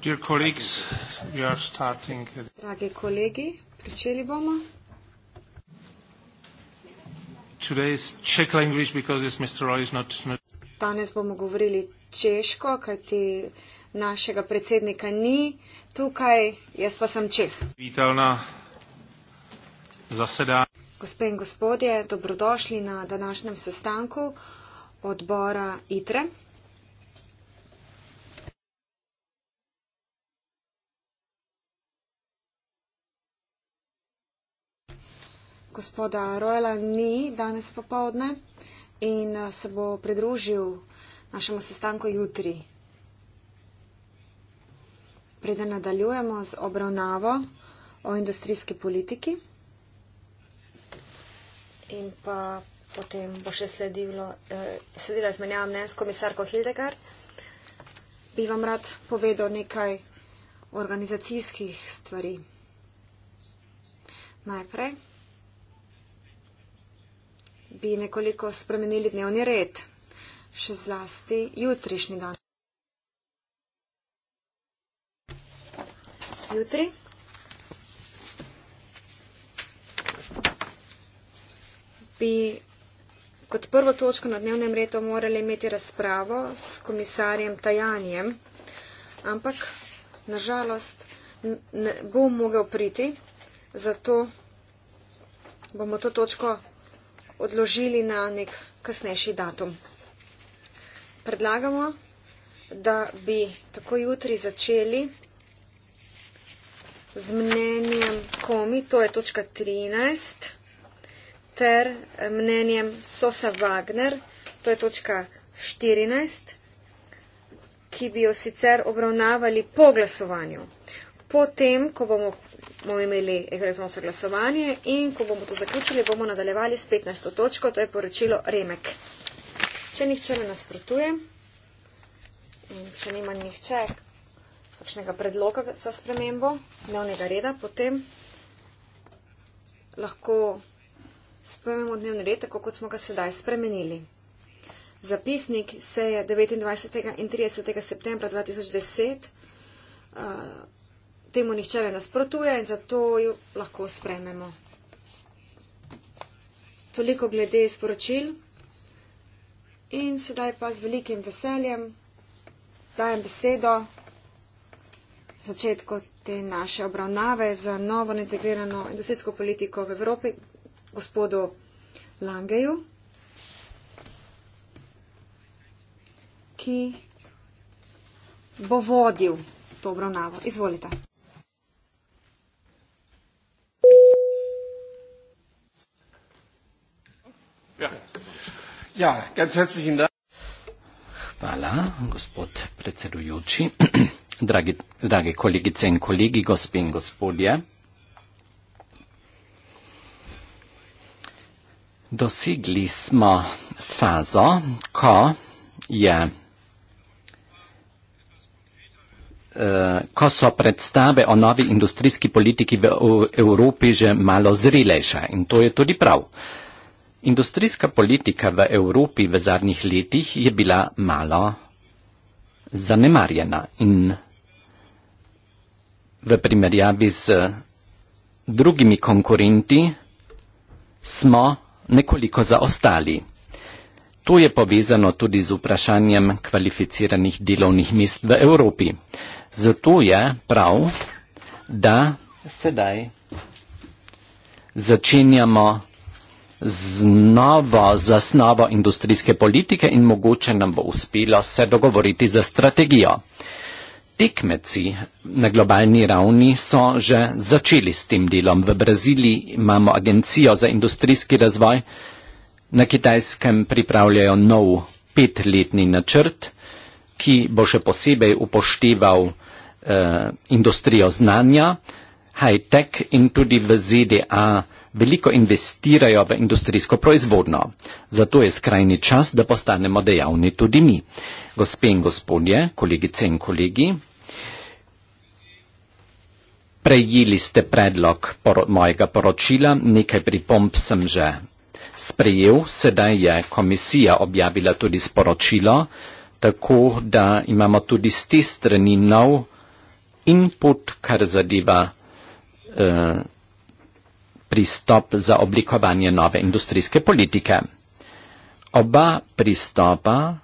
Dear colleagues, we are starting. Dragi kolegi, pričeli bomo. Today is Czech language because this Mr. Roy is not, not. Danes bomo govorili češko, kajti našega predsednika ni tukaj, jaz pa sem Čeh. Vitalna zaseda. Gospe in gospodje, dobrodošli na današnjem sestanku odbora ITRE. gospoda Rojla ni danes popovdne in eh, se bo pridružil našemu sestanku jutri. Preden nadaljujemo z obravnavo o industrijski politiki in pa potem bo še sledilo, eh, sledila izmenjava mnen s komisarko Hildegard, bi vam rad povedal nekaj organizacijskih stvari. Najprej bi nekoliko spremenili dnevni red, še zlasti jutrišnji dan. Jutri. bi kot prvo točko na dnevnem redu morali imeti razpravo s komisarjem Tajanjem, ampak nažalost ne bo mogel priti, zato bomo to točko odložili na nek kasnejši datum. Predlagamo, da bi tako jutri začeli z mnenjem komi, to je točka 13, ter eh, mnenjem Sosa Wagner, to je točka 14, ki bi jo sicer obravnavali po glasovanju. Potem, ko bomo bomo imeli elektronsko glasovanje in ko bomo to zaključili, bomo nadaljevali s 15. točko, to je poročilo Remek. Če nihče ne nasprotuje in če nima nihče kakšnega predloga za spremembo dnevnega reda, potem lahko spremenimo dnevni red, tako kot smo ga sedaj spremenili. Zapisnik se je 29. in 30. septembra 2010 uh, temu nihče ne nasprotuje in zato jo lahko sprememo. Toliko glede sporočil. In sedaj pa z velikim veseljem dajem besedo začetku te naše obravnave za novo integrirano industrijsko politiko v Evropi gospodu Langeju, ki bo vodil to obravnavo. Izvolite. Ja, ganz herzlichen Dank. Hvala, gospod predsedujoči, dragi, dragi kolegice in kolegi, gospe in gospodje. Dosegli smo fazo, ko je eh, ko so predstave o novi industrijski politiki v Evropi že malo zrelejše. In to je tudi prav. Industrijska politika v Evropi v zadnjih letih je bila malo zanemarjena in v primerjavi z drugimi konkurenti smo nekoliko zaostali. To je povezano tudi z vprašanjem kvalificiranih delovnih mest v Evropi. Zato je prav, da sedaj začenjamo znova zasnava industrijske politike in mogoče nam bo uspela se dogovoriti za strategijo. Tekmeci na globalni ravni so že začeli s tem delom. V Braziliji imamo agencijo za industrijski razvoj, na kitajskem pripravljajo nov petletni načrt, ki bo še posebej upošteval eh, industrijo znanja, high-tech in tudi v ZDA veliko investirajo v industrijsko proizvodno. Zato je skrajni čas, da postanemo dejavni tudi mi. Gospe in gospodje, kolegice in kolegi, prejeli ste predlog poro mojega poročila, nekaj pripomb sem že sprejel, sedaj je komisija objavila tudi sporočilo, tako da imamo tudi s te strani nov input, kar zadeva. Uh, pristop za oblikovanje nove industrijske politike. Oba pristopa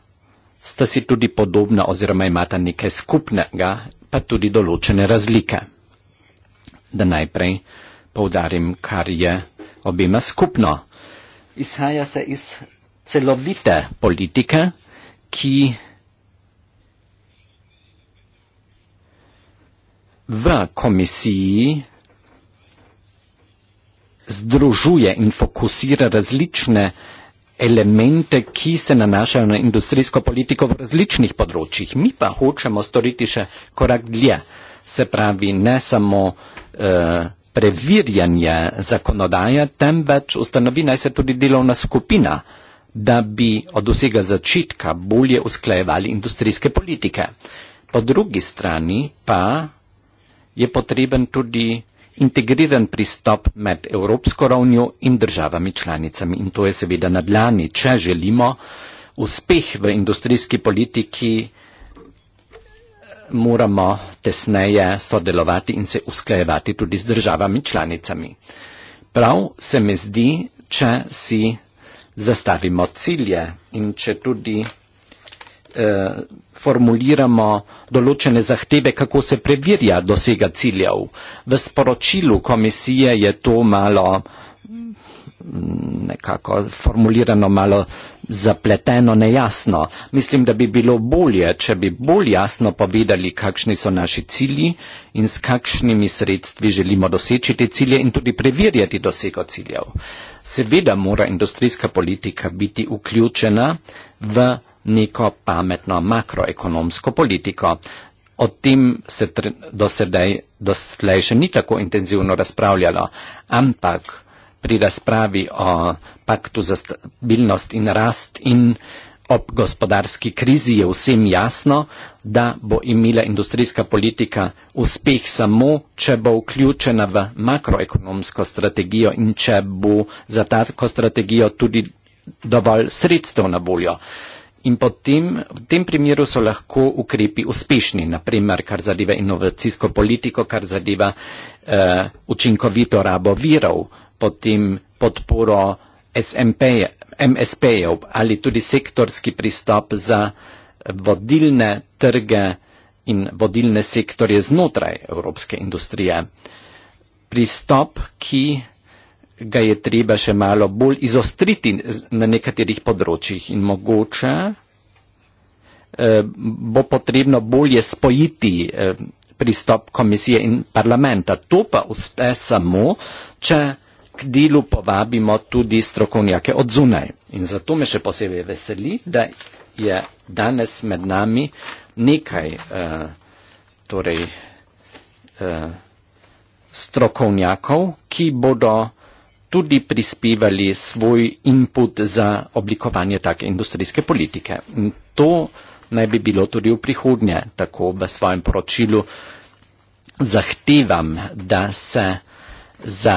sta si tudi podobna oziroma imata nekaj skupnega, pa tudi določene razlike. Da najprej povdarim, kar je obima skupno. Izhaja se iz celovite politike, ki v komisiji združuje in fokusira različne elemente, ki se nanašajo na industrijsko politiko v različnih področjih. Mi pa hočemo storiti še korak dlje, se pravi ne samo eh, preverjanje zakonodaje, temveč ustanovi naj se tudi delovna skupina, da bi od vsega začetka bolje usklajevali industrijske politike. Po drugi strani pa je potreben tudi integriran pristop med evropsko ravnjo in državami članicami. In to je seveda nadlani, če želimo uspeh v industrijski politiki, moramo tesneje sodelovati in se usklajevati tudi z državami članicami. Prav se mi zdi, če si zastavimo cilje in če tudi eh, formuliramo določene zahteve, kako se preverja dosega ciljev. V sporočilu komisije je to malo mm, nekako formulirano, malo zapleteno, nejasno. Mislim, da bi bilo bolje, če bi bolj jasno povedali, kakšni so naši cilji in s kakšnimi sredstvi želimo doseči te cilje in tudi preverjati dosego ciljev. Seveda mora industrijska politika biti vključena v neko pametno makroekonomsko politiko. O tem se do sedaj, doslej še ni tako intenzivno razpravljalo, ampak pri razpravi o paktu za stabilnost in rast in ob gospodarski krizi je vsem jasno, da bo imela industrijska politika uspeh samo, če bo vključena v makroekonomsko strategijo in če bo za tako strategijo tudi dovolj sredstev na voljo. Uh, in potem v tem primeru so lahko ukrepi uspešni, naprimer kar zadeva inovacijsko politiko, kar zadeva eh, učinkovito rabo virov, potem podporo MSP-jev ali tudi sektorski pristop za vodilne trge in vodilne sektorje znotraj evropske industrije. Pristop, ki ga je treba še malo bolj izostriti na nekaterih področjih in mogoče eh, bo potrebno bolje spojiti eh, pristop komisije in parlamenta. To pa uspe samo, če k delu povabimo tudi strokovnjake od zunaj. In zato me še posebej veseli, da je danes med nami nekaj eh, torej, strokovnjakov, ki bodo tudi prispevali svoj input za oblikovanje take industrijske politike. In to naj bi bilo tudi v prihodnje, tako v svojem poročilu zahtevam, da se za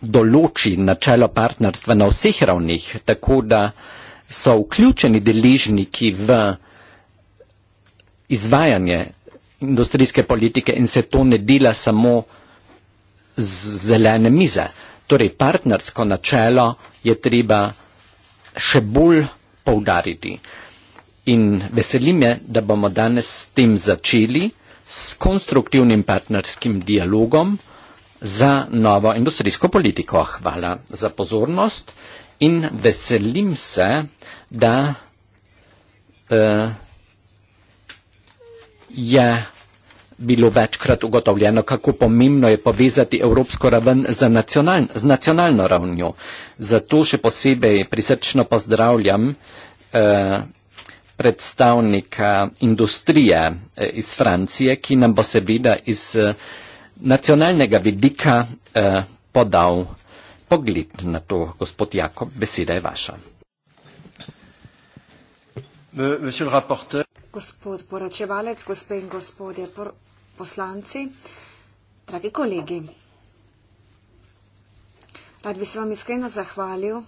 določi načelo partnerstva na vseh ravnih, tako da so vključeni deležniki v izvajanje industrijske politike in se to ne dela samo z zelene mize. Torej, partnersko načelo je treba še bolj poudariti. In veselim je, da bomo danes s tem začeli, s konstruktivnim partnerskim dialogom za novo industrijsko politiko. Hvala za pozornost in veselim se, da uh, je bilo večkrat ugotovljeno, kako pomembno je povezati evropsko raven nacional, z nacionalno ravnjo. Zato še posebej prisrčno pozdravljam eh, predstavnika industrije eh, iz Francije, ki nam bo seveda iz eh, nacionalnega vidika eh, podal pogled na to, gospod Jakob, beseda je vaša. Gospod poročevalec, gospe in gospodje, por, poslanci, dragi kolegi. Rad bi se vam iskreno zahvalil,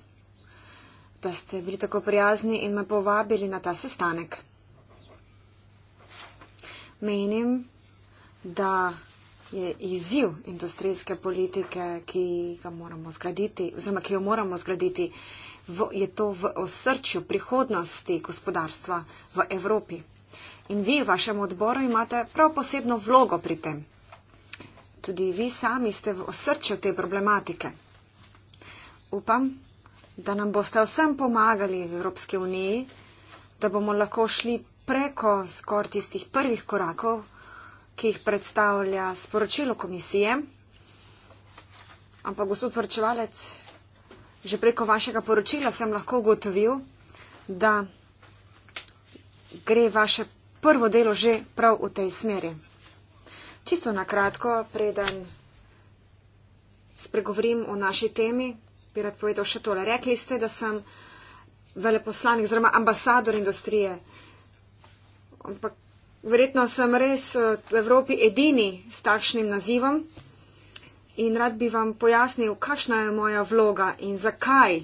da ste bili tako prijazni in me povabili na ta sestanek. Menim, da je izziv industrijske politike, ki, zgraditi, oziroma, ki jo moramo zgraditi, v, je to v osrčju prihodnosti gospodarstva v Evropi in vi v vašem odboru imate prav posebno vlogo pri tem. Tudi vi sami ste v osrčju te problematike. Upam, da nam boste vsem pomagali v Evropski uniji, da bomo lahko šli preko skor tistih prvih korakov, ki jih predstavlja sporočilo komisije. Ampak, gospod poročevalec, že preko vašega poročila sem lahko ugotovil, da gre vaše prvo delo že prav v tej smeri. Čisto na kratko, preden spregovorim o naši temi, bi rad povedal še tole. Rekli ste, da sem veleposlanik oziroma ambasador industrije. Ampak verjetno sem res eh, v Evropi edini s takšnim nazivom in rad bi vam pojasnil, kakšna je moja vloga in zakaj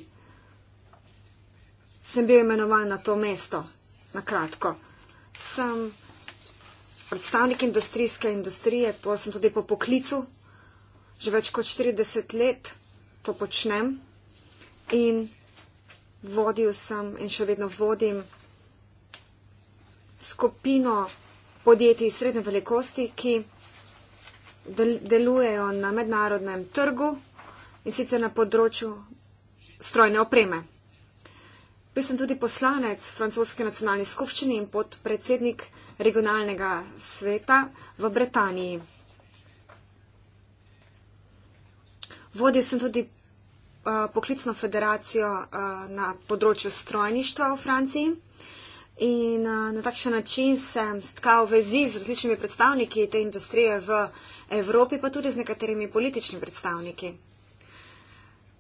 sem bil imenovan na to mesto. Na kratko sem predstavnik industrijske industrije, to sem tudi po poklicu, že več kot 40 let to počnem in vodil sem in še vedno vodim skupino podjetij srednje velikosti, ki delujejo na mednarodnem trgu in sicer na področju strojne opreme. Bil sem tudi poslanec francoske nacionalne skupščine in podpredsednik regionalnega sveta v Britaniji. Vodil sem tudi uh, poklicno federacijo uh, na področju strojništva v Franciji in uh, na takšen način sem stkal vezi z različnimi predstavniki te industrije v Evropi, pa tudi z nekaterimi političnimi predstavniki.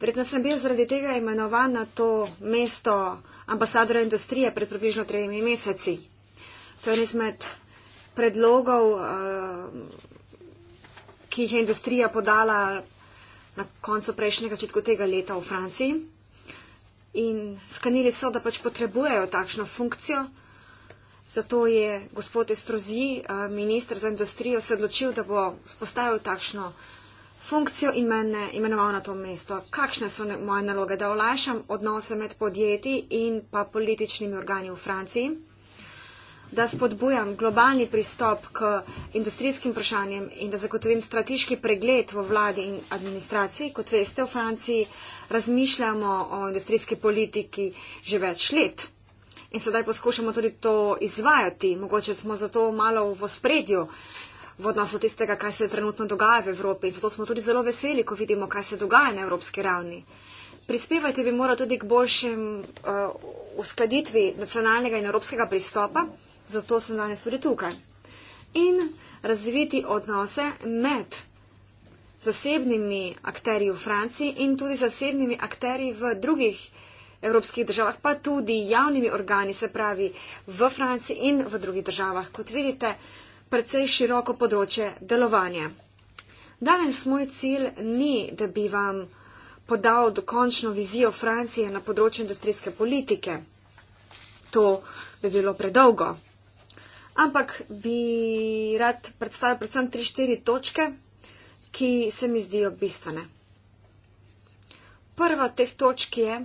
Verjetno sem bil zaradi tega imenovan na to mesto ambasadora industrije pred približno tremi meseci. To je en izmed predlogov, eh, ki jih je industrija podala na koncu prejšnjega četku tega leta v Franciji. In skanili so, da pač potrebujejo takšno funkcijo. Zato je gospod Estrozi, eh, minister za industrijo, se odločil, da bo postavil takšno funkcijo funkcijo in mene imenoval na to mesto. Kakšne so ne, moje naloge, da olajšam odnose med podjetji in pa političnimi organi v Franciji, da spodbujam globalni pristop k industrijskim vprašanjem in da zagotovim strateški pregled v vladi in administraciji. Kot veste, v Franciji razmišljamo o industrijski politiki že več let. In sedaj poskušamo tudi to izvajati. Mogoče smo zato malo v ospredju v odnosu tistega, kaj se trenutno dogaja v Evropi. Zato smo tudi zelo veseli, ko vidimo, kaj se dogaja na evropski ravni. Prispevati bi moral tudi k boljšem uh, uskladitvi nacionalnega in evropskega pristopa, zato sem danes tudi tukaj. In razviti odnose med zasebnimi akteri v Franciji in tudi zasebnimi akteri v drugih evropskih državah, pa tudi javnimi organi, se pravi v Franciji in v drugih državah. Kot vidite, uh, precej široko področje delovanja. Danes moj cilj ni, da bi vam podal dokončno vizijo Francije na področju industrijske politike. To bi bilo predolgo. Ampak bi rad predstavil predvsem 3-4 točke, ki se mi zdijo bistvene. Prva od teh točk je,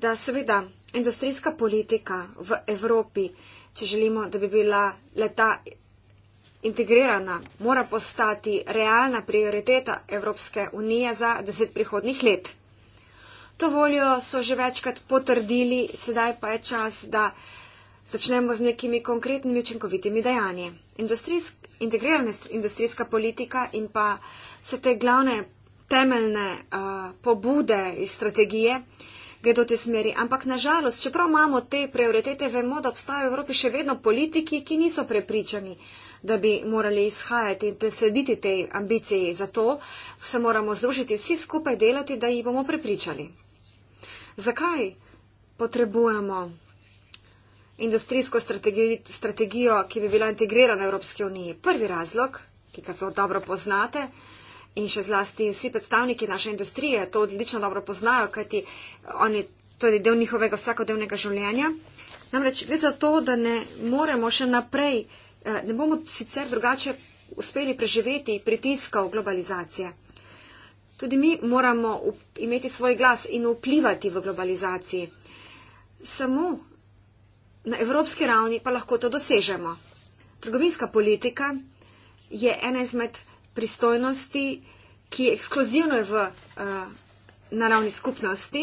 da seveda industrijska politika v Evropi če želimo, da bi bila leta integrirana, mora postati realna prioriteta Evropske unije za deset prihodnih let. To voljo so že večkrat potrdili, sedaj pa je čas, da začnemo z nekimi konkretnimi učinkovitimi dejanji. Industrijsk, integrirana industrijska politika in pa se te glavne temeljne uh, pobude iz strategije uh, gredo te smeri. Ampak nažalost, čeprav imamo te prioritete, vemo, da obstajajo v Evropi še vedno politiki, ki niso prepričani, da bi morali izhajati in slediti tej ambiciji. Zato se moramo združiti vsi skupaj delati, da jih bomo prepričali. Zakaj potrebujemo industrijsko strategijo, ki bi bila integrirana v Evropski uniji? Prvi razlog, ki ga zelo dobro poznate, in še zlasti vsi predstavniki naše industrije to odlično dobro poznajo, kajti oni to je del njihovega vsakodnevnega življenja. Namreč gre za to, da ne moremo še naprej, eh, ne bomo sicer drugače uspeli preživeti pritiskov globalizacije. Tudi mi moramo imeti svoj glas in vplivati v globalizaciji. Samo na evropski ravni pa lahko to dosežemo. Trgovinska politika je ena izmed pristojnosti ki je ekskluzivno v uh, naravni skupnosti.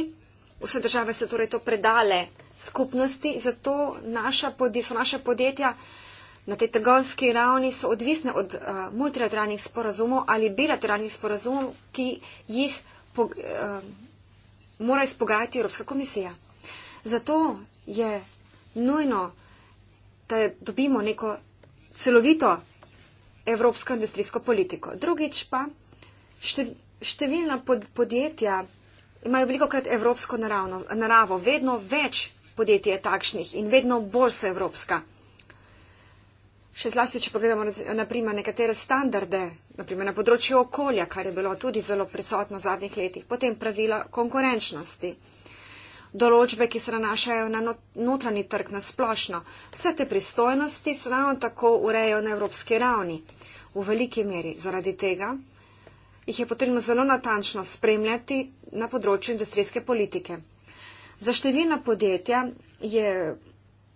Vse države so torej to predale skupnosti, zato naša podje, so naša podjetja na tej trgovski ravni odvisne od uh, multilateralnih sporazumov ali bilateralnih sporazumov, ki jih po, uh, mora izpogajati Evropska komisija. Zato je nujno, da dobimo neko celovito evropsko industrijsko politiko. Drugič pa številna pod, podjetja imajo veliko krat evropsko naravno, naravo, vedno več podjetij je takšnih in vedno bolj so evropska. Še zlasti, če pogledamo naprimer nekatere standarde, naprimer na področju okolja, kar je bilo tudi zelo prisotno v zadnjih letih, potem pravila konkurenčnosti, določbe, ki se nanašajo na notranji trg na splošno, vse te pristojnosti se ravno tako urejajo na evropski ravni. V veliki meri zaradi tega jih je potrebno zelo natančno spremljati na področju industrijske politike. Za številna podjetja je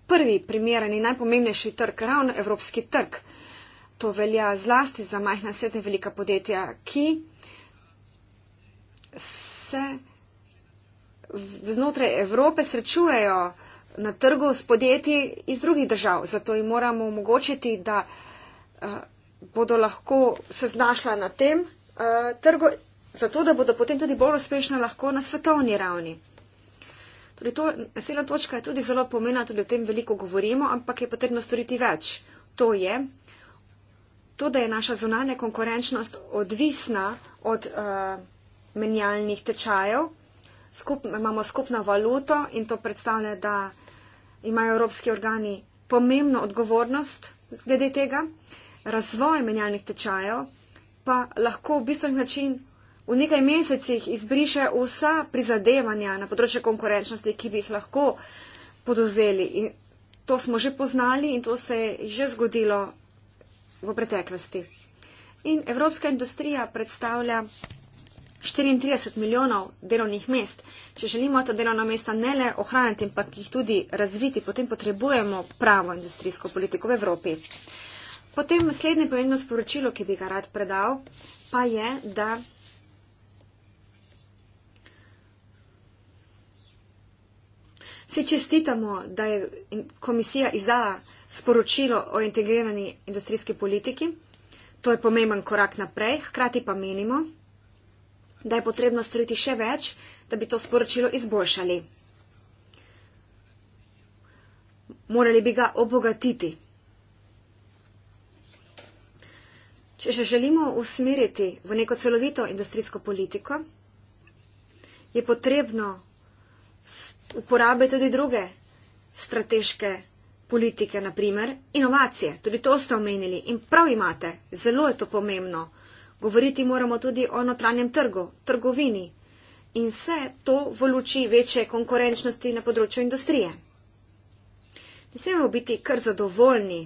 prvi primeren in najpomembnejši trg ravno evropski trg. To velja zlasti za majhna srednja velika podjetja, ki se znotraj Evrope srečujejo na trgu s podjetji iz drugih držav. Zato jim moramo omogočiti, da eh, bodo lahko se znašla na tem Eh, trgo, zato da bodo potem tudi bolj uspešne lahko na svetovni ravni. Torej, to naslednja točka je tudi zelo pomena, tudi o tem veliko govorimo, ampak je potrebno storiti več. To je, to, da je naša zunanja konkurenčnost odvisna od uh, menjalnih tečajev, Skup, imamo skupno valuto in to predstavlja, da imajo evropski organi pomembno odgovornost glede tega. Razvoj menjalnih tečajev pa lahko v bistvenih način v nekaj mesecih izbriše vsa prizadevanja na področju konkurenčnosti, ki bi jih lahko podozeli. In to smo že poznali in to se je že zgodilo v preteklosti. In evropska industrija predstavlja 34 milijonov delovnih mest. Če želimo ta delovna mesta ne le ohraniti, ampak jih tudi razviti, potem potrebujemo pravo industrijsko politiko v Evropi. Potem naslednje pomembno sporočilo, ki bi ga rad predal, pa je, da se čestitamo, da je komisija izdala sporočilo o integrirani industrijski politiki. To je pomemben korak naprej. Hkrati pa menimo, da je potrebno storiti še več, da bi to sporočilo izboljšali. Morali bi ga obogatiti. Če že želimo usmeriti v neko celovito industrijsko politiko, je potrebno uporabiti tudi druge strateške politike, naprimer inovacije. Tudi to ste omenili in prav imate, zelo je to pomembno. Govoriti moramo tudi o notranjem trgu, trgovini in vse to v luči večje konkurenčnosti na področju industrije. Ne smemo biti kar zadovoljni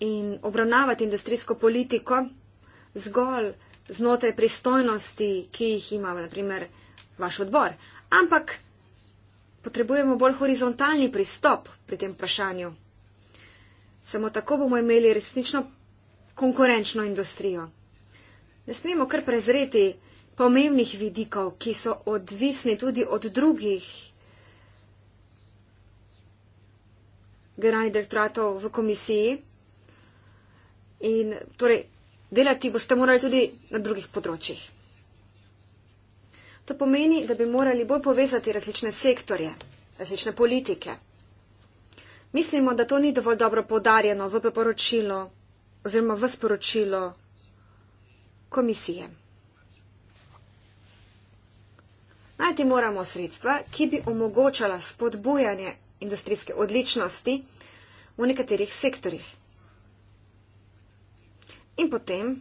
in obravnavati industrijsko politiko zgolj znotraj pristojnosti, ki jih ima, naprimer, vaš odbor. Ampak potrebujemo bolj horizontalni pristop pri tem vprašanju. Samo tako bomo imeli resnično konkurenčno industrijo. Ne smemo kar prezreti pomembnih vidikov, ki so odvisni tudi od drugih generalnih direktoratov v komisiji In torej, delati boste morali tudi na drugih področjih. To pomeni, da bi morali bolj povezati različne sektorje, različne politike. Mislimo, da to ni dovolj dobro podarjeno v poročilo oziroma v sporočilo komisije. Najti moramo sredstva, ki bi omogočala spodbujanje industrijske odličnosti v nekaterih sektorjih. In potem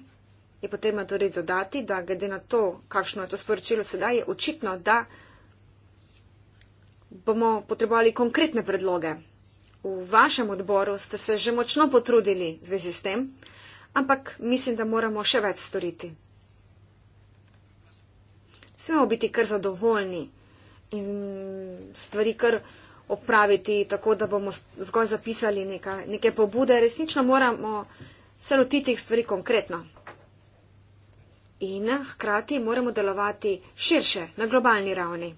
je potrebno torej dodati, da glede na to, kakšno je to sporočilo sedaj, je očitno, da bomo potrebovali konkretne predloge. V vašem odboru ste se že močno potrudili v zvezi s tem, ampak mislim, da moramo še več storiti. Smemo biti kar zadovoljni in stvari kar opraviti tako, da bomo zgolj zapisali neka, neke pobude. Resnično moramo se loti teh stvari konkretno. In hkrati moramo delovati širše, na globalni ravni.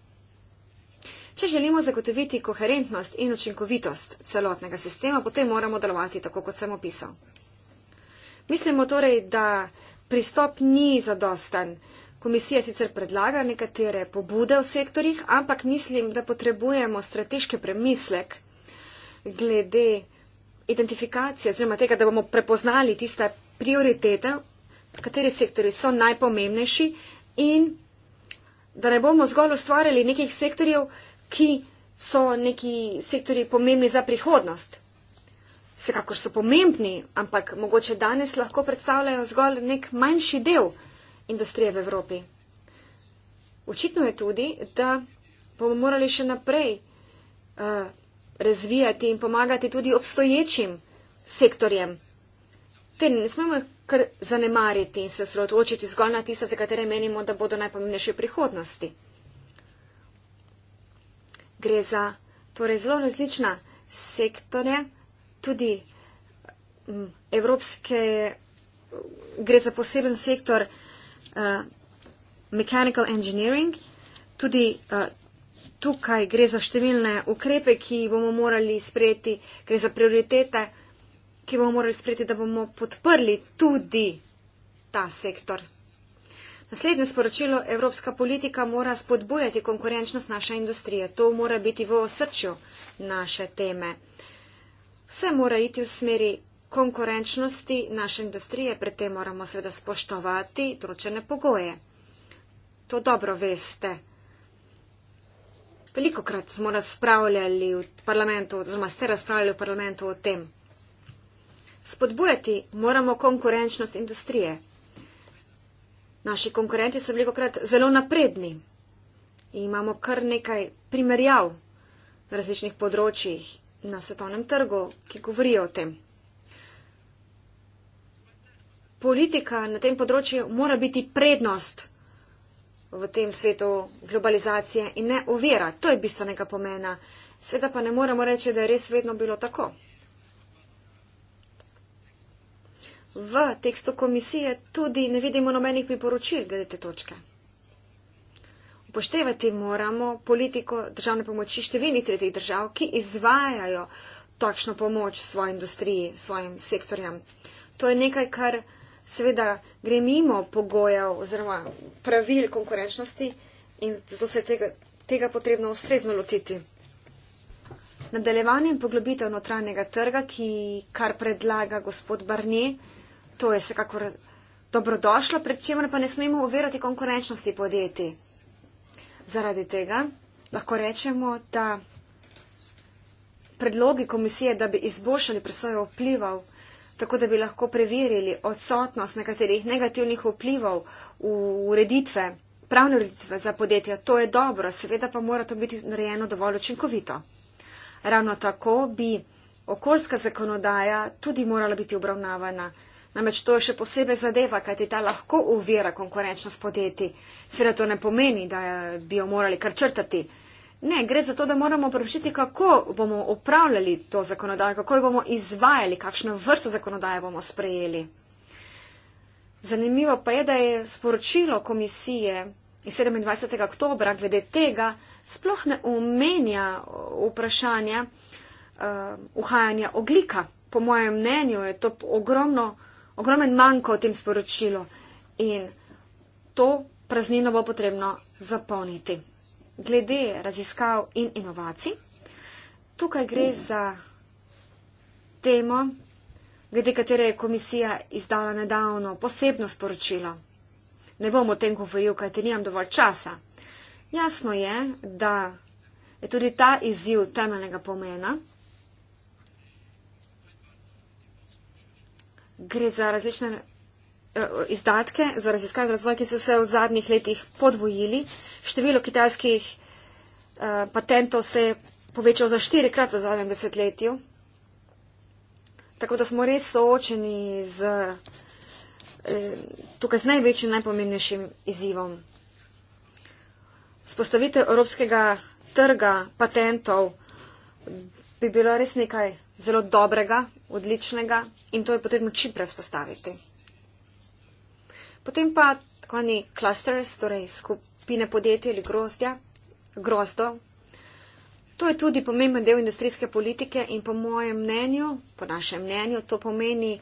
Če želimo zagotoviti koherentnost in učinkovitost celotnega sistema, potem moramo delovati tako, kot sem opisal. Mislimo torej, da pristop ni zadosten. Komisija sicer predlaga nekatere pobude v sektorjih, ampak mislim, da potrebujemo strateški premislek glede identifikacije, oziroma tega, da bomo prepoznali tiste prioritete, kateri sektori so najpomembnejši in da ne bomo zgolj ustvarjali nekih sektorjev, ki so neki sektori pomembni za prihodnost. Vsekakor so pomembni, ampak mogoče danes lahko predstavljajo zgolj nek manjši del industrije v Evropi. Očitno je tudi, da bomo morali še naprej uh, razvijati in pomagati tudi obstoječim sektorjem. Te ne smemo kar zanemariti in se sroočiti zgolj na tiste, za katere menimo, da bodo najpomembnejše v prihodnosti. Gre za torej zelo različna sektore, tudi m, evropske, gre za poseben sektor uh, mechanical engineering, tudi uh, tukaj gre za številne ukrepe, ki bomo morali sprejeti, gre za prioritete, ki bomo morali sprejeti, da bomo podprli tudi ta sektor. Naslednje sporočilo, evropska politika mora spodbujati konkurenčnost naše industrije. To mora biti v osrčju naše teme. Vse mora iti v smeri konkurenčnosti naše industrije, pred tem moramo seveda spoštovati določene pogoje. To dobro veste. Veliko krat smo razpravljali v parlamentu, oziroma ste razpravljali v parlamentu o tem. Spodbujati moramo konkurenčnost industrije. Naši konkurenti so veliko krat zelo napredni. In imamo kar nekaj primerjav na različnih področjih na svetovnem trgu, ki govorijo o tem. Politika na tem področju mora biti prednost v tem svetu globalizacije in ne ovira. To je bistvenega pomena. Sveda pa ne moremo reči, da je res vedno bilo tako. V tekstu komisije tudi ne vidimo nobenih priporočil glede te točke. Upoštevati moramo politiko državne pomoči številnih tretjih držav, ki izvajajo takšno pomoč svoji industriji, svojim sektorjem. To je nekaj, kar seveda gre mimo pogojev oziroma pravil konkurenčnosti in zato se je tega, tega potrebno ustrezno lotiti. Nadaljevanje in poglobitev notranjega trga, ki kar predlaga gospod Barnier, to je vsekakor dobrodošlo, pred čemer pa ne smemo uverati konkurenčnosti podjetij. Zaradi tega lahko rečemo, da predlogi komisije, da bi izboljšali presojo vplivov tako da bi lahko preverili odsotnost nekaterih negativnih vplivov v ureditve, pravne ureditve za podjetja. To je dobro, seveda pa mora to biti narejeno dovolj učinkovito. Ravno tako bi okoljska zakonodaja tudi morala biti obravnavana. Namreč to je še posebej zadeva, kajti ta lahko uvira konkurenčnost podjetij. Sveda to ne pomeni, da bi jo morali kar črtati. Ne, gre za to, da moramo preučiti, kako bomo upravljali to zakonodajo, kako jo bomo izvajali, kakšno vrsto zakonodaje bomo sprejeli. Zanimivo pa je, da je sporočilo komisije iz 27. oktober glede tega sploh ne omenja vprašanja eh, uhajanja uh, oglika. Po mojem mnenju je to ogromno, ogromen manjko v tem sporočilu in to praznino bo potrebno zapolniti glede raziskav in inovacij. Tukaj gre za temo, glede katere je komisija izdala nedavno posebno sporočilo. Ne bom o tem govoril, kajte nimam dovolj časa. Jasno je, da je tudi ta izziv temeljnega pomena. Gre za različne eh, izdatke za raziskave in razvoj, ki so se v zadnjih letih podvojili. Število kitajskih eh, patentov se je povečalo za štirikrat v zadnjem desetletju. Tako da smo res soočeni z eh, tukaj z največjim, najpomembnejšim izzivom. Spostavitev evropskega trga patentov bi bilo res nekaj zelo dobrega, odličnega in to je potrebno čim prej spostaviti. Potem pa tako ni clusters, torej skupaj pine podjetje ali grozdja, grozdo. To je tudi pomemben del industrijske politike in po mojem mnenju, po našem mnenju, to pomeni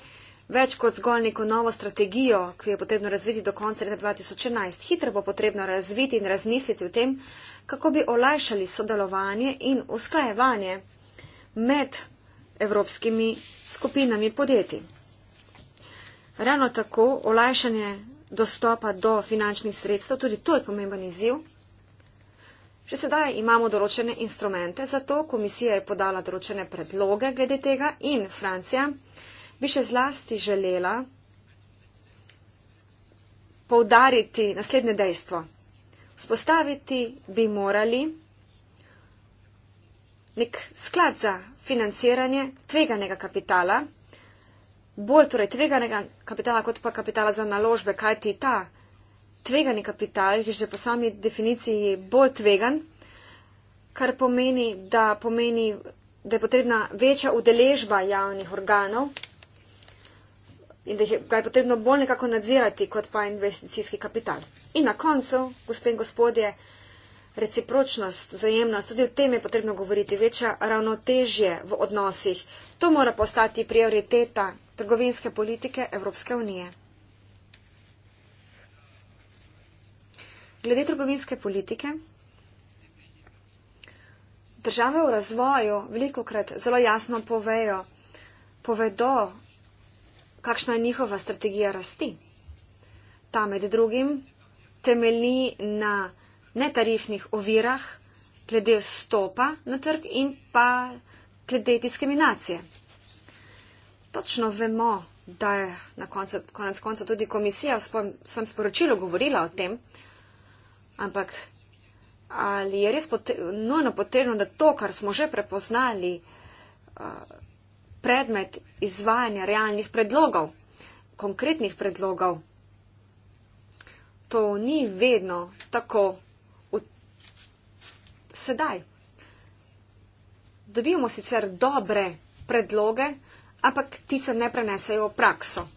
več kot zgolj neko novo strategijo, ki jo je potrebno razviti do konca leta 2011. Hitro bo potrebno razviti in razmisliti o tem, kako bi olajšali sodelovanje in usklajevanje med evropskimi skupinami podjetij. Ravno tako olajšanje dostopa do finančnih sredstev, tudi to je pomemben izziv. Že sedaj imamo določene instrumente, zato komisija je podala določene predloge glede tega in Francija bi še zlasti želela povdariti naslednje dejstvo. Spostaviti bi morali nek sklad za financiranje tveganega kapitala, bolj torej, tveganega kapitala kot pa kapitala za naložbe, kaj ti ta tvegani kapital, ki že po sami definiciji je bolj tvegan, kar pomeni, da, pomeni, da je potrebna večja udeležba javnih organov in da je, ga je potrebno bolj nekako nadzirati kot pa investicijski kapital. In na koncu, gospe in gospodje, recipročnost, zajemnost, tudi o tem je potrebno govoriti, večja ravnotežje v odnosih. To mora postati prioriteta trgovinske politike Evropske unije. Glede trgovinske politike, države v razvoju veliko krat zelo jasno povejo, povedo, kakšna je njihova strategija rasti. Ta med drugim temeli na netarifnih ovirah, glede vstopa na trg in pa glede diskriminacije točno vemo, da je na koncu, konec konca tudi komisija v svojem, v svojem sporočilu govorila o tem, ampak ali je res potre, nujno potrebno, da to, kar smo že prepoznali, eh, predmet izvajanja realnih predlogov, konkretnih predlogov, to ni vedno tako v... sedaj. Dobimo sicer dobre predloge, ampak ti se ne prenesejo v prakso.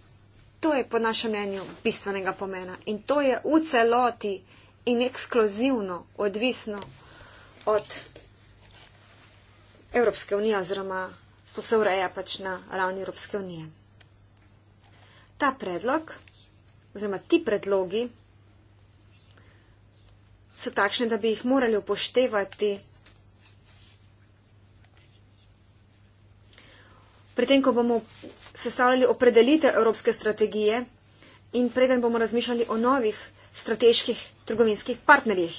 To je po našem mnenju bistvenega pomena in to je v celoti in ekskluzivno odvisno od Evropske unije oziroma so se ureja pač na ravni Evropske unije. Ta predlog oziroma ti predlogi so takšne, da bi jih morali upoštevati pri tem, ko bomo sestavljali opredelite evropske strategije in preden bomo razmišljali o novih strateških trgovinskih partnerjih.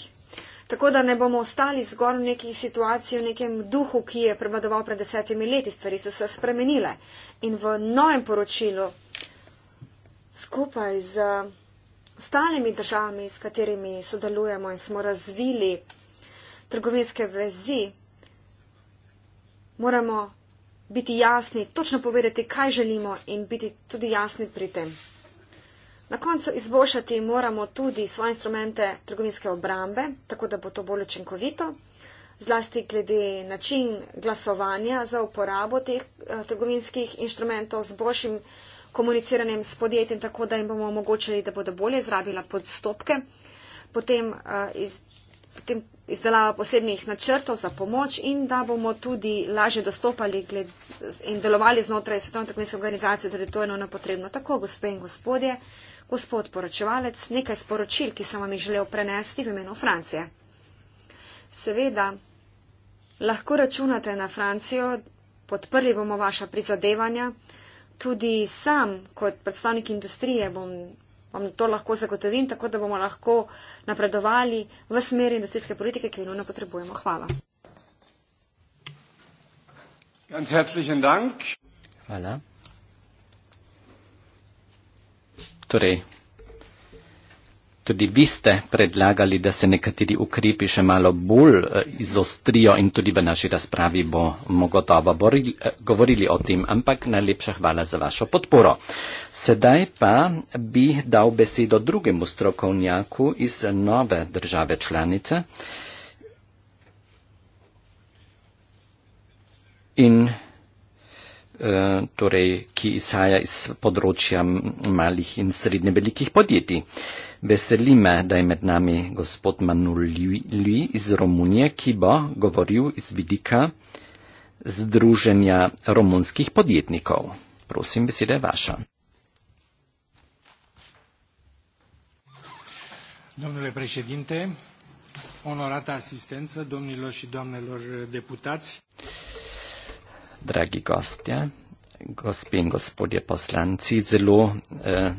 Tako da ne bomo ostali zgolj v neki situaciji, v nekem duhu, ki je prevladoval pred desetimi leti. Stvari so se spremenile. In v novem poročilu, skupaj z ostalimi državami, s katerimi sodelujemo in smo razvili trgovinske vezi, moramo biti jasni, točno povedati, kaj želimo in biti tudi jasni pri tem. Na koncu izboljšati moramo tudi svoje instrumente trgovinske obrambe, tako da bo to bolj učinkovito, zlasti glede način glasovanja za uporabo teh eh, trgovinskih inštrumentov z boljšim komuniciranjem s podjetjem, tako da jim bomo omogočili, da bodo bolje zrabila postopke. Potem, uh, iz, potem izdelava posebnih načrtov za pomoč in da bomo tudi lažje dostopali gled, in delovali znotraj svetovne trgovinske organizacije, torej to je nujno potrebno. Tako, gospe in gospodje, gospod poročevalec, nekaj sporočil, ki sem vam jih želel prenesti v imenu Francije. Seveda, lahko računate na Francijo, podprli bomo vaša prizadevanja. Tudi sam, kot predstavnik industrije, bom vam to lahko zagotovim, tako da bomo lahko napredovali v smeri industrijske politike, ki jo nujno potrebujemo. Hvala. Ganz herzlichen Dank. Hvala. Torej, Tudi vi ste predlagali, da se nekateri ukrepi še malo bolj eh, izostrijo in tudi v naši razpravi bomo gotovo eh, govorili o tem, ampak najlepša hvala za vašo podporo. Sedaj pa bi dal besedo drugemu strokovnjaku iz nove države članice. In Eh, torej, ki izhaja iz področja malih in srednje velikih podjetij. Veseli me, da je med nami gospod Manuli iz Romunije, ki bo govoril iz vidika Združenja romunskih podjetnikov. Prosim, beseda je vaša. Domnule predsednike, honorata asistenca, domnilo in domnilo deputaci dragi gostje, gospe in gospodje poslanci, zelo eh,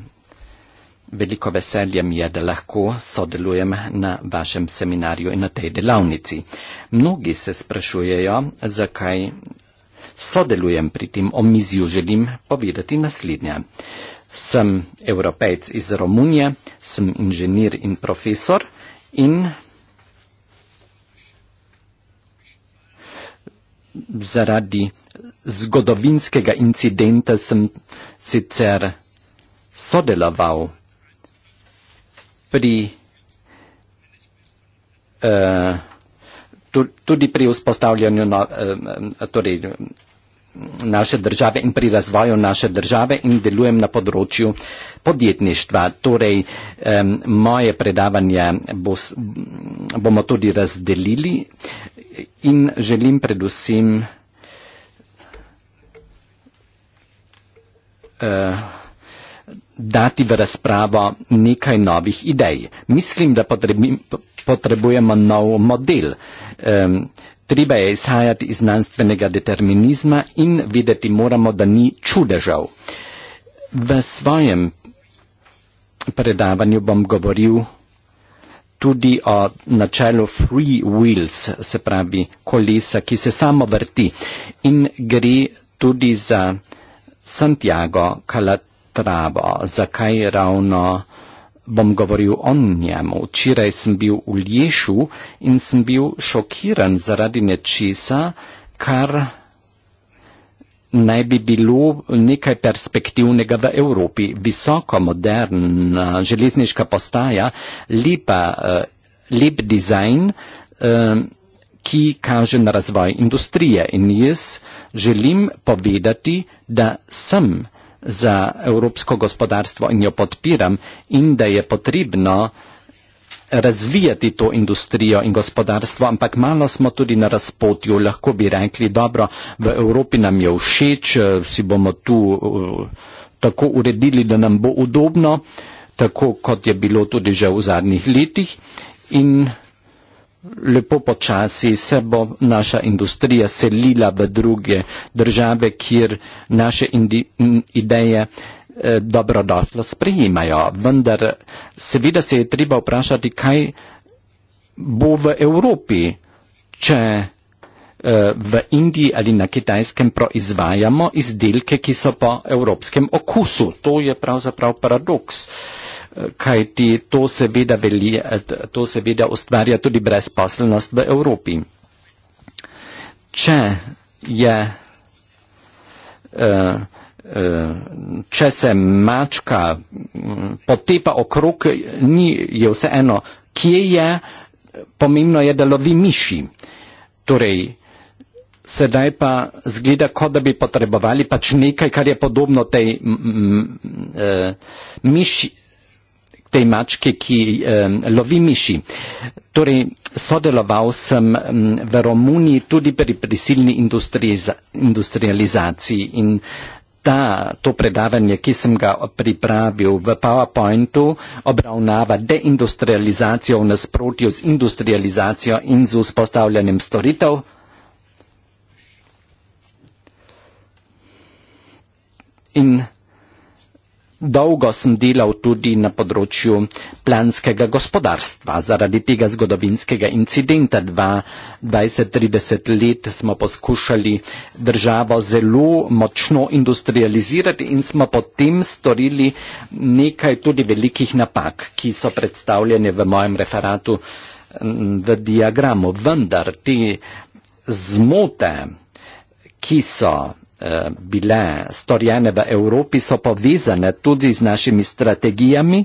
veliko veselje mi je, da lahko sodelujem na vašem seminarju in na tej delavnici. Mnogi se sprašujejo, zakaj sodelujem pri tem omizju, želim povedati naslednje. Sem evropejc iz Romunije, sem inženir in profesor in zaradi zgodovinskega incidenta sem sicer sodeloval pri, uh, tudi pri vzpostavljanju na, no-, uh, eh, torej, naše države in pri razvoju naše države in delujem na področju podjetništva. Torej, um, moje predavanje bo, bomo tudi razdelili in želim predvsem. Eh, dati v razpravo nekaj novih idej. Mislim, da potrebujemo nov model. Um, treba je izhajati iz znanstvenega determinizma in videti moramo, da ni čudežev. V svojem predavanju bom govoril tudi o načelu free wheels, se pravi kolesa, ki se samo vrti in gre tudi za Santiago Calatrava, zakaj ravno bom govoril o njemu. Včeraj sem bil v Lješu in sem bil šokiran zaradi nečesa, kar naj bi bilo nekaj perspektivnega v Evropi. Visoko moderna železniška postaja, lepa, eh, lep dizajn. Uh, ki kaže na razvoj industrije. In jaz želim povedati, da sem za evropsko gospodarstvo in jo podpiram in da je potrebno razvijati to industrijo in gospodarstvo, ampak malo smo tudi na razpotju. Lahko bi rekli, dobro, v Evropi nam je všeč, si bomo tu tako uredili, da nam bo udobno, tako kot je bilo tudi že v zadnjih letih. In lepo počasi se bo naša industrija selila v druge države, kjer naše ideje eh, dobrodošlo sprejemajo. Vendar seveda se je treba vprašati, kaj bo v Evropi, če eh, v Indiji ali na Kitajskem proizvajamo izdelke, ki so po evropskem okusu. To je pravzaprav paradoks kaj ti to seveda, veli, to seveda ustvarja tudi brezposelnost v Evropi. Če, je, eh, eh, če se mačka mm, potepa okrog, ni je vse eno, kje je, pomembno je, da lovi miši. Torej, sedaj pa zgleda, kot da bi potrebovali pač nekaj, kar je podobno tej m, mm, m, m, m, eh, miši tej mačke, ki eh, lovi miši. Torej, sodeloval sem v Romuniji tudi pri prisilni industrializaciji in ta, to predavanje, ki sem ga pripravil v PowerPointu, obravnava deindustrializacijo v nasprotju z industrializacijo in z vzpostavljanjem storitev. In Dolgo sem delal tudi na področju planskega gospodarstva. Zaradi tega zgodovinskega incidenta 20-30 let smo poskušali državo zelo močno industrializirati in smo potem storili nekaj tudi velikih napak, ki so predstavljene v mojem referatu mm, v diagramu. Vendar te zmote, ki so Eh, bile storjene v Evropi, so povezane tudi z našimi strategijami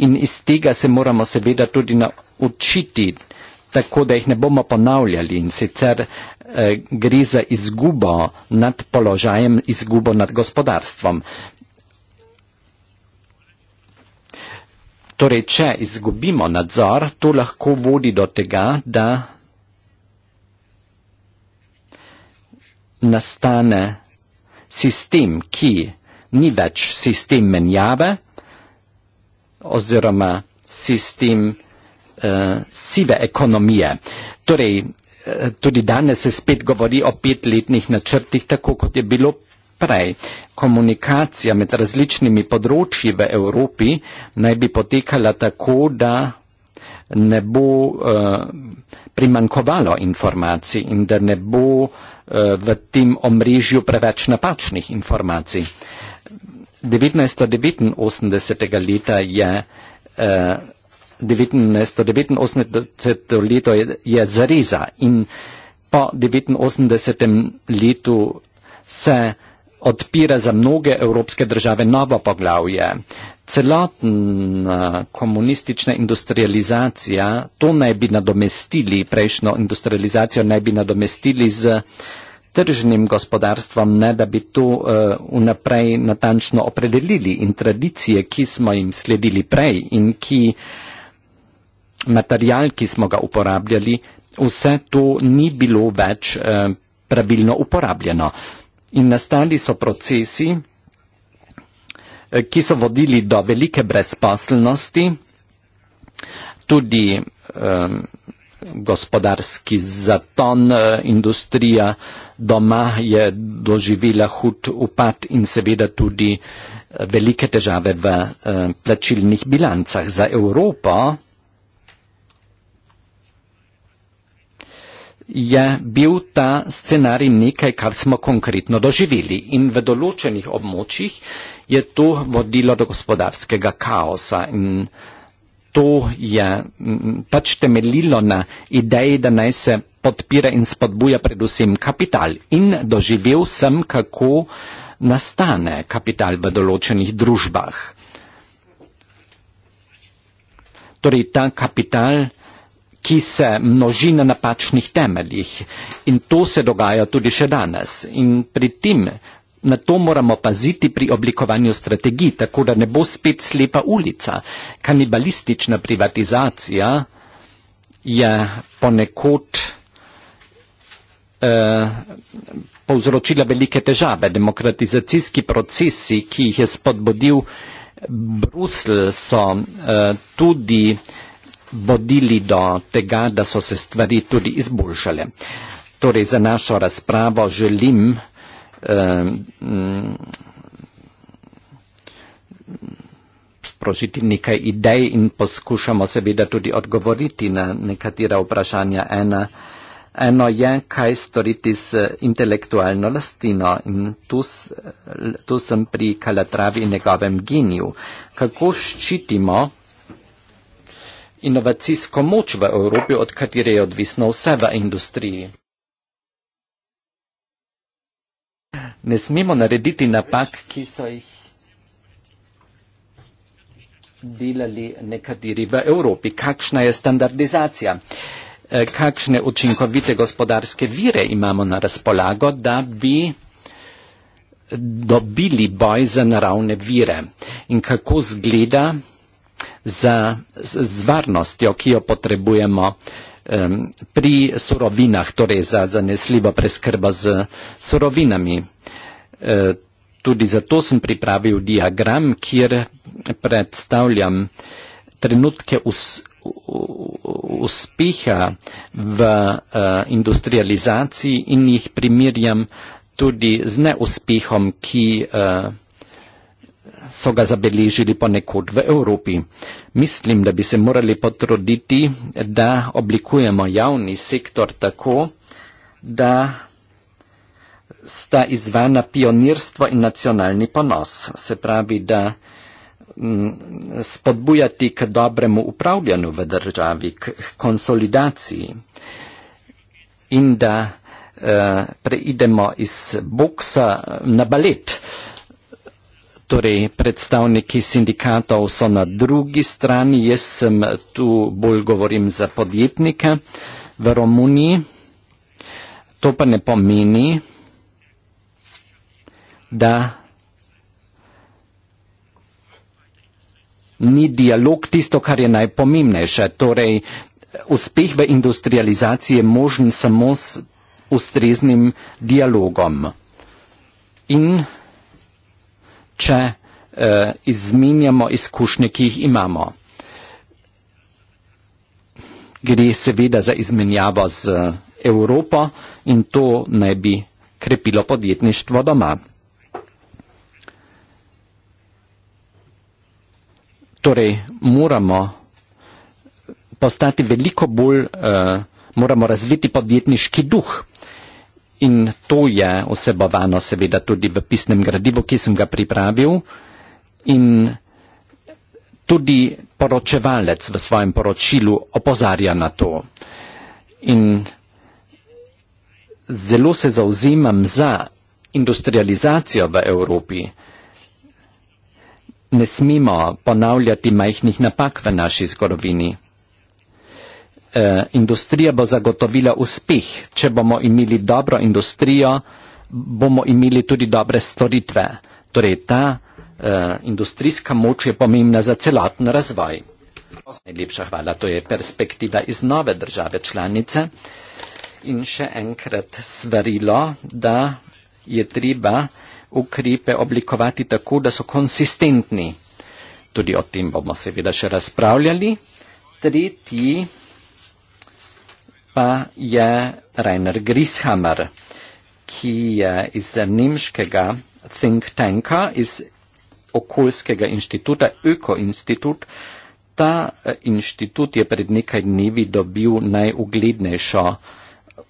in iz tega se moramo seveda tudi naučiti, tako da jih ne bomo ponavljali in sicer eh, gre za izgubo nad položajem, izgubo nad gospodarstvom. Torej, če izgubimo nadzor, to lahko vodi do tega, da nastane sistem, ki ni več sistem menjave oziroma sistem uh, sive ekonomije. Torej, eh, tudi danes se spet govori o petletnih načrtih, tako kot je bilo prej. Komunikacija med različnimi področji v Evropi naj bi potekala tako, da ne bo uh, eh, primankovalo informacij in da ne bo uh, v tem omrežju preveč napačnih informacij. 1989. leta je, eh, 1989. leto je, je zareza in po 1989. letu se odpira za mnoge evropske države novo poglavje celotna komunistična industrializacija, to naj bi nadomestili, prejšnjo industrializacijo naj bi nadomestili z tržnim gospodarstvom, ne da bi to eh, vnaprej uh, natančno opredelili in tradicije, ki smo jim sledili prej in ki material, ki smo ga uporabljali, vse to ni bilo več uh, pravilno uporabljeno. In nastali so procesi, Eh, ki so vodili do velike brezposelnosti, tudi eh, gospodarski zaton, eh, industrija doma je doživela hud upad in seveda tudi eh, velike težave v eh, plačilnih bilancah za Evropo. je bil ta scenarij nekaj, kar smo konkretno doživeli. In v določenih območjih je to vodilo do gospodarskega kaosa. In to je pač temeljilo na ideji, da naj se podpira in spodbuja predvsem kapital. In doživel sem, kako nastane kapital v določenih družbah. Torej, ta kapital ki se množi na napačnih temeljih in to se dogaja tudi še danes. In pri tem, na to moramo paziti pri oblikovanju strategij, tako da ne bo spet slepa ulica. Kanibalistična privatizacija je ponekod uh, povzročila velike težave. Demokratizacijski procesi, ki jih je spodbudil Brusel, so uh, tudi uh, vodili do tega, da so se stvari tudi izboljšale. Torej, za našo razpravo želim um, sprožiti nekaj idej in poskušamo seveda tudi odgovoriti na nekatera vprašanja. Ena, eno je, kaj storiti s intelektualno lastino in tu, tu sem pri Kalatravi in njegovem geniju. Kako ščitimo inovacijsko moč v Evropi, od katere je odvisno vse v industriji. Ne smemo narediti napak, ki so jih delali nekateri v Evropi. Kakšna je standardizacija? Eh, kakšne učinkovite gospodarske vire imamo na razpolago, da bi dobili boj za naravne vire? In kako zgleda z, z varnostjo, ki jo potrebujemo um, pri surovinah, torej za zanesljivo preskrbo z surovinami. E, tudi zato sem pripravil diagram, kjer predstavljam trenutke us, uspeha v uh, industrializaciji in jih primerjam tudi z neuspehom, ki uh, so ga zabeležili ponekud v Evropi. Mislim, da bi se morali potruditi, da oblikujemo javni sektor tako, da sta izvana pionirstvo in nacionalni ponos. Se pravi, da spodbujati k dobremu upravljanju v državi, k konsolidaciji in da eh, preidemo iz boksa na balet. Eh, Torej, predstavniki sindikatov so na drugi strani, jaz sem tu bolj govorim za podjetnike v Romuniji. To pa ne pomeni, da ni dialog tisto, kar je najpomembnejše. Torej, uspeh v industrializaciji je možen samo s ustreznim dialogom. In če eh, izminjamo izkušnje, ki jih imamo. Gre seveda za izmenjavo z eh, Evropo in to naj bi krepilo podjetništvo doma. Torej, moramo postati veliko bolj, eh, moramo razviti podjetniški duh. In to je osebovano seveda tudi v pisnem gradivu, ki sem ga pripravil. In tudi poročevalec v svojem poročilu opozarja na to. In zelo se zauzimam za industrializacijo v Evropi. Ne smemo ponavljati majhnih napak v naši zgodovini eh, industrija bo zagotovila uspeh. Če bomo imeli dobro industrijo, bomo imeli tudi dobre storitve. Torej, ta eh, industrijska moč je pomembna za celoten razvoj. Najlepša hvala, to je perspektiva iz nove države članice. In še enkrat svarilo, da je treba ukrepe oblikovati tako, da so konsistentni. Tudi o tem bomo seveda še razpravljali. Tretji pa je Rainer Grishammer, ki je iz nemškega think tanka, iz okoljskega inštituta, ökoinstitut. Ta eh, inštitut je pred nekaj dnevi dobil najuglednejšo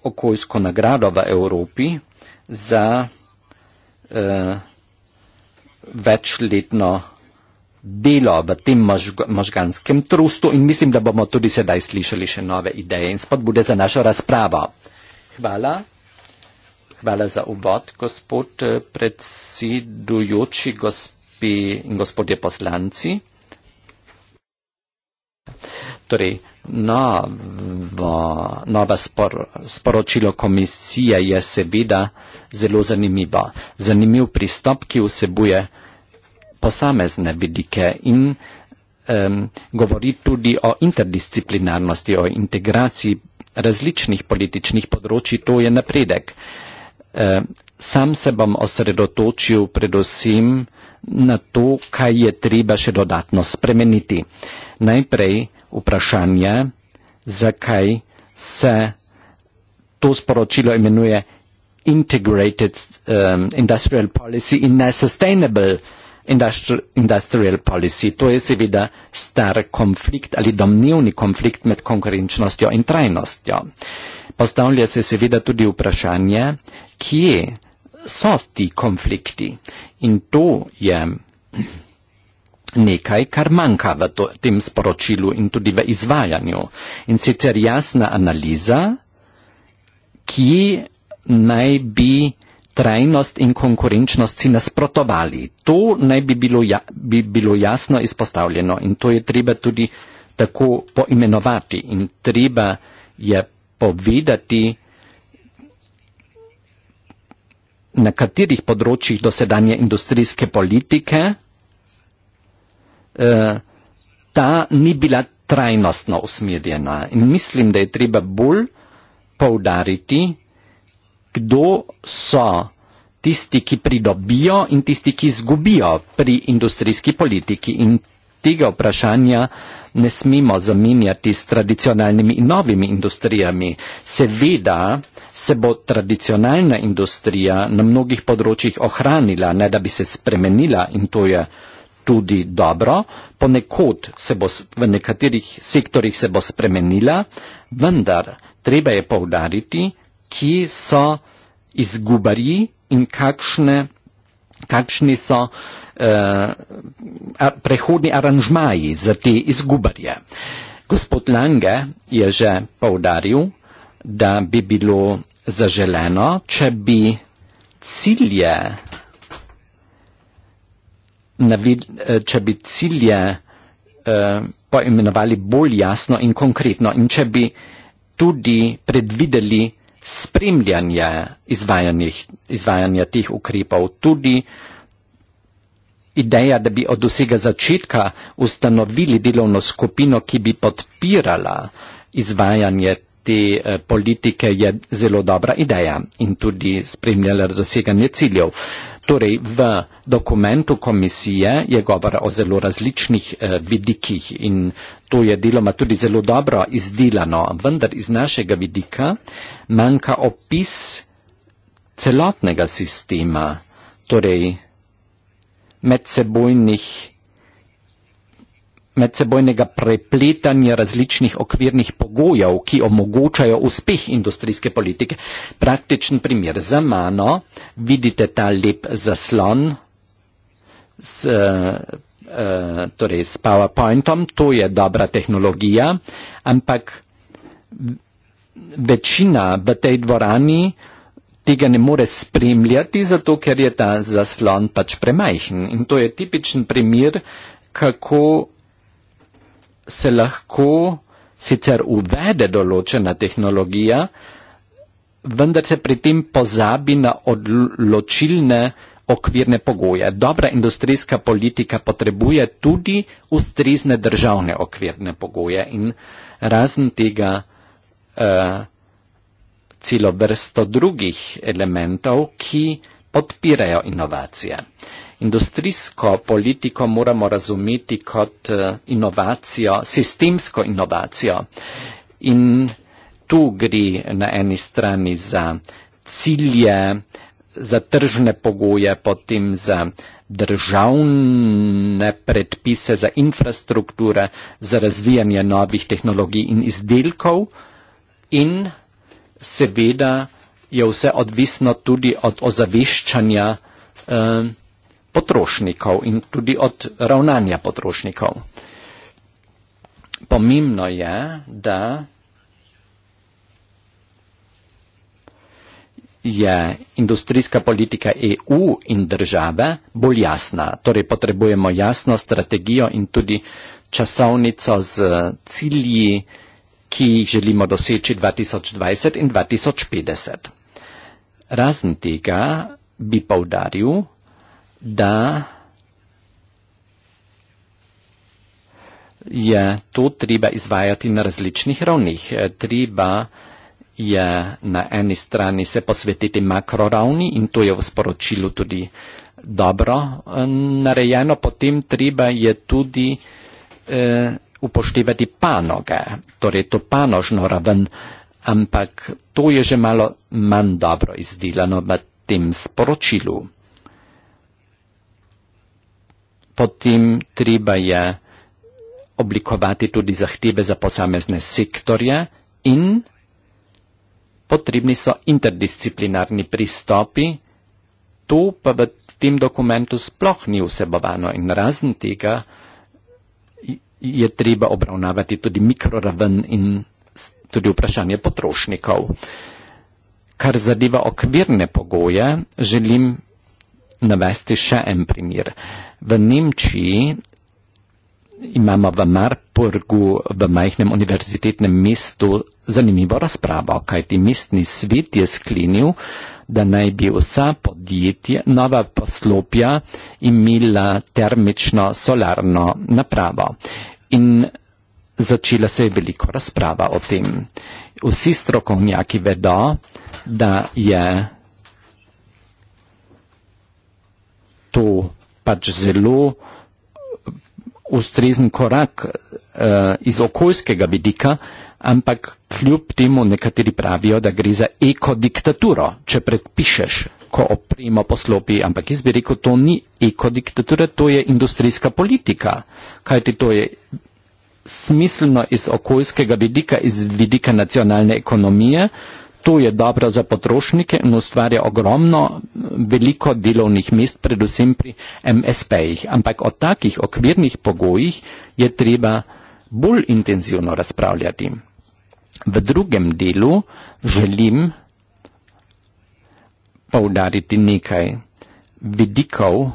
okoljsko nagrado v Evropi za uh, večletno delo v tem možganskem trustu in mislim, da bomo tudi sedaj slišali še nove ideje in spodbude za našo razpravo. Hvala. Hvala za uvod, gospod eh, predsedujoči, gospe in gospodje poslanci. Torej, novo, nova spor, sporočilo komisije je seveda zelo zanimivo. Zanimiv pristop, ki vsebuje posamezne vidike in um, govori tudi o interdisciplinarnosti, o integraciji različnih političnih področji, to je napredek. Um, sam se bom osredotočil predvsem na to, kaj je treba še dodatno spremeniti. Najprej vprašanje, zakaj se to sporočilo imenuje integrated um, industrial policy in ne sustainable policy industri industrial policy. To je seveda star konflikt ali domnevni konflikt med konkurenčnostjo in trajnostjo. Postavlja se seveda tudi vprašanje, kje so ti konflikti. In to je nekaj, kar manjka v to, tem sporočilu in tudi v izvajanju. In sicer jasna analiza, ki naj bi trajnost in konkurenčnost si nasprotovali. To naj bi bilo, ja, bi bilo jasno izpostavljeno in to je treba tudi tako poimenovati in treba je povedati, na katerih področjih dosedanje industrijske politike eh, ta ni bila trajnostno usmerjena. In mislim, da je treba bolj poudariti, kdo so tisti, ki pridobijo in tisti, ki izgubijo pri industrijski politiki. In tega vprašanja ne smemo zamenjati s tradicionalnimi in novimi industrijami. Seveda se bo tradicionalna industrija na mnogih področjih ohranila, ne da bi se spremenila in to je tudi dobro, ponekod se bo v nekaterih sektorjih se bo spremenila, vendar treba je povdariti, kje so izgubarji in kakšne, kakšni so eh, prehodni aranžmaji za te izgubarje. Gospod Lange je že povdaril, da bi bilo zaželeno, če bi cilje, navid, eh, če bi cilje eh, poimenovali bolj jasno in konkretno in če bi tudi predvideli, spremljanje izvajanja teh ukrepov, tudi ideja, da bi od vsega začetka ustanovili delovno skupino, ki bi podpirala izvajanje te eh, politike, je zelo dobra ideja in tudi spremljala doseganje ciljev. Uh, Torej, v dokumentu komisije je govora o zelo različnih eh, vidikih in to je deloma tudi zelo dobro izdelano, vendar iz našega vidika manjka opis celotnega sistema, torej medsebojnih medsebojnega prepletanja različnih okvirnih pogojev, ki omogočajo uspeh industrijske politike. Praktičen primer za mano, vidite ta lep zaslon s, uh, eh, eh, torej s PowerPointom, to je dobra tehnologija, ampak večina v tej dvorani tega ne more spremljati, zato ker je ta zaslon pač premajhen. In to je tipičen primer, kako se lahko sicer uvede določena tehnologija, vendar se pri tem pozabi na odločilne okvirne pogoje. Dobra industrijska politika potrebuje tudi ustrezne državne okvirne pogoje in razen tega uh, celo vrsto drugih elementov, ki podpirajo inovacije. Industrijsko politiko moramo razumeti kot eh, inovacijo, sistemsko inovacijo. In tu gre na eni strani za cilje, za tržne pogoje, potem za državne predpise, za infrastrukture, za razvijanje novih tehnologij in izdelkov in seveda je vse odvisno tudi od ozaveščanja eh, potrošnikov in tudi od ravnanja potrošnikov. Pomembno je, da je industrijska politika EU in države bolj jasna. Torej potrebujemo jasno strategijo in tudi časovnico z cilji, ki jih želimo doseči 2020 in 2050. Razen tega bi povdaril, da je to treba izvajati na različnih ravnih. Treba je na eni strani se posvetiti makroravni in to je v sporočilu tudi dobro eh, narejeno, potem treba je tudi eh, upoštevati panoge, torej to panožno raven ampak to je že malo manj dobro izdelano v tem sporočilu. Potem treba je oblikovati tudi zahteve za posamezne sektorje in potrebni so interdisciplinarni pristopi. To pa v tem dokumentu sploh ni vsebovano in razen tega je treba obravnavati tudi mikroraven in tudi vprašanje potrošnikov. Kar zadeva okvirne pogoje, želim navesti še en primer. V Nemčiji imamo v Marburgu, v majhnem univerzitetnem mestu, zanimivo razpravo, kajti mestni svet je sklenil, da naj bi vsa podjetja, nova poslopja imela termično solarno napravo. In začela se je veliko razprava o tem. Vsi strokovnjaki vedo, da je to pač zelo eh, ustrezen korak uh, iz okoljskega vidika, ampak kljub temu nekateri pravijo, da gre za ekodiktaturo, če predpišeš, ko opremo poslopi, ampak jaz bi rekel, to ni ekodiktatura, to je industrijska politika, kajti to je smiselno iz okoljskega vidika, iz vidika nacionalne ekonomije. To je dobro za potrošnike in ustvarja ogromno, veliko delovnih mest, predvsem pri MSP-jih. Ampak o takih okvirnih pogojih je treba bolj intenzivno razpravljati. V drugem delu želim poudariti nekaj vidikov,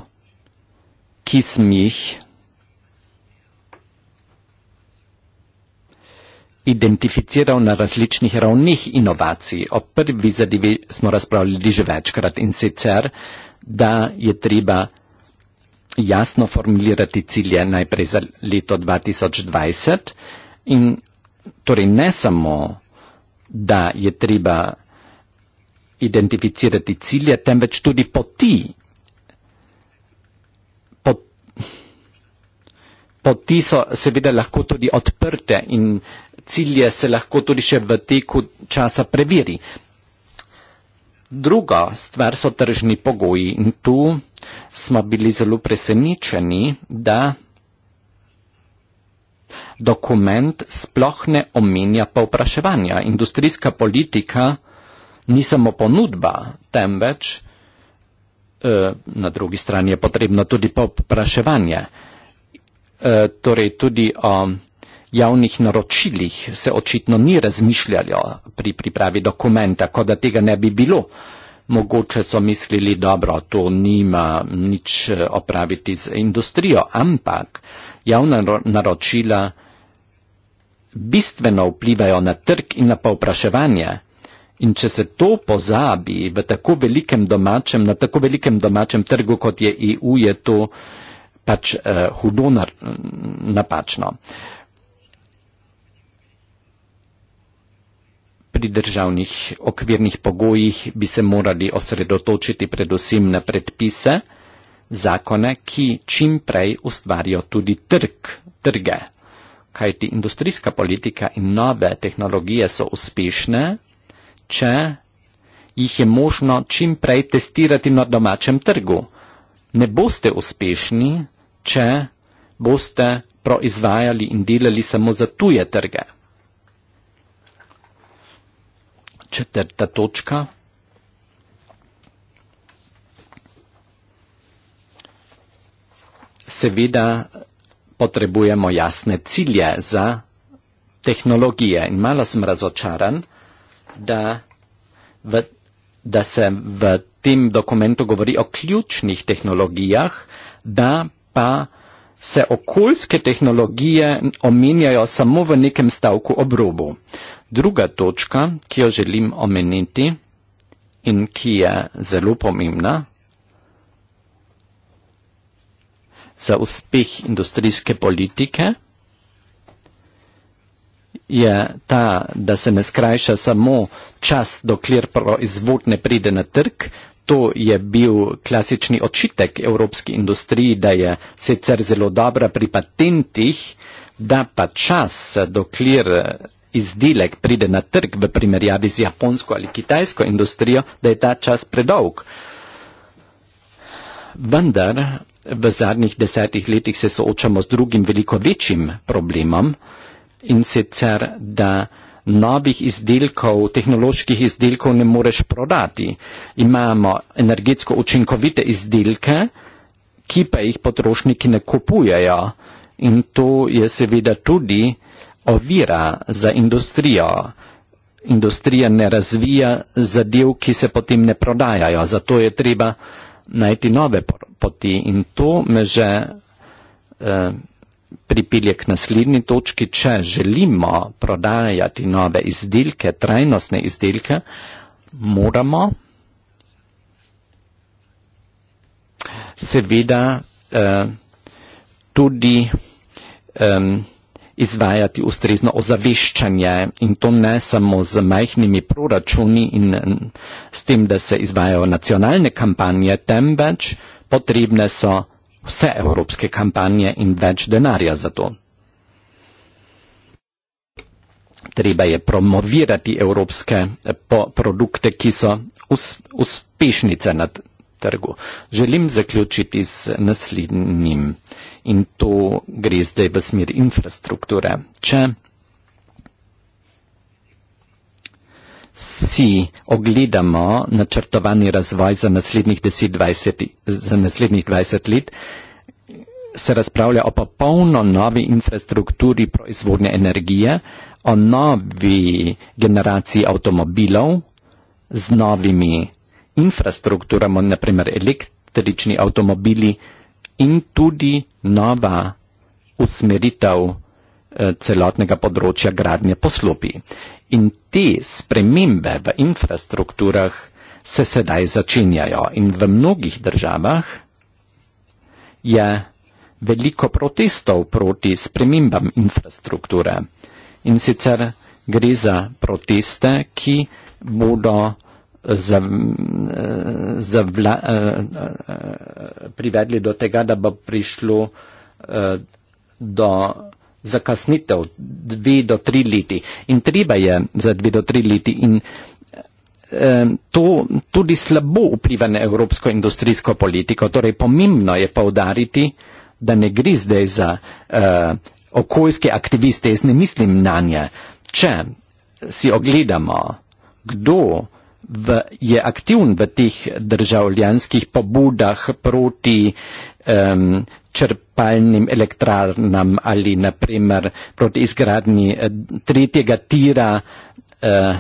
ki smo jih identificiral na različnih ravnih inovacij. O prvi zadevi smo razpravljali že večkrat in sicer, da je treba jasno formulirati cilje najprej za leto 2020 in torej ne samo, da je treba identificirati cilje, temveč tudi poti. Poti so seveda lahko tudi odprte in cilje se lahko tudi še v teku časa preveri. Druga stvar so tržni pogoji in tu smo bili zelo presenečeni, da dokument sploh ne omenja povpraševanja. Industrijska politika ni samo ponudba, temveč eh, na drugi strani je potrebno tudi povpraševanje. Eh, torej tudi o eh, javnih naročilih se očitno ni razmišljalo pri pripravi dokumenta, kot da tega ne bi bilo. Mogoče so mislili, dobro, to nima nič eh, opraviti z industrijo, ampak javna naročila bistveno vplivajo na trg in na povpraševanje. In če se to pozabi v tako velikem domačem, na tako velikem domačem trgu, kot je EU, je to pač eh, hudo napačno. Eh, pri državnih okvirnih pogojih bi se morali osredotočiti predvsem na predpise, zakone, ki čim prej ustvarijo tudi trg, trge. Kajti industrijska politika in nove tehnologije so uspešne, če jih je možno čim prej testirati na domačem trgu. Ne boste uspešni, če boste proizvajali in delali samo za tuje trge. četrta točka. Seveda potrebujemo jasne cilje za tehnologije in malo sem razočaran, da, v, da se v tem dokumentu govori o ključnih tehnologijah, da pa se okoljske tehnologije omenjajo samo v nekem stavku obrobu. Uh, Druga točka, ki jo želim omeniti in ki je zelo pomembna za uspeh industrijske politike, je ta, da se ne skrajša samo čas, dokler proizvod ne pride na trg. To je bil klasični očitek evropski industriji, da je sicer zelo dobra pri patentih, da pa čas, dokler izdelek pride na trg v primerjavi z japonsko ali kitajsko industrijo, da je ta čas predolg. Vendar v zadnjih desetih letih se soočamo z drugim veliko večjim problemom in sicer, da novih izdelkov, tehnoloških izdelkov ne moreš prodati. Imamo energetsko učinkovite izdelke, ki pa jih potrošniki ne kupujejo. In to je seveda tudi uh, ovira za industrijo. Industrija ne razvija zadev, ki se potem ne prodajajo, zato je treba najti nove poti in to me že eh, pripelje k naslednji točki. Če želimo prodajati nove izdelke, trajnostne izdelke, moramo seveda eh, tudi eh, izvajati ustrezno ozaveščanje in to ne samo z majhnimi proračuni in s tem, da se izvajajo nacionalne kampanje, temveč potrebne so vse evropske kampanje in več denarja za to. Treba je promovirati evropske eh, produkte, ki so us uspešnice na trgu. Želim zaključiti z naslednjim in to gre zdaj v smer infrastrukture. Če si ogledamo načrtovani razvoj za naslednjih 10-20 20 let, se razpravlja o popolno novi infrastrukturi proizvodne energije, o novi generaciji avtomobilov z novimi infrastrukturami, naprimer električni avtomobili, in tudi nova usmeritev eh, celotnega področja gradnje poslopi. In te spremembe v infrastrukturah se sedaj začenjajo in v mnogih državah je veliko protestov proti spremembam infrastrukture. In sicer gre za proteste, ki bodo za, za vla, eh, eh, privedli do tega, da bo prišlo eh, do zakasnitev dve do tri leti. In treba je za dve do tri leti. In to tudi slabo vpliva na evropsko industrijsko politiko. Torej pomembno je povdariti, da ne gre zdaj za uh, okoljske aktiviste, jaz ne mislim na nje. Če si ogledamo, kdo uh, v, je aktivn v teh državljanskih pobudah proti um, črpalnim elektrarnam ali naprimer proti izgradni eh, tretjega tira uh,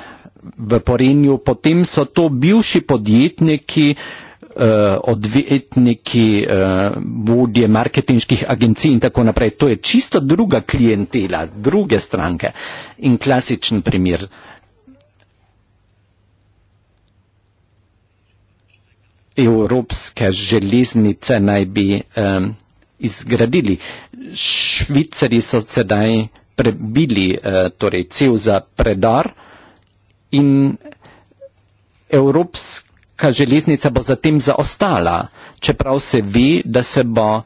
v Porenju, potem so to bivši podjetniki, uh, odvetniki, uh, vodje marketinških agencij in tako naprej. To je čisto druga klientela, druge stranke in klasičen primer. Uh, evropske železnice naj bi um, izgradili. Švicari so sedaj prebili uh, torej cel za predar in evropska železnica bo zatem zaostala, čeprav se ve, da se bo uh,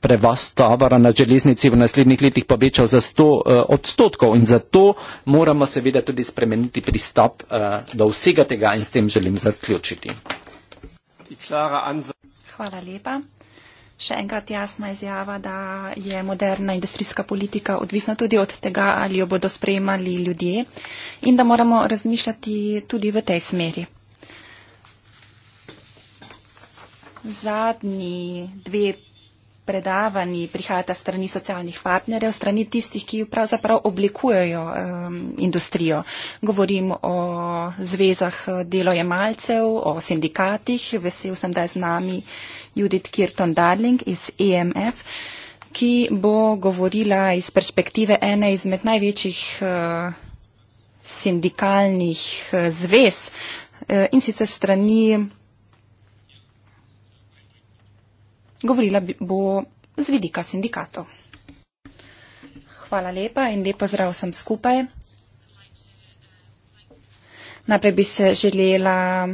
prevoz tovora na železnici v naslednjih letih povečal za 100 uh, e, odstotkov in zato moramo seveda tudi spremeniti pristop uh, do vsega tega in s tem želim zaključiti. Hvala lepa. Še enkrat jasna izjava, da je moderna industrijska politika odvisna tudi od tega, ali jo bodo sprejemali ljudje in da moramo razmišljati tudi v tej smeri. Zadnji dve predavanji prihajata strani socialnih partnerjev, strani tistih, ki pravzaprav oblikujejo um, industrijo. Govorim o zvezah eh, delojemalcev, o sindikatih. Vesel sem, da je z nami Judith Kirton Darling iz EMF, ki bo govorila iz perspektive ene izmed največjih uh, sindikalnih uh, zvez uh, in sicer strani Govorila bo z vidika sindikatov. Hvala lepa in lepo zdrav vsem skupaj. Najprej bi se želela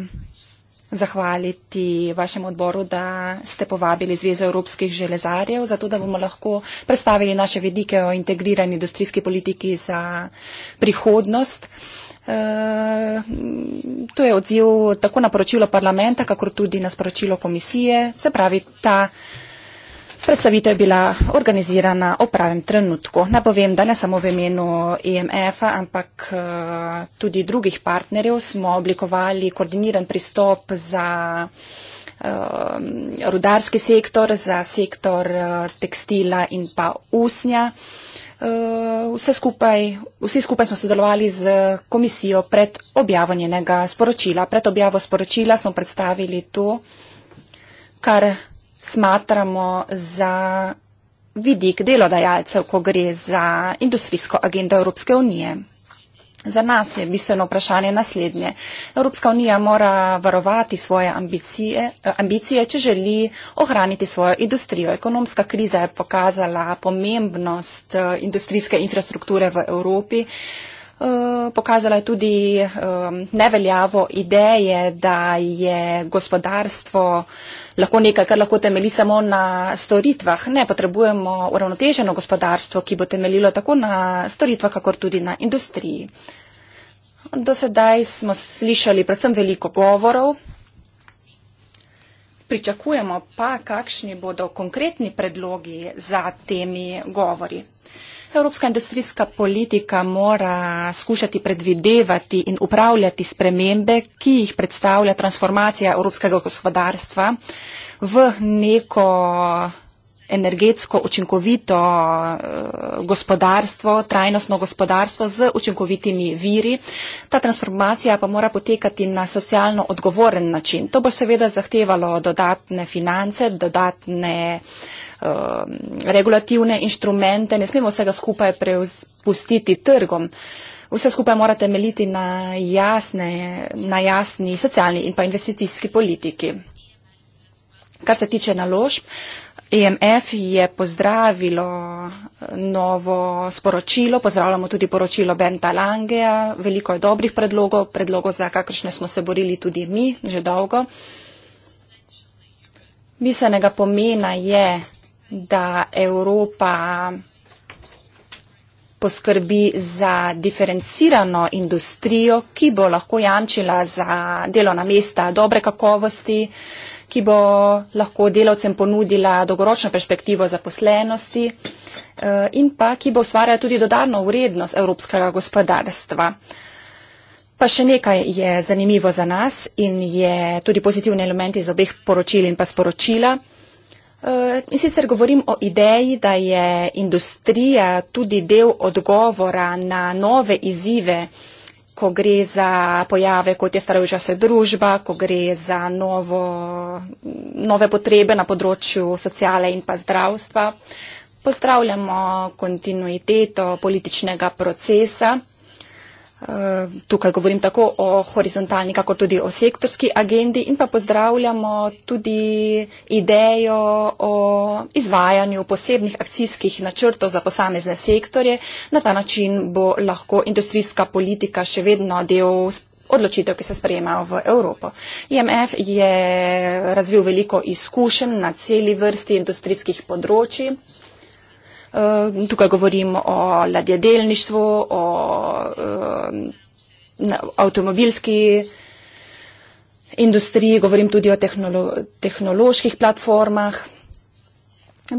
zahvaliti vašemu odboru, da ste povabili Zvezo evropskih železarjev, zato da bomo lahko predstavili naše vidike o integrirani industrijski politiki za prihodnost. Uh, Eh, to je odziv tako na poročilo parlamenta, kakor tudi na sporočilo komisije. Se pravi, ta predstavitev je bila organizirana o pravem trenutku. Ne povem, da ne samo v imenu IMF-a, e ampak eh, tudi drugih partnerjev smo oblikovali koordiniran pristop za eh, rudarski sektor, za sektor tekstila in pa usnja. Eh, vse skupaj, vsi skupaj smo sodelovali z komisijo pred objavljenega sporočila. Pred objavo sporočila smo predstavili to, kar smatramo za vidik delodajalcev, ko gre za industrijsko agendo Evropske unije. Za nas je bistveno vprašanje naslednje. Evropska unija mora varovati svoje ambicije, eh, ambicije, če želi ohraniti svojo industrijo. Ekonomska kriza je pokazala pomembnost eh, industrijske infrastrukture v Evropi. Eh, pokazala je tudi eh, neveljavo ideje, da je gospodarstvo lahko nekaj, kar lahko temeli samo na storitvah. Ne, potrebujemo uravnoteženo gospodarstvo, ki bo temeljilo tako na storitvah, kakor tudi na industriji. Do sedaj smo slišali predvsem veliko govorov. Pričakujemo pa, kakšni bodo konkretni predlogi za temi govori. Evropska industrijska politika mora skušati predvidevati in upravljati spremembe, ki jih predstavlja transformacija evropskega gospodarstva v neko energetsko učinkovito eh, gospodarstvo, trajnostno gospodarstvo z učinkovitimi viri. Ta transformacija pa mora potekati na socialno odgovoren način. To bo seveda zahtevalo dodatne finance, dodatne eh, regulativne inštrumente, ne smemo vsega skupaj prepustiti trgom. Vse skupaj mora temeljiti na, jasne, na jasni socialni in pa investicijski politiki. Kar se tiče naložb, EMF je pozdravilo eh, novo sporočilo, pozdravljamo tudi poročilo Bernda Langeja, veliko je dobrih predlogov, predlogov za kakršne smo se borili tudi mi že dolgo. Miselnega pomena je, da Evropa poskrbi za diferencirano industrijo, ki bo lahko jamčila za delovna mesta dobre kakovosti, uh, ki bo lahko delavcem ponudila dolgoročno perspektivo zaposlenosti eh, in pa ki bo ustvarjala tudi dodano vrednost evropskega gospodarstva. Pa še nekaj je zanimivo za nas in je tudi pozitivni element iz obeh poročil in pa sporočila. Eh, in sicer govorim o ideji, da je industrija tudi del odgovora na nove izzive ko gre za pojave, kot je starajoča se družba, ko gre za novo, nove potrebe na področju sociale in pa zdravstva. Pozdravljamo kontinuiteto političnega procesa. Eh, tukaj govorim tako o horizontalni, kako tudi o sektorski agendi in pa pozdravljamo tudi idejo o izvajanju posebnih akcijskih načrtov za posamezne sektorje. Na ta način bo lahko industrijska politika še vedno del odločitev, ki se sprejemajo v Evropo. IMF je razvil veliko izkušenj na celi vrsti industrijskih področji. Eh, tukaj govorim o ladjedelništvu, o eh, avtomobilski industriji, govorim tudi o tehnoloških platformah.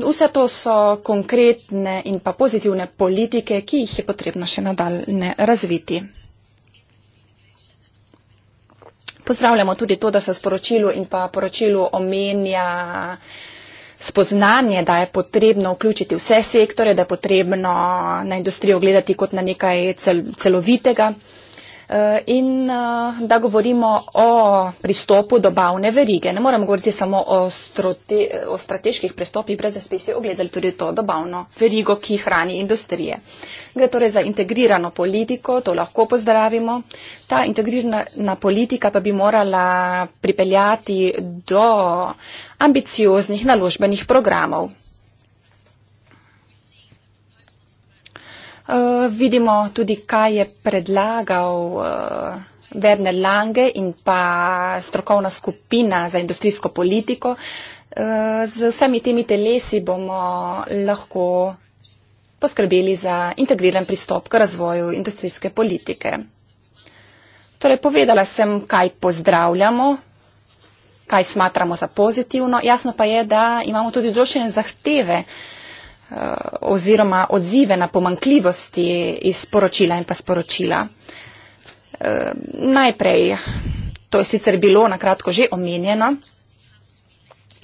Vse to so konkretne in pa pozitivne politike, ki jih je potrebno še nadaljne razviti. Pozdravljamo tudi to, da se v sporočilu in pa poročilu omenja vsega, spoznanje, da je potrebno vključiti vse sektore, da je potrebno na industrijo gledati kot na nekaj cel, celovitega. Eh, in eh, da govorimo o pristopu dobavne verige. Ne moramo govoriti samo o, strate, o strateških pristopih, brez razpisi ogledali tudi to dobavno verigo, ki hrani industrije. Gre torej za integrirano politiko, to lahko pozdravimo. Ta integrirana politika pa bi morala pripeljati do ambicioznih naložbenih programov. Eh, vidimo tudi, kaj je predlagal uh, Werner Lange in pa strokovna skupina za industrijsko politiko. Uh, z vsemi temi telesi bomo lahko poskrbeli za integriran pristop k razvoju industrijske politike. Torej, povedala sem, kaj pozdravljamo, kaj smatramo za pozitivno. Jasno pa je, da imamo tudi določene zahteve, uh, Eh, oziroma odzive na pomankljivosti iz poročila in pa sporočila. Eh, najprej, to je sicer bilo nakratko že omenjeno,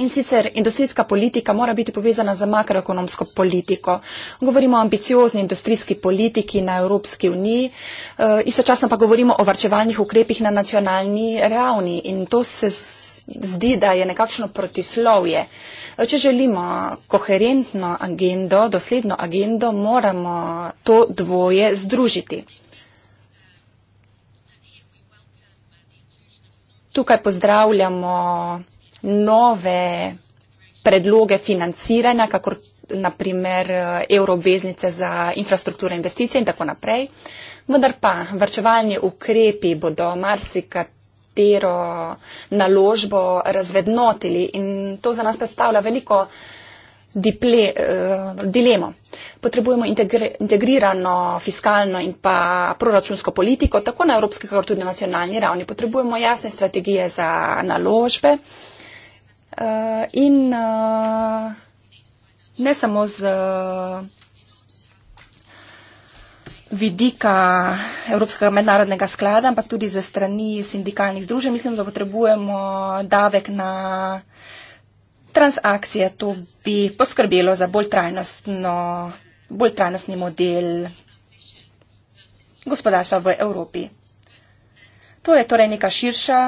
In sicer industrijska politika mora biti povezana z makroekonomsko politiko. Govorimo o ambiciozni industrijski politiki na Evropski uniji, eh, istočasno pa govorimo o varčevalnih ukrepih na nacionalni ravni in to se zdi, da je nekakšno protislovje. Eh, če želimo koherentno agendo, dosledno agendo, moramo to dvoje združiti. Tukaj pozdravljamo nove predloge financiranja, kakor naprimer eh, euroobveznice za infrastrukturne investicije in tako naprej. Vendar pa vrčevalni ukrepi bodo marsikatero naložbo razvednotili in to za nas predstavlja veliko diple, eh, dilemo. Potrebujemo integri, integrirano fiskalno in pa proračunsko politiko, tako na evropski, kakor tudi na nacionalni ravni. Potrebujemo jasne strategije za naložbe. Uh, in uh, ne samo z uh, vidika Evropskega mednarodnega sklada, ampak tudi ze strani sindikalnih združen. Mislim, da potrebujemo davek na transakcije. To bi poskrbelo za bolj, bolj trajnostni model gospodarstva v Evropi. To je torej neka širša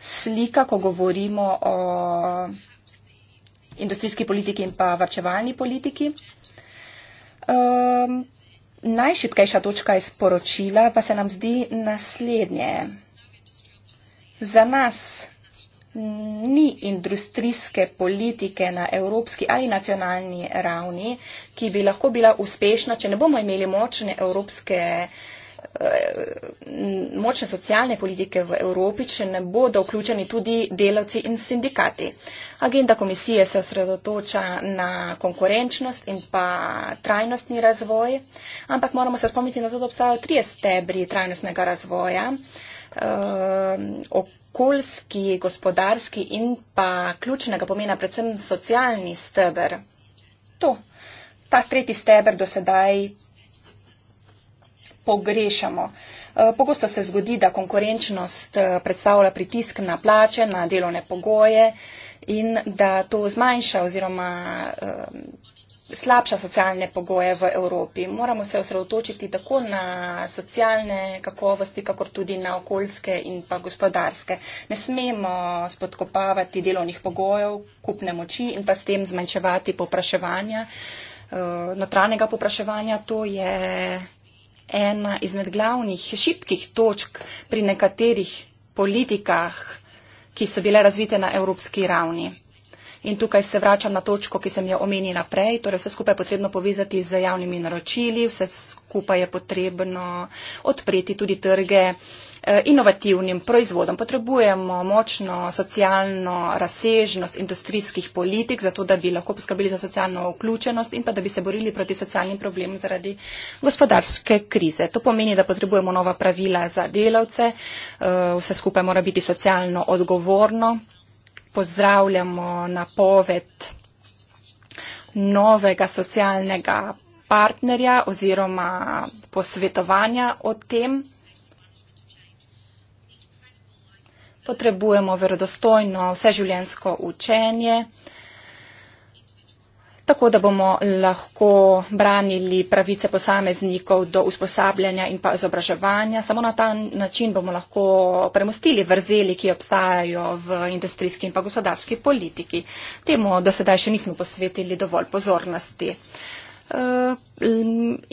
slika, ko govorimo o industrijski politiki in pa varčevalni politiki. Um, ehm, najšipkejša točka iz poročila pa se nam zdi naslednje. Za nas ni industrijske politike na evropski ali nacionalni ravni, ki bi lahko bila uspešna, če ne bomo imeli močne evropske Eh, močne socialne politike v Evropi, če ne bodo vključeni tudi delavci in sindikati. Agenda komisije se osredotoča na konkurenčnost in pa trajnostni razvoj, ampak moramo se spomniti na to, da obstajajo tri stebri trajnostnega razvoja. Eh, okoljski, gospodarski in pa ključnega pomena predvsem socialni steber. To, ta tretji steber do sedaj pogrešamo. Eh, pogosto se zgodi, da konkurenčnost eh, predstavlja pritisk na plače, na delovne pogoje in da to zmanjša oziroma eh, slabša socialne pogoje v Evropi. Moramo se osredotočiti tako na socialne kakovosti, kakor tudi na okoljske in pa gospodarske. Ne smemo spodkopavati delovnih pogojev, kupne moči in pa s tem zmanjševati popraševanja, notranjega popraševanja. To je ena izmed glavnih šipkih točk pri nekaterih politikah, ki so bile razvite na evropski ravni. In tukaj se vračam na točko, ki sem jo omenila prej. Torej, vse skupaj je potrebno povezati z javnimi naročili, vse skupaj je potrebno odpreti tudi trge. Eh, inovativnim proizvodom. Potrebujemo močno socialno razsežnost industrijskih politik, zato da bi lahko poskrbeli za socialno vključenost in pa da bi se borili proti socialnim problemom zaradi gospodarske krize. To pomeni, da potrebujemo nova pravila za delavce, eh, vse skupaj mora biti socialno odgovorno. Pozdravljamo napoved novega socialnega partnerja oziroma posvetovanja o tem. potrebujemo verodostojno vseživljensko učenje, tako da bomo lahko branili pravice posameznikov do usposabljanja in pa izobraževanja. Samo na ta način bomo lahko premustili vrzeli, ki obstajajo v industrijski in pa gospodarski politiki. Temu do sedaj še nismo posvetili dovolj pozornosti. Eh,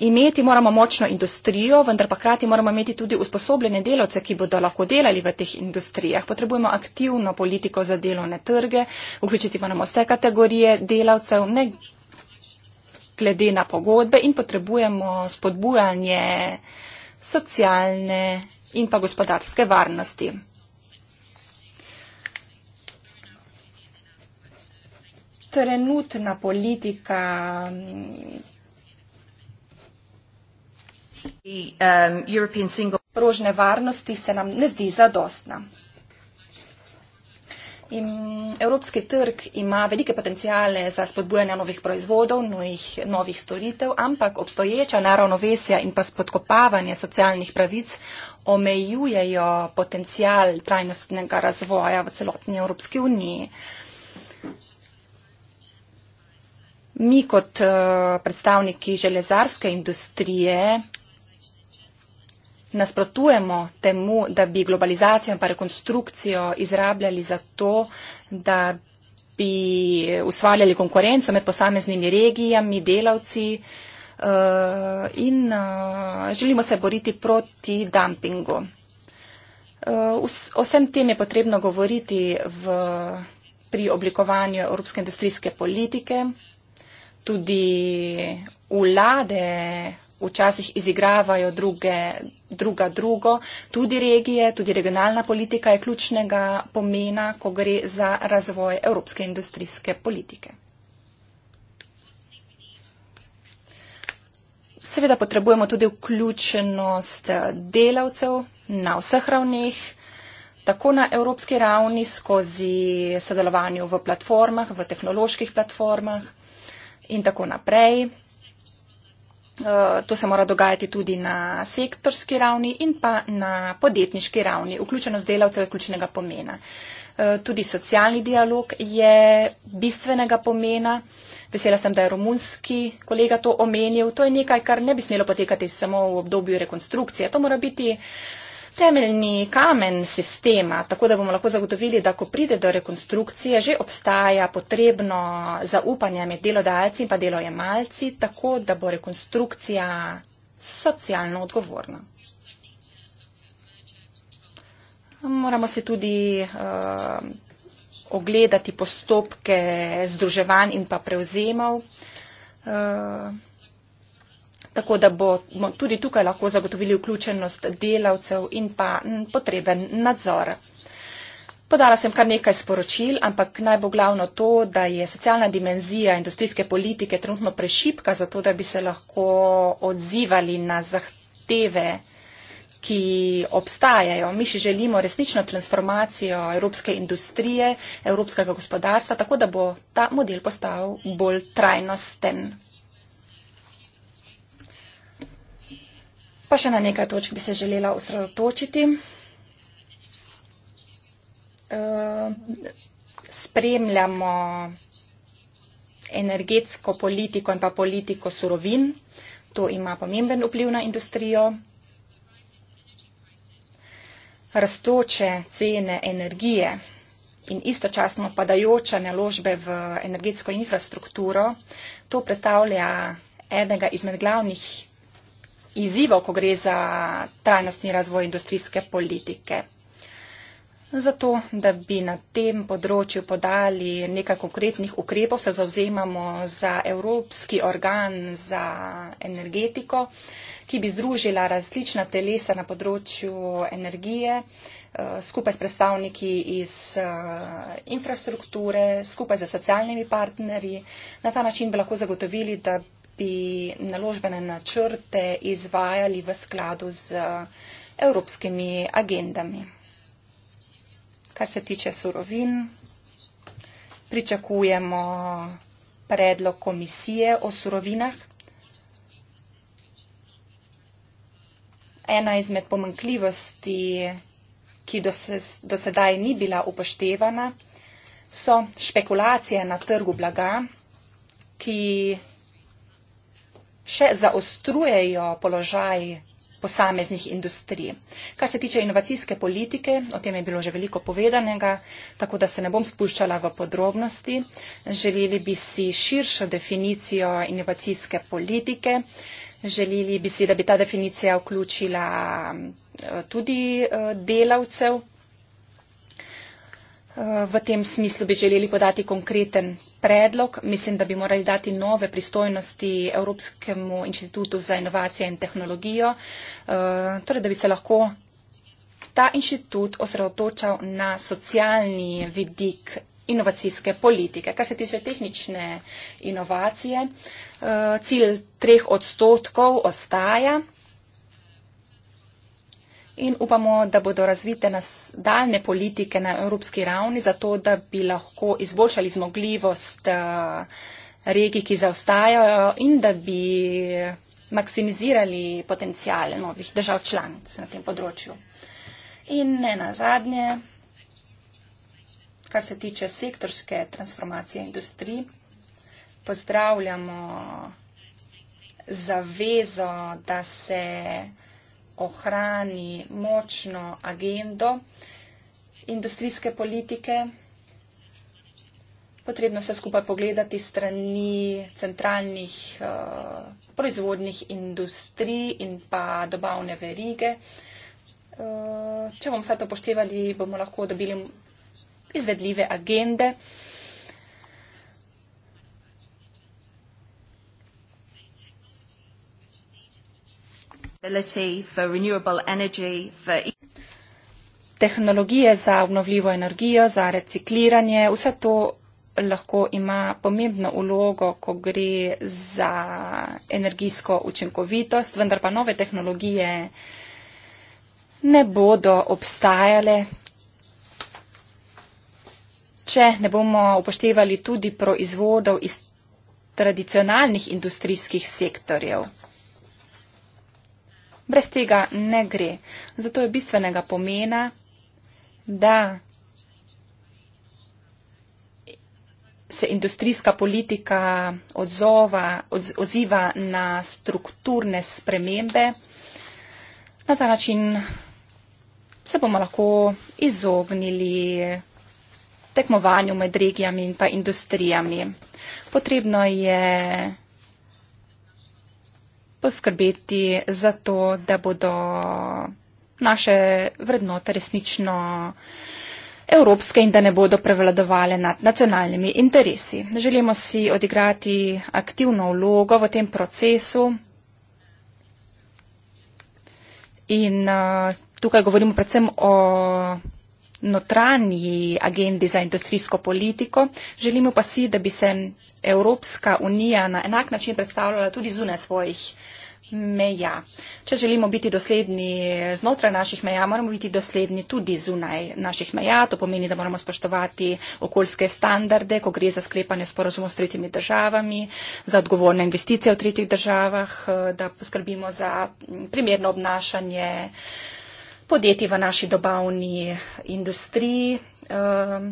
imeti moramo močno industrijo, vendar pa krati moramo imeti tudi usposobljene delavce, ki bodo lahko delali v teh industrijah. Potrebujemo aktivno politiko za delovne trge, vključiti moramo vse kategorije delavcev, ne glede na pogodbe in potrebujemo spodbujanje socialne in pa gospodarske varnosti. trenutna politika. Um, prožne varnosti se nam ne zdi zadostna. In evropski trg ima velike potencijale za spodbujanje novih proizvodov, novih, novih storitev, ampak obstoječa naravnovesja in pa spodkopavanje socialnih pravic omejujejo potencijal trajnostnega razvoja v celotni Evropski uniji. Um, Mi kot eh, predstavniki železarske industrije nasprotujemo temu, da bi globalizacijo in pa rekonstrukcijo izrabljali za to, da bi ustvarjali konkurenco med posameznimi regijami, delavci eh, in eh, želimo se boriti proti dumpingu. Vsem tem je potrebno govoriti pri oblikovanju evropske industrijske politike tudi vlade včasih izigravajo druge, druga drugo, tudi regije, tudi regionalna politika je ključnega pomena, ko gre za razvoj evropske industrijske politike. Seveda potrebujemo tudi vključenost delavcev na vseh ravneh, tako na evropski ravni skozi sodelovanje v platformah, v tehnoloških platformah, in tako naprej. Uh, to se mora dogajati tudi na sektorski ravni in pa na podjetniški ravni. Vključenost delavcev je ključnega pomena. Uh, tudi socialni dialog je bistvenega pomena. Vesela sem, da je romunski kolega to omenil. To je nekaj, kar ne bi smelo potekati samo v obdobju rekonstrukcije. To mora biti uh, temeljni kamen sistema, tako da bomo lahko zagotovili, da ko pride do rekonstrukcije, že obstaja potrebno zaupanje med delodajalci in pa delojemalci, tako da bo rekonstrukcija socialno odgovorna. Moramo se tudi uh, ogledati postopke združevanj in pa prevzemov. Uh, tako da bomo tudi tukaj lahko zagotovili vključenost delavcev in pa potreben nadzor. Podala sem kar nekaj sporočil, ampak naj bo glavno to, da je socialna dimenzija industrijske politike trenutno prešipka za to, da bi se lahko odzivali na zahteve, ki obstajajo. Mi še želimo resnično transformacijo evropske industrije, evropskega gospodarstva, tako da bo ta model postal bolj trajnosten. Pa še na nekaj točk bi se želela osredotočiti. Uh, spremljamo energetsko politiko in pa politiko surovin. To ima pomemben vpliv na industrijo. Rastoče cene energije in istočasno padajoče naložbe v energetsko infrastrukturo, to predstavlja enega izmed glavnih izzivov, ko gre za trajnostni razvoj industrijske politike. Zato, da bi na tem področju podali nekaj konkretnih ukrepov, se zauzemamo za Evropski organ za energetiko, ki bi združila različna telesa na področju energije eh, skupaj s predstavniki iz eh, infrastrukture, skupaj z socialnimi partnerji. Na ta način bi lahko zagotovili, da bi naložbene načrte izvajali v skladu z eh, evropskimi agendami. Kar se tiče surovin, pričakujemo predlog komisije o surovinah. Ena izmed pomankljivosti, ki do sedaj ni bila upoštevana, so špekulacije na trgu blaga, ki še zaostrujejo položaj posameznih industrij. Kar se tiče inovacijske politike, o tem je bilo že veliko povedanega, tako da se ne bom spuščala v podrobnosti. Želeli bi si širšo definicijo inovacijske politike, želeli bi si, da bi ta definicija vključila eh, tudi eh, delavcev V tem smislu bi želeli podati konkreten predlog. Mislim, da bi morali dati nove pristojnosti Evropskemu inštitutu za inovacije in tehnologijo, eh, torej da bi se lahko ta inštitut osredotočal na socialni vidik inovacijske politike. Kar se tiče tehnične inovacije, eh, cilj treh odstotkov ostaja in upamo, da bodo razvite nadaljne politike na evropski ravni za to, da bi lahko izboljšali zmogljivost eh, regij, ki zaostajajo in da bi maksimizirali potencijale novih držav članic na tem področju. In ne na zadnje, kar se tiče sektorske transformacije industrije, pozdravljamo zavezo, da se ohrani močno agendo industrijske politike. Potrebno se skupaj pogledati strani centralnih uh, proizvodnih industrij in pa dobavne verige. Uh, če bomo vse to poštevali, bomo lahko dobili izvedljive agende. Uh, E- tehnologije za obnovljivo energijo, za recikliranje, vse to lahko ima pomembno ulogo, ko gre za energijsko učinkovitost, vendar pa nove tehnologije ne bodo obstajale, če ne bomo upoštevali tudi proizvodov iz tradicionalnih industrijskih sektorjev brez tega ne gre. Zato je bistvenega pomena, da se industrijska politika odzova, od, odziva na strukturne spremembe. Na ta način se bomo lahko izognili tekmovanju med regijami in pa industrijami. Potrebno je poskrbeti za to, da bodo naše vrednote resnično evropske in da ne bodo prevladovale nad nacionalnimi interesi. Želimo si odigrati aktivno vlogo v tem procesu in uh, tukaj govorimo predvsem o notranji agendi za industrijsko politiko. Želimo pa si, da bi se Evropska unija na enak način predstavljala tudi zune svojih vrednot meja. Če želimo biti dosledni znotraj naših meja, moramo biti dosledni tudi zunaj naših meja. To pomeni, da moramo spoštovati okoljske standarde, ko gre za sklepanje sporozumov s tretjimi državami, za odgovorne investicije v tretjih državah, da poskrbimo za primerno obnašanje podjetij v naši dobavni industriji, eh,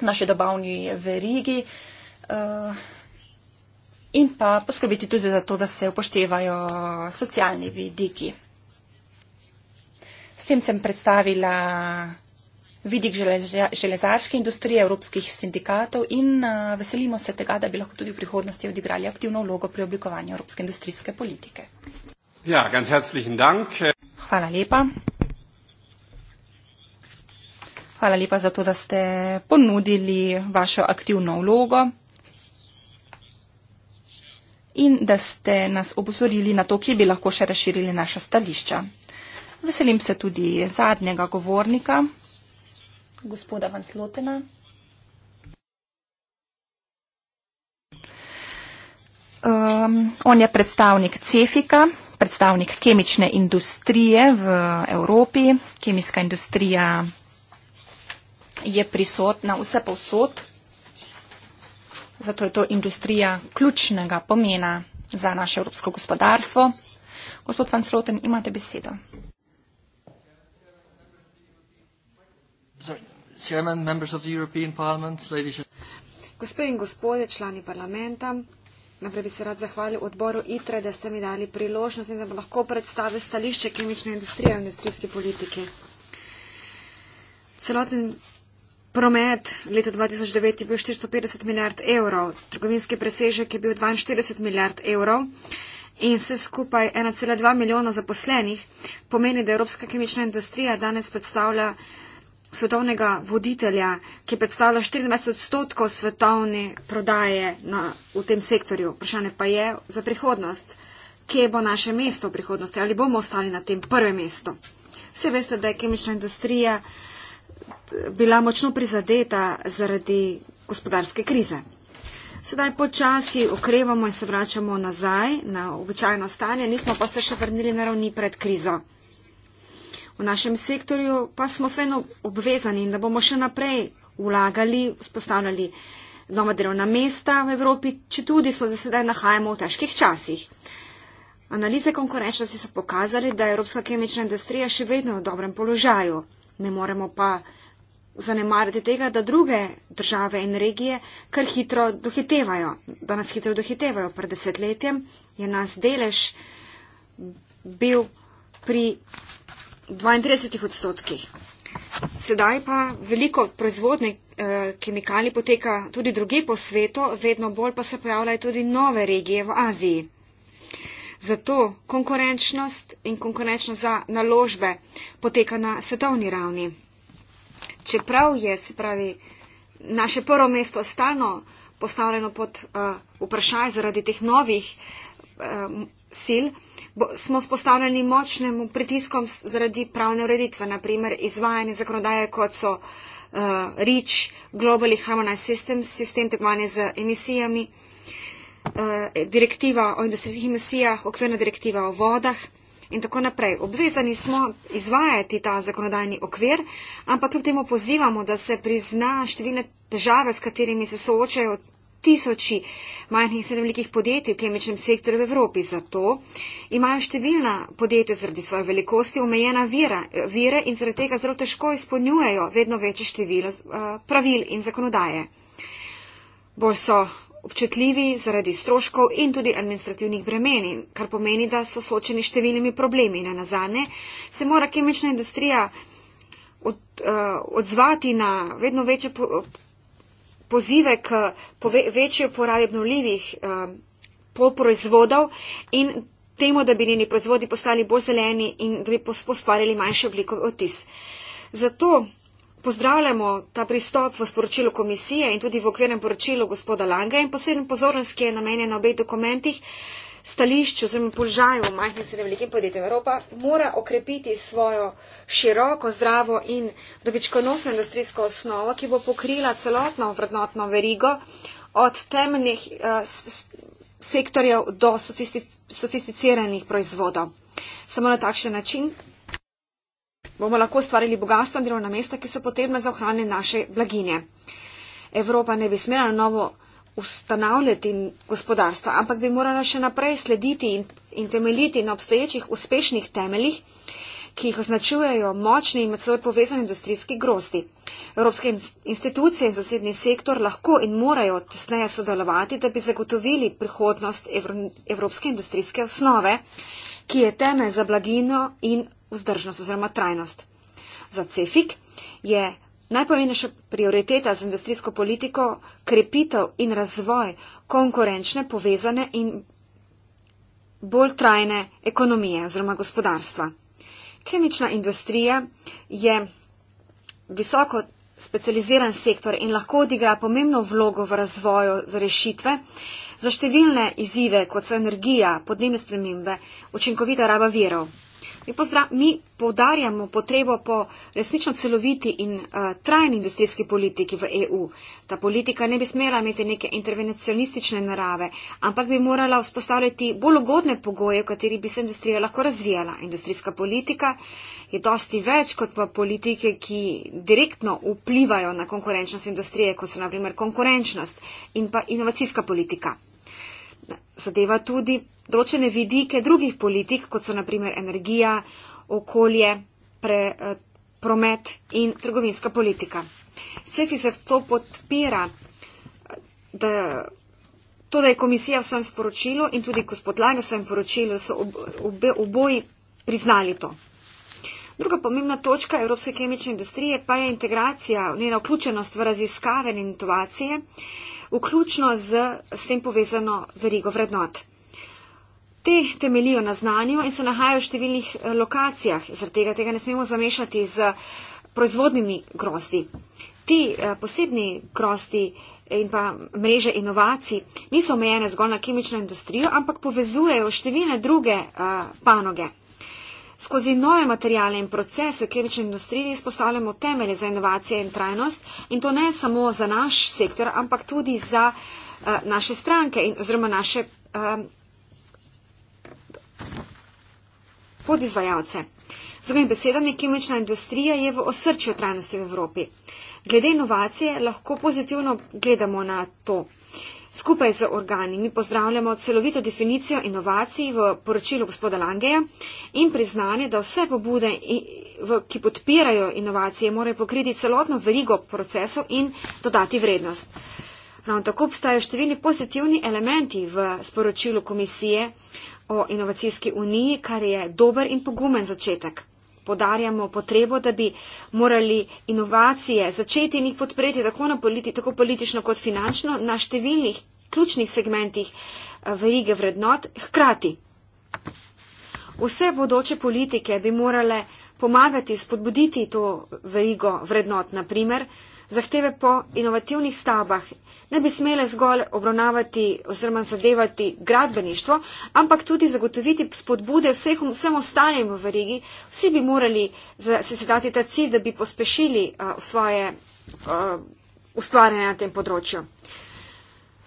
naši dobavni verigi. Uh, in pa poskrbiti tudi za to, da se upoštevajo socialni vidiki. S tem sem predstavila vidik železarske industrije evropskih sindikatov in veselimo se tega, da bi lahko tudi v prihodnosti odigrali aktivno vlogo pri oblikovanju evropske industrijske politike. Ja, ganz herzlichen dank. Hvala lepa. Hvala lepa za to, da ste ponudili vašo aktivno vlogo in da ste nas opozorili na to, ki bi lahko še razširili naša stališča. Veselim se tudi zadnjega govornika, gospoda Van Slotena. Um, on je predstavnik Cefika, predstavnik kemične industrije v Evropi. Kemijska industrija je prisotna vse povsod zato je to industrija ključnega pomena za naše evropsko gospodarstvo. Gospod van Sloten, imate besedo. Gospe in gospode, člani parlamenta, najprej bi se rad zahvalil odboru ITRE, da ste mi dali priložnost in da bi lahko predstavil stališče kemične industrije in industrijske politike. Celoten Promet leta 2009 je bil 450 milijard evrov, trgovinski presežek je bil 42 milijard evrov in vse skupaj 1,2 milijona zaposlenih pomeni, da evropska kemična industrija danes predstavlja svetovnega voditelja, ki predstavlja 24 odstotkov svetovne prodaje na, v tem sektorju. Vprašanje pa je za prihodnost, kje bo naše mesto v prihodnosti, ali bomo ostali na tem prvem mestu. Vse veste, da je kemična industrija bila močno prizadeta zaradi gospodarske krize. Sedaj počasi okrevamo in se vračamo nazaj na običajno stanje, nismo pa se še vrnili na ravni pred krizo. V našem sektorju pa smo sveno obvezani, da bomo še naprej vlagali, spostavljali nova delovna mesta v Evropi, če tudi smo za sedaj nahajamo v težkih časih. Analize konkurenčnosti so pokazali, da je evropska kemična industrija še vedno v dobrem položaju. Ne moremo pa zanemariti tega, da druge države in regije kar hitro dohitevajo, da nas hitro dohitevajo. Pred desetletjem je nas delež bil pri 32 odstotkih. Sedaj pa veliko proizvodne eh, kemikalije poteka tudi druge po svetu, vedno bolj pa se pojavljajo tudi nove regije v Aziji. Zato konkurenčnost in konkurenčnost za naložbe poteka na svetovni ravni. Čeprav je se pravi naše prvo mesto stalno postavljeno pod uh, vprašaj zaradi teh novih uh, sil, bo, smo spostavljeni močnemu pritiskom zaradi pravne ureditve, naprimer izvajanje zakonodaje, kot so uh, REACH, Globally Harmonized Systems, sistem tekmovanja z emisijami. Uh, Eh, direktiva o industrijskih emisijah, okvirna direktiva o vodah in tako naprej. Obvezani smo izvajati ta zakonodajni okvir, ampak kljub temu pozivamo, da se prizna številne težave, s katerimi se soočajo tisoči majhnih in srednjih podjetij v kemičnem sektorju v Evropi. Zato imajo številna podjetja zaradi svoje velikosti omejena vira, vire in zaradi tega zelo težko izpolnjujejo vedno večje število eh, pravil in zakonodaje. Bolj so občutljivi zaradi stroškov in tudi administrativnih bremeni, kar pomeni, da so soočeni številnimi problemi. Na nazadnje se mora kemična industrija od, uh, odzvati na vedno večje po, pozive k pove, večji uporabi obnovljivih uh, polproizvodov in temu, da bi njeni proizvodi postali bolj zeleni in da bi postvarjali manjši oblikov otis. Zato Pozdravljamo ta pristop v sporočilu komisije in tudi v okvirnem poročilu gospoda Langa in posebno pozornost, ki je namenjena na obeh dokumentih, stališču oziroma položaju majhnih in velikih podjetij Evropa, mora okrepiti svojo široko, zdravo in dobičkonosno industrijsko osnovo, ki bo pokrila celotno vrednotno verigo od temeljnih uh, sektorjev do sofisti sofisticiranih proizvodov. Samo na takšen način bomo lahko ustvarili bogatstva in delovna mesta, ki so potrebna za ohranjanje naše blaginje. Evropa ne bi smela na novo ustanavljati gospodarstva, ampak bi morala še naprej slediti in, in temeljiti na obstoječih uspešnih temeljih, ki jih označujejo močni in med seboj povezani industrijski grosti. Evropske institucije in zasebni sektor lahko in morajo tesneje sodelovati, da bi zagotovili prihodnost evropske industrijske osnove, ki je teme za blagino in vzdržnost oziroma trajnost. Za CEFIK je najpomembnejša prioriteta za industrijsko politiko krepitev in razvoj konkurenčne, povezane in bolj trajne ekonomije oziroma gospodarstva. Kemična industrija je visoko specializiran sektor in lahko odigra pomembno vlogo v razvoju za rešitve za številne izzive, kot so energija, podnebne spremembe, učinkovita raba verov. Mi, mi povdarjamo potrebo po resnično celoviti in uh, trajni industrijski politiki v EU. Ta politika ne bi smela imeti neke intervencionistične narave, ampak bi morala vzpostavljati bolj ugodne pogoje, v kateri bi se industrija lahko razvijala. Industrijska politika je dosti več kot pa politike, ki direktno vplivajo na konkurenčnost industrije, kot so naprimer konkurenčnost in pa inovacijska politika zadeva tudi določene vidike drugih politik, kot so naprimer energija, okolje, pre, eh, promet in trgovinska politika. Cefi se to podpira, eh, da to, da je komisija v svojem sporočilu in tudi gospod Laga v svojem poročilu, so ob, obe, oboji priznali to. Druga pomembna točka evropske kemične industrije pa je integracija, njena vključenost v raziskave in inovacije. Uh, vključno z, s tem povezano verigo vrednot. Te temelijo na znanju in se nahajajo v številnih eh, lokacijah, zaradi tega tega ne smemo zamešati z proizvodnimi grozdi. Ti eh, posebni grozdi in pa mreže inovacij niso omejene zgolj na kemično industrijo, ampak povezujejo številne druge eh, panoge. Skozi nove materijale in procese kemične industrije izpostavljamo temelje za inovacije in trajnost in to ne samo za naš sektor, ampak tudi za uh, naše stranke in oziroma naše um, podizvajalce. Z drugimi besedami, kemična industrija je v osrčju trajnosti v Evropi. Glede inovacije lahko pozitivno gledamo na to. Skupaj z organi mi pozdravljamo celovito definicijo inovacij v poročilu gospoda Langeja in priznanje, da vse pobude, ki podpirajo inovacije, morajo pokriti celotno verigo procesov in dodati vrednost. Ravno tako obstajajo številni pozitivni elementi v sporočilu komisije o inovacijski uniji, kar je dober in pogumen začetek podarjamo potrebo, da bi morali inovacije začeti in jih podpreti tako, politi, tako politično kot finančno na številnih ključnih segmentih eh, verige vrednot hkrati. Vse bodoče politike bi morale pomagati spodbuditi to verigo vrednot, naprimer zahteve po inovativnih stavbah ne bi smele zgolj obravnavati oziroma zadevati gradbeništvo, ampak tudi zagotoviti spodbude vseh, vsem ostalim v verigi. Vsi bi morali se sedati ta cilj, da bi pospešili uh, svoje uh, ustvarjanje na tem področju.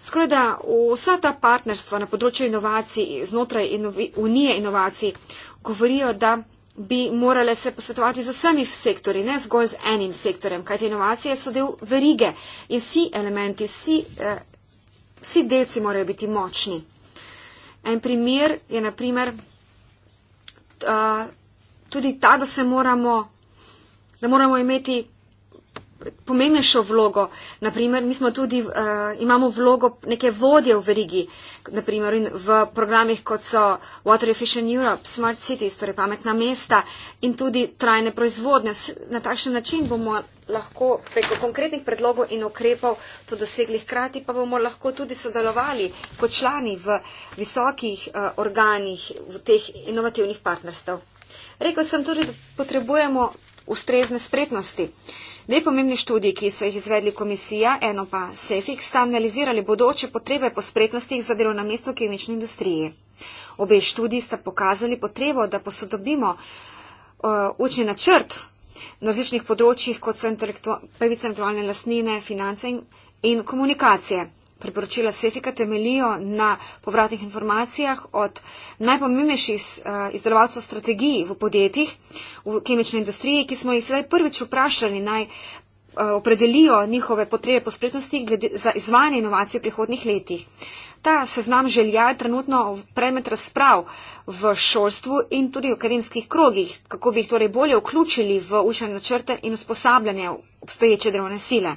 Skoraj da vsa ta partnerstva na področju inovacij znotraj inovi, Unije inovacij govorijo, da bi morale se posvetovati z vsemi sektorji, ne zgolj z enim sektorjem, kajti inovacije so del verige in vsi elementi, vsi, eh, vsi delci morajo biti močni. En primer je naprimer uh, eh, tudi ta, da, moramo, da moramo imeti pomembnejšo vlogo. Naprimer, mi smo tudi, uh, imamo vlogo neke vodje v verigi, naprimer v programih, kot so Water Efficient Europe, Smart Cities, torej pametna mesta in tudi trajne proizvodnje. Na takšen način bomo lahko preko konkretnih predlogov in ukrepov to dosegli, hkrati pa bomo lahko tudi sodelovali kot člani v visokih uh, organih v teh inovativnih partnerstv. Rekel sem tudi, da potrebujemo ustrezne spretnosti. Uh, Dve pomembni študiji, ki so jih izvedli komisija, eno pa SEFIK, sta analizirali bodoče potrebe po spretnostih za delovno mesto v kemični industriji. Obe študiji sta pokazali potrebo, da posodobimo uh, učni načrt na različnih področjih, kot so pravice intelektualne lasnine, finance in, in komunikacije priporočila Sefika temelijo na povratnih informacijah od najpomembnejših eh, izdelovalcev strategij v podjetjih v kemični industriji, ki smo jih sedaj prvič vprašali naj eh, opredelijo njihove potrebe po spretnosti za izvajanje inovacij v prihodnih letih. Ta seznam želja je trenutno predmet razprav v šolstvu in tudi v akademskih krogih, kako bi jih torej bolje vključili v učne načrte in usposabljanje obstoječe delovne sile.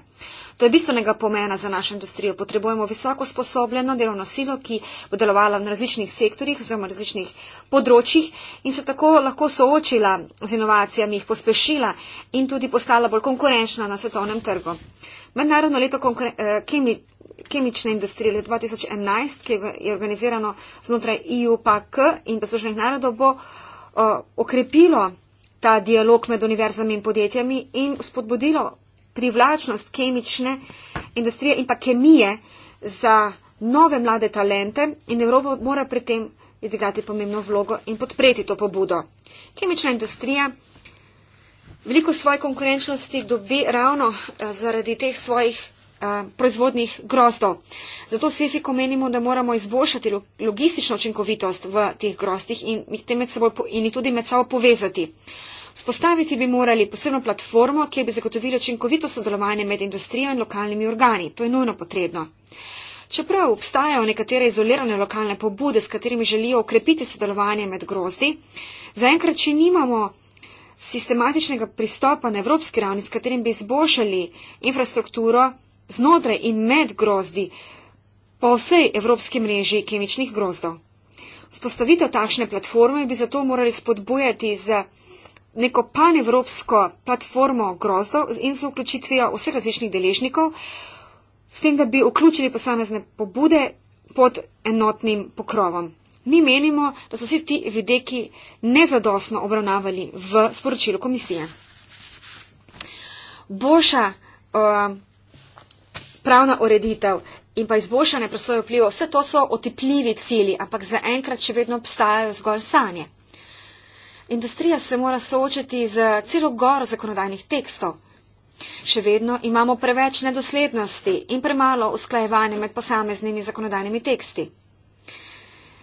To je bistvenega pomena za našo industrijo. Potrebujemo visoko sposobljeno delovno silo, ki bo delovala na različnih sektorjih oziroma različnih področjih in se tako lahko soočila z inovacijami, jih pospešila in tudi postala bolj konkurenčna na svetovnem trgu. Mednarodno leto eh, kemi, kemične industrije leta 2011, ki je organizirano znotraj EU-PAK in poslušnih narodov, bo o, eh, okrepilo ta dialog med univerzami in podjetjami in spodbudilo privlačnost kemične industrije in pa kemije za nove mlade talente in Evropa mora pri tem igrati pomembno vlogo in podpreti to pobudo. Kemična industrija veliko svoje konkurenčnosti dobi ravno eh, zaradi teh svojih eh, proizvodnih grozdov. Zato v SEFIKO menimo, da moramo izboljšati logistično učinkovitost v teh grozdih in jih tudi med sabo povezati. Spostaviti bi morali posebno platformo, ki bi zagotovila učinkovito sodelovanje med industrijo in lokalnimi organi. To je nujno potrebno. Čeprav obstajajo nekatere izolirane lokalne pobude, s katerimi želijo ukrepiti sodelovanje med grozdi, zaenkrat, če nimamo sistematičnega pristopa na evropski ravni, s katerim bi izboljšali infrastrukturo znotraj in med grozdi po vsej evropski mreži kemičnih grozdov. Spostavitev takšne platforme bi zato morali spodbujati z neko panevropsko platformo grozdo in z vključitvijo vseh različnih deležnikov, s tem, da bi vključili posamezne pobude pod enotnim pokrovom. Mi menimo, da so se ti videki nezadosno obravnavali v sporočilu komisije. Boljša uh, pravna ureditev in pa izboljšanje presoje vplivov, vse to so otipljivi cilji, ampak zaenkrat še vedno obstajajo zgolj sanje industrija se mora soočati z celo goro zakonodajnih tekstov. Še vedno imamo preveč nedoslednosti in premalo usklajevanja med posameznimi zakonodajnimi teksti.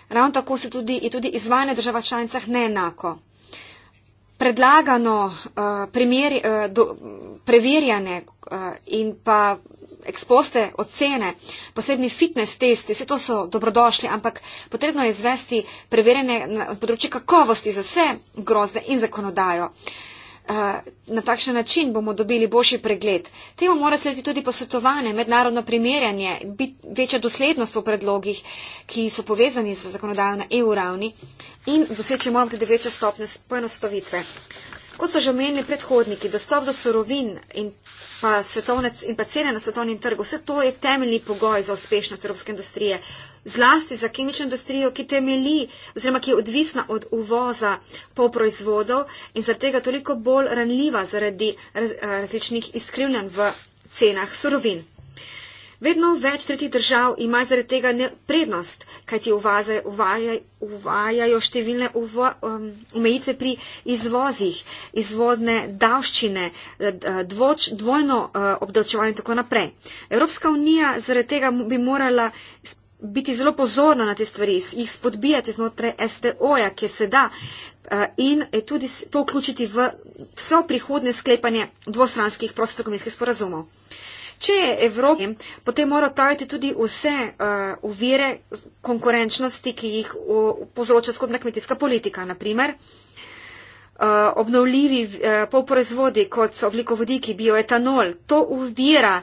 Ravno tako se tudi, tudi izvajanje država članicah neenako. Predlagano uh, primeri, uh, do, preverjane uh, eh, in pa ekspozite, ocene, posebni fitness testi, vse to so dobrodošli, ampak potrebno je izvesti preverjanje na področju kakovosti za vse grozde in zakonodajo. Eh, na takšen način bomo dobili boljši pregled. Temu mora slediti tudi posvetovanje, mednarodno primerjanje, večja doslednost v predlogih, ki so povezani z zakonodajo na EU ravni in doseči moramo tudi večjo stopnjo poenostavitve. Kot so že omenili predhodniki, dostop do sorovin in pa, in pa cene na svetovnem trgu, vse to je temeljni pogoj za uspešnost evropske industrije. Zlasti za kemično industrijo, ki temelji oziroma ki je odvisna od uvoza polproizvodov in zaradi tega toliko bolj ranljiva zaradi eh, različnih izkrivljanj v cenah sorovin. Vedno več tretji držav ima zaradi tega prednost, kajti uvaze, uvaja, uvajajo številne uvo, um, umejitve pri izvozih, izvozne davščine, eh, eh, dvoč, dvojno uh, obdavčevanje in tako naprej. Evropska unija zaradi tega bi morala biti zelo pozorna na te stvari, jih spodbijati znotraj STO-ja, kjer se da in tudi to vključiti v vse prihodne sklepanje dvostranskih prostotrgovinskih sporazumov. Če je Evropa, potem mora odpraviti tudi vse uh, eh, uvire konkurenčnosti, ki jih uh, povzroča skupna kmetijska politika. Naprimer, Uh, eh, obnovljivi uh, polproizvodi, kot so oglikovodiki, bioetanol, to uvira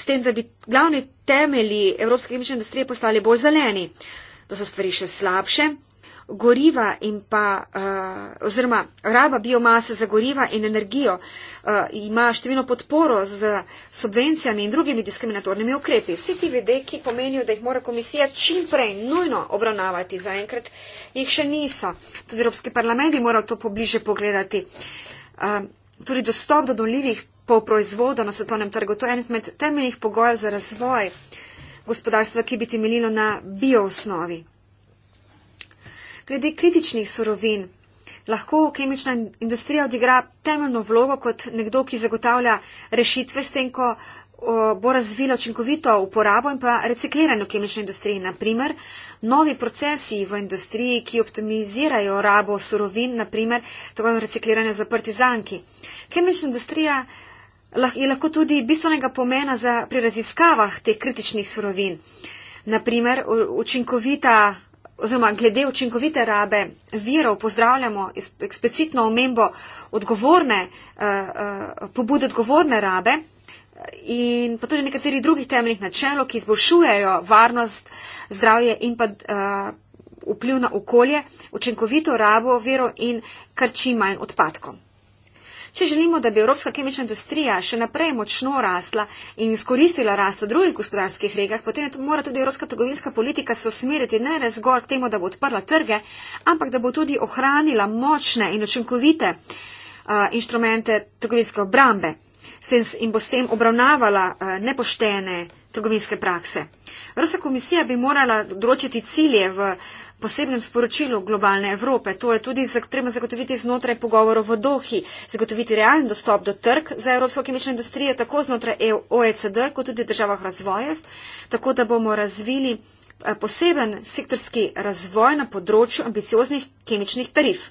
s tem, da bi glavni temelji evropske kemične industrije postali bolj zeleni. To so stvari še slabše goriva in pa, uh, oziroma raba biomase za goriva in energijo uh, ima številno podporo z subvencijami in drugimi diskriminatornimi ukrepi. Vsi ti vedeki pomenijo, da jih mora komisija čim prej nujno obravnavati, zaenkrat jih še niso. Tudi Evropski parlament bi moral to pobliže pogledati. Uh, tudi dostop do doljivih polproizvodov na svetovnem trgu, to je en izmed temeljnih pogojev za razvoj gospodarstva, ki bi temeljilo na bioosnovi glede kritičnih surovin. Lahko kemična industrija odigra temeljno vlogo kot nekdo, ki zagotavlja rešitve s tem, ko bo razvila učinkovito uporabo in pa recikliranje v kemični industriji. Naprimer, novi procesi v industriji, ki optimizirajo rabo surovin, naprimer, tako da recikliranje zaprti zanki. Kemična industrija je lahko tudi bistvenega pomena za, pri raziskavah teh kritičnih surovin. Naprimer, učinkovita oziroma glede učinkovite rabe virov pozdravljamo eksplicitno omembo odgovorne, eh, eh, pobude odgovorne rabe eh, in pa tudi nekaterih drugih temeljnih načelov, ki izboljšujejo varnost, zdravje in pa vpliv na okolje, učinkovito rabo virov in kar čim manj odpadkov. Če želimo, da bi evropska kemična industrija še naprej močno rasla in izkoristila rast v drugih gospodarskih regah, potem mora tudi evropska trgovinska politika se usmeriti ne le zgor k temu, da bo odprla trge, ampak da bo tudi ohranila močne in učinkovite uh, inštrumente trgovinske obrambe in bo s tem obravnavala uh, nepoštene trgovinske prakse. Evropska komisija bi morala določiti cilje v. Uh, posebnem sporočilu globalne Evrope. To je tudi treba zagotoviti znotraj pogovorov v Dohi, zagotoviti realen dostop do trg za evropsko kemično industrijo, tako znotraj e OECD, kot tudi državah razvojev, tako da bomo razvili eh, poseben sektorski razvoj na področju ambicioznih kemičnih tarif.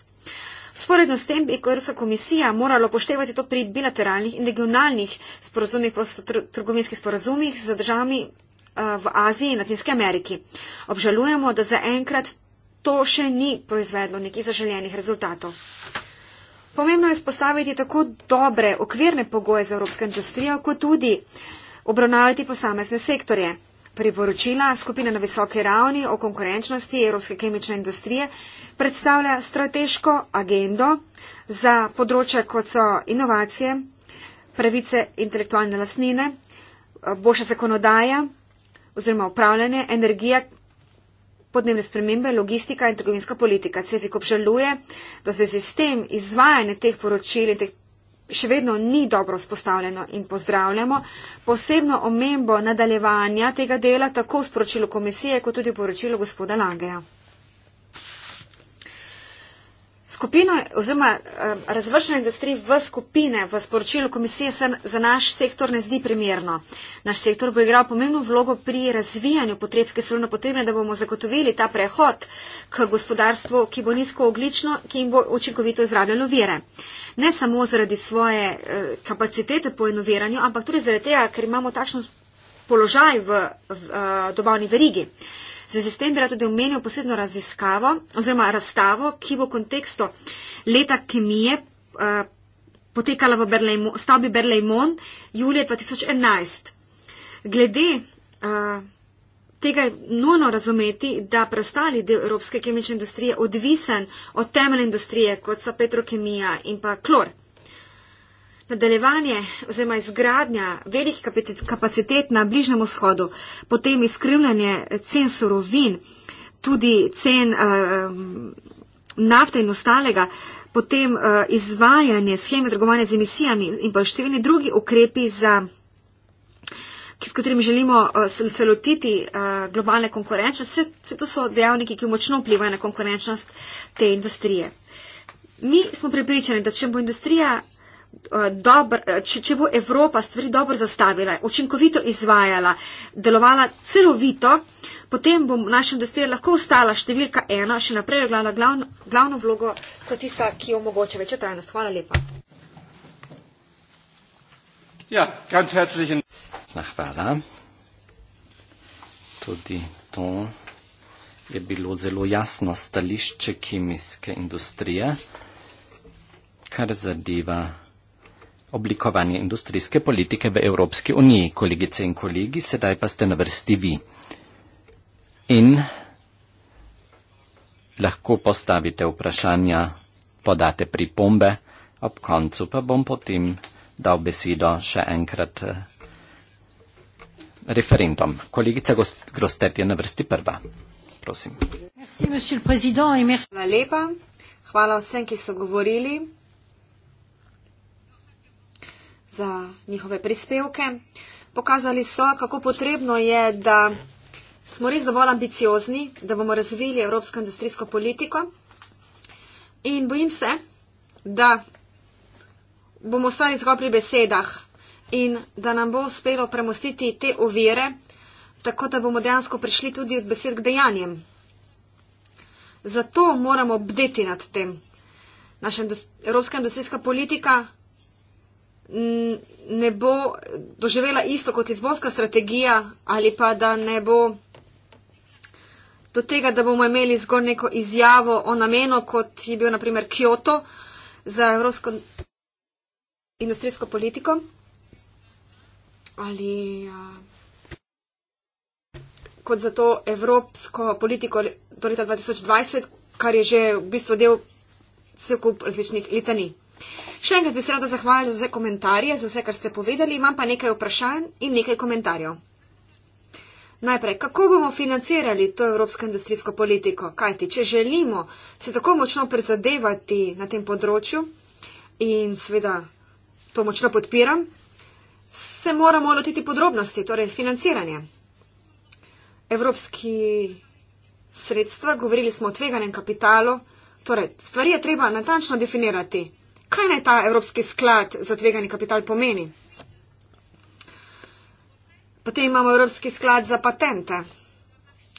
Sporedno s tem bi Evropska komisija morala poštevati to pri bilateralnih in regionalnih sporozumih, prostotrgovinskih sporozumih z državami Eh, v Aziji in Latinske Ameriki. Obžalujemo, da zaenkrat to še ni proizvedlo nekih zaželjenih rezultatov. Pomembno je spostaviti tako dobre okvirne pogoje za evropsko industrijo, kot tudi obravnavati posamezne sektorje. Priporočila skupine na visoki ravni o konkurenčnosti evropske kemične industrije predstavlja strateško agendo za področje, kot so inovacije, pravice intelektualne lasnine, boljša zakonodaja, oziroma upravljanje, energija, podnebne spremembe, logistika in trgovinska politika. CEFIK obžaluje, da zvezi s tem izvajanje teh poročil in teh še vedno ni dobro spostavljeno in pozdravljamo posebno omembo nadaljevanja tega dela tako v sporočilu komisije kot tudi v poročilu gospoda Langeja. Skupino oziroma eh, razvršene industrije v skupine v sporočilu komisije se za naš sektor ne zdi primerno. Naš sektor bo igral pomembno vlogo pri razvijanju potreb, ki so nujno potrebne, da bomo zagotovili ta prehod k gospodarstvu, ki bo nizkooglično, ki jim bo učinkovito izrabljalo vire. Ne samo zaradi svoje eh, kapacitete po inoviranju, ampak tudi zaradi tega, ker imamo takšen položaj v, v, v eh, dobavni verigi. V zvezi s tem bi rad tudi omenil posebno raziskavo oziroma razstavo, ki bo v kontekstu leta kemije eh, potekala v Berlejmo, stavbi Berlejmon julija 2011. Glede eh, tega je nujno razumeti, da preostali del evropske kemične industrije odvisen od temeljne industrije, kot so petrokemija in pa klor nadaljevanje oziroma izgradnja velikih kapacitet na Bližnem vzhodu, potem izkrivljanje cen surovin, tudi cen uh, nafte in ostalega, potem uh, izvajanje scheme trgovanja z emisijami in pa številni drugi ukrepi za s katerimi želimo uh, se lotiti uh, globalne konkurenčnosti, vse, vse to so dejavniki, ki močno vplivajo na konkurenčnost te industrije. Mi smo pripričani, da če bo industrija Eh, dober, eh, če, če bo Evropa stvari dobro zastavila, učinkovito izvajala, delovala celovito, potem bo naša industrija lahko ostala številka ena, še naprej glavno, glavno vlogo kot tista, ki omogoča večjo trajnost. Hvala lepa. Ja, ganz herzlichen. Na hvala. Tudi to je bilo zelo jasno stališče kemijske industrije, kar zadeva oblikovanje industrijske politike v Evropski uniji. Kolegice in kolegi, sedaj pa ste na vrsti vi. In lahko postavite vprašanja, podate pripombe, ob koncu pa bom potem dal besedo še enkrat eh, referendum. Kolegica Grostet je na vrsti prva. Prosim. Hvala vsem, ki so govorili za njihove prispevke. Pokazali so, kako potrebno je, da smo res dovolj ambiciozni, da bomo razvili evropsko industrijsko politiko. In bojim se, da bomo ostali zgolj pri besedah in da nam bo uspelo premostiti te ovire, tako da bomo dejansko prišli tudi od besed k dejanjem. Zato moramo bdeti nad tem. Naša evropska industrijska politika ne bo doživela isto kot izbonska strategija ali pa da ne bo do tega, da bomo imeli zgolj neko izjavo o namenu, kot je bil naprimer Kyoto za evropsko industrijsko politiko. Ali kot za to evropsko politiko do leta 2020, kar je že v bistvu del cel kup različnih litanij. Še enkrat bi se rada zahvalila za vse komentarje, za vse, kar ste povedali. Imam pa nekaj vprašanj in nekaj komentarjev. Najprej, kako bomo financirali to evropsko industrijsko politiko? Kajti, če želimo se tako močno prizadevati na tem področju in seveda to močno podpiram, se moramo lotiti podrobnosti, torej financiranje. Evropski sredstva, govorili smo o tveganem kapitalu, torej stvari je treba natančno definirati kaj naj ta Evropski sklad za tvegani kapital pomeni. Potem imamo Evropski sklad za patente.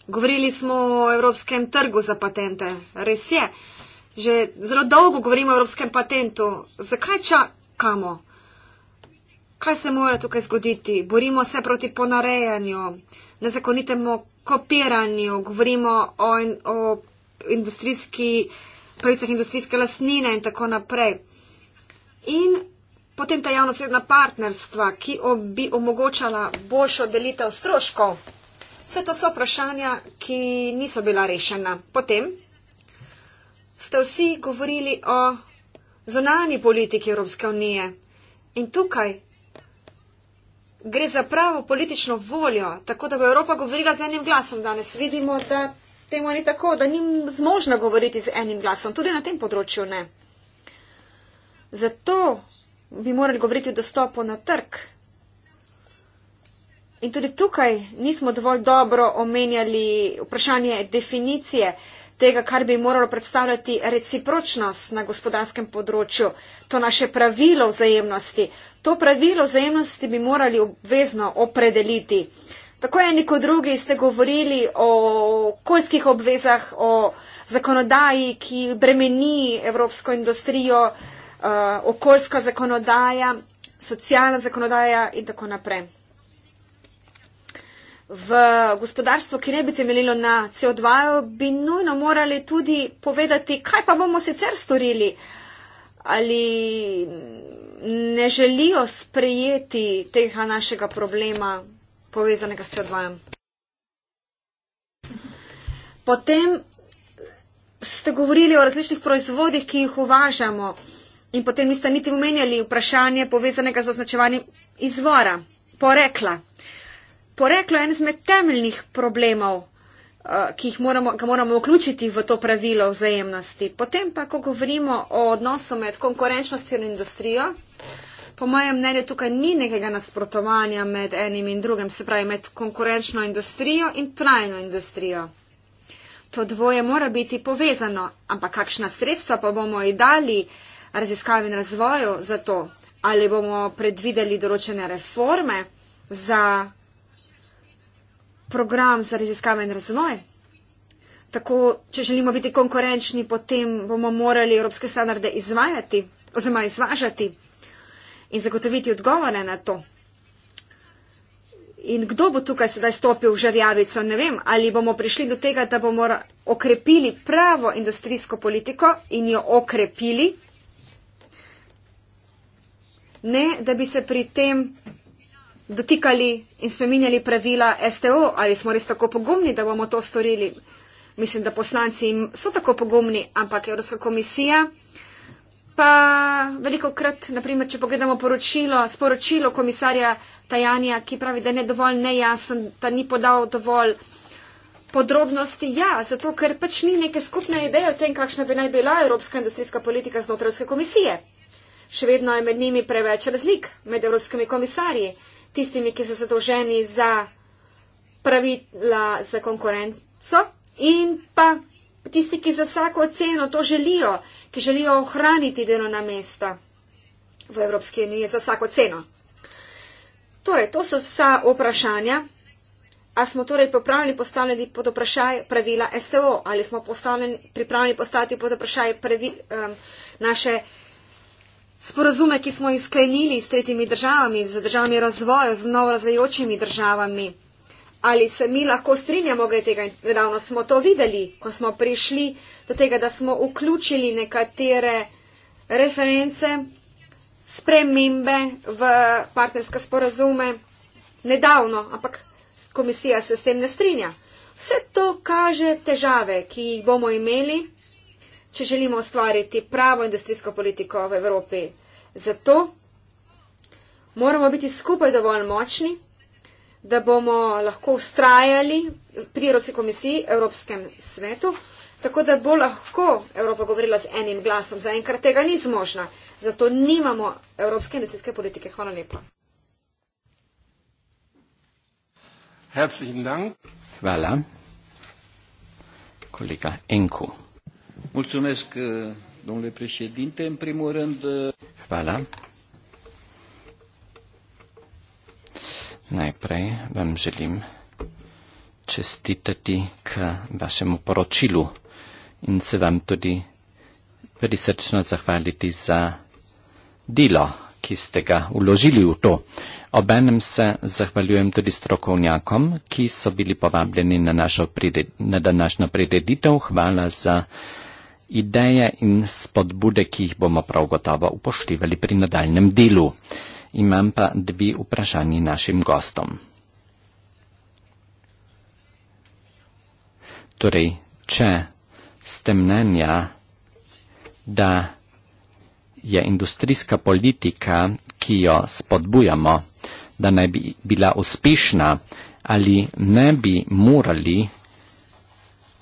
Govorili smo o Evropskem trgu za patente. Res je. Že zelo dolgo govorimo o Evropskem patentu. Zakaj čakamo? Kaj se mora tukaj zgoditi? Borimo se proti ponarejanju, nezakonitemu kopiranju, govorimo o, in, o industrijski, pravicah industrijske lasnine in tako naprej in potem ta javnosredna partnerstva, ki bi omogočala boljšo delitev stroškov. Vse to so vprašanja, ki niso bila rešena. Potem ste vsi govorili o zonani politiki Evropske unije in tukaj. Gre za pravo politično voljo, tako da bo Evropa govorila z enim glasom danes. Vidimo, da temu ni tako, da ni zmožna govoriti z enim glasom, tudi na tem področju ne. Zato bi morali govoriti o dostopu na trg. In tudi tukaj nismo dovolj dobro omenjali vprašanje definicije tega, kar bi moralo predstavljati recipročnost na gospodarskem področju, to naše pravilo vzajemnosti. To pravilo vzajemnosti bi morali obvezno opredeliti. Tako eni kot drugi ste govorili o okoljskih obvezah, o zakonodaji, ki bremeni evropsko industrijo, uh, okoljska zakonodaja, socialna zakonodaja in tako naprej. V gospodarstvo, ki ne bi temeljilo na CO2, bi nujno morali tudi povedati, kaj pa bomo sicer storili. Ali ne želijo sprejeti tega našega problema povezanega s CO2. Potem ste govorili o različnih proizvodih, ki jih uvažamo. Uh, In potem niste niti omenjali vprašanje povezanega z označevanjem izvora, porekla. Poreklo je en izmed temeljnih problemov, eh, ki jih moramo, ga moramo vključiti v to pravilo vzajemnosti. Potem pa, ko govorimo o odnosu med konkurenčnostjo in industrijo, po mojem mnenju tukaj ni nekega nasprotovanja med enim in drugim, se pravi med konkurenčno industrijo in trajno industrijo. To dvoje mora biti povezano, ampak kakšna sredstva pa bomo ji dali, raziskav in razvoju za to, ali bomo predvideli določene reforme za program za raziskave in razvoj. Tako, če želimo biti konkurenčni, potem bomo morali evropske standarde izvajati oziroma izvažati in zagotoviti odgovore na to. In kdo bo tukaj sedaj stopil v žarjavico, ne vem, ali bomo prišli do tega, da bomo okrepili pravo industrijsko politiko in jo okrepili ne da bi se pri tem dotikali in spreminjali pravila STO, ali smo res tako pogumni, da bomo to storili. Mislim, da poslanci so tako pogumni, ampak Evropska komisija pa veliko krat, naprimer, če pogledamo poročilo, sporočilo komisarja Tajanja, ki pravi, da je ne dovolj nejasen, da ni podal dovolj podrobnosti. Ja, zato ker pač ni neke skupne ideje o tem, kakšna bi naj bila Evropska industrijska politika znotraj Evropske komisije. Še vedno je med njimi preveč razlik med evropskimi komisarji, tistimi, ki so zadolženi za pravila za konkurenco in pa tisti, ki za vsako ceno to želijo, ki želijo ohraniti delovna mesta v Evropski uniji za vsako ceno. Torej, to so vsa vprašanja. A smo torej pripravljeni postavljati pod vprašaj pravila STO ali smo pripravljeni postaviti pod vprašaj pravi, um, naše sporazume, ki smo jih sklenili s tretjimi državami, z državami razvoja, z novo razvojočimi državami. Ali se mi lahko strinjamo, da je tega nedavno smo to videli, ko smo prišli do tega, da smo vključili nekatere reference, spremembe v partnerske sporazume nedavno, ampak komisija se s tem ne strinja. Vse to kaže težave, ki jih bomo imeli če želimo ustvariti pravo industrijsko politiko v Evropi. Zato moramo biti skupaj dovolj močni, da bomo lahko ustrajali pri Evropski komisiji, Evropskem svetu, tako da bo lahko Evropa govorila z enim glasom. Zaenkrat tega ni zmožna, zato nimamo Evropske industrijske politike. Hvala lepa. Hvala. Kolega Enku. Mulțumesc, eh, domnule președinte. În primul rând... Eh, voilà. Najprej vam želim čestitati k vašemu poročilu in se vam tudi prisrčno zahvaliti za delo, ki ste ga vložili v to. Obenem se zahvaljujem tudi strokovnjakom, ki so bili povabljeni na, našo prede, na današnjo prededitev. Hvala za ideje in spodbude, ki jih bomo prav gotovo upoštevali pri nadaljem delu. Imam pa dve vprašanji našim gostom. Torej, če ste mnenja, da je industrijska politika, ki jo spodbujamo, da naj bi bila uspešna, ali ne bi morali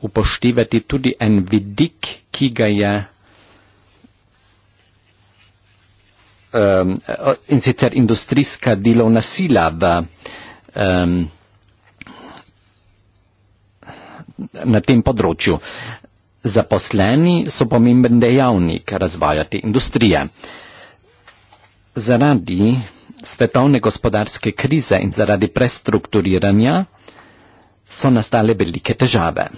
upoštevati tudi en vidik, ki ga je um, in sicer industrijska delovna sila v, um, na tem področju. Zaposleni so pomemben dejavnik razvoja te industrije. Zaradi svetovne gospodarske krize in zaradi prestrukturiranja so nastale velike težave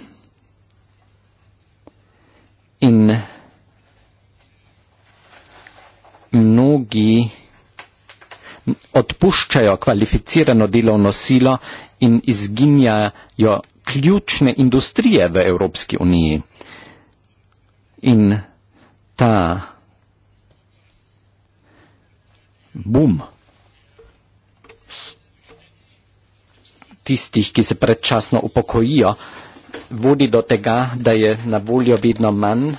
in mnogi odpuščajo kvalificirano delovno silo in izginjajo ključne industrije v Evropski uniji. In ta bum tistih, ki se predčasno upokojijo, vodi do tega, da je na voljo vidno manj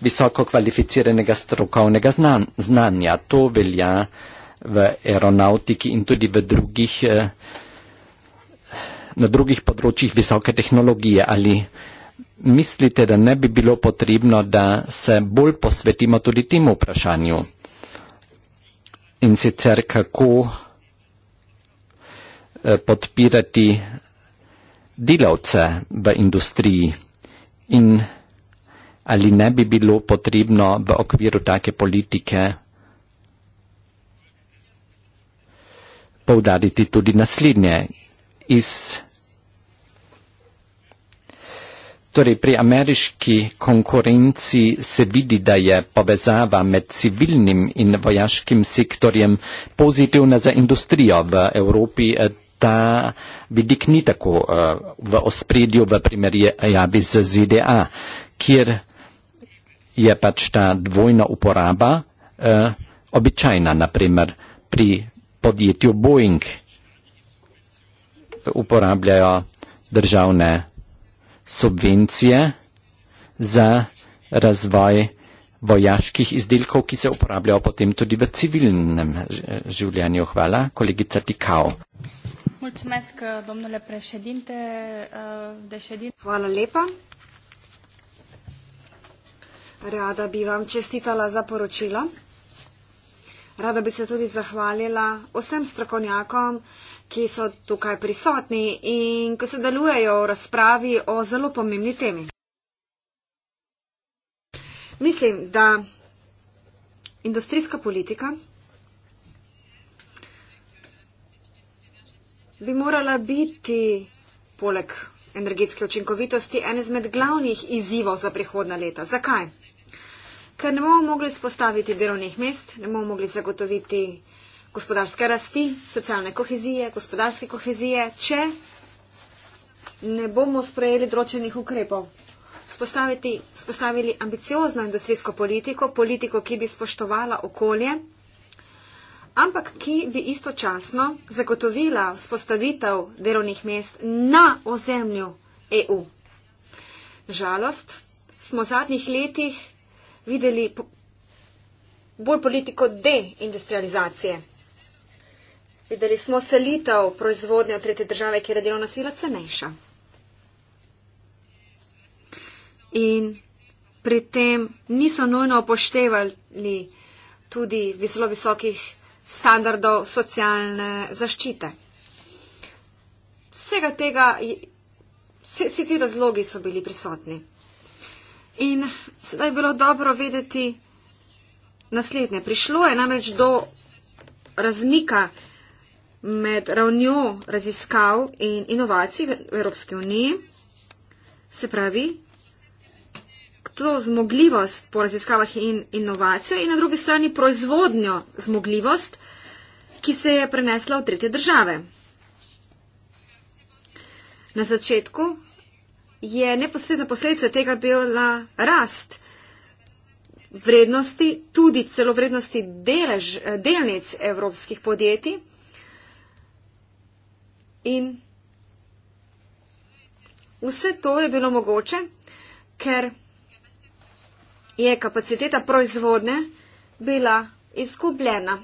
visoko kvalificiranega strokovnega znan znanja. To velja v aeronautiki in tudi v drugih, eh, na drugih področjih visoke tehnologije. Ali mislite, da ne bi bilo potrebno, da se bolj posvetimo tudi temu vprašanju? In sicer kako eh, podpirati delavce v industriji in ali ne bi bilo potrebno v okviru take politike povdariti tudi naslednje. Iz, torej pri ameriški konkurenci se vidi, da je povezava med civilnim in vojaškim sektorjem pozitivna za industrijo v Evropi. Eh, ta vidik ni tako uh, v ospredju v primerjavi eh, ja, z ZDA, kjer je pač ta dvojna uporaba uh, običajna, naprimer pri podjetju Boeing uporabljajo državne subvencije za razvoj vojaških izdelkov, ki se uporabljajo potem tudi v civilnem življenju. Hvala, kolegica Tikao. Mulțumesc, domnule președinte. Uh, de ședin... Hvala lepa. Rada bi vam čestitala za poročilo. Rada bi se tudi zahvalila vsem strokovnjakom, ki so tukaj prisotni in ko se delujejo v razpravi o zelo pomembni temi. Mislim, da industrijska politika bi morala biti poleg energetske učinkovitosti en izmed glavnih izzivov za prihodna leta. Zakaj? Ker ne bomo mogli spostaviti delovnih mest, ne bomo mogli zagotoviti gospodarske rasti, socialne kohezije, gospodarske kohezije, če ne bomo sprejeli dročenih ukrepov. Spostaviti, spostavili ambiciozno industrijsko politiko, politiko, ki bi spoštovala okolje, ampak ki bi istočasno zagotovila vzpostavitev delovnih mest na ozemlju EU. Žalost smo v zadnjih letih videli po bolj politiko deindustrializacije. Videli smo selitev proizvodnje v tretje države, kjer je delovna sila cenejša. In pri tem niso nujno upoštevali tudi zelo visokih standardov socialne zaščite. Vsega tega, vsi, vsi ti razlogi so bili prisotni. In sedaj je bilo dobro vedeti naslednje. Prišlo je namreč do razmika med ravnjo raziskav in inovacij v Evropski uniji, se pravi, to zmogljivost po raziskavah in inovacijo in na drugi strani proizvodnjo zmogljivost, ki se je prenesla v tretje države. Na začetku je neposredna posledica tega bila rast vrednosti, tudi celo vrednosti delež, delnic evropskih podjetij in vse to je bilo mogoče, ker je kapaciteta proizvodne bila izgubljena.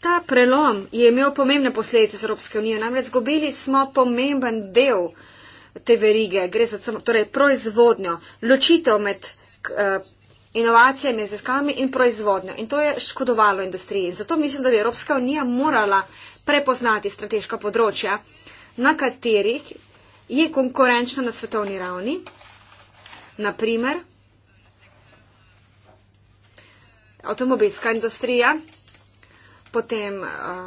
Ta prelom je imel pomembne posledice za Evropske unije, namreč zgubili smo pomemben del te verige, gre za torej, proizvodnjo, ločitev med eh, inovacijami, raziskavami in proizvodnjo. In to je škodovalo industriji. Zato mislim, da bi Evropska unija morala prepoznati strateška področja, na katerih je konkurenčna na svetovni ravni. Naprimer, avtomobilska industrija, potem eh,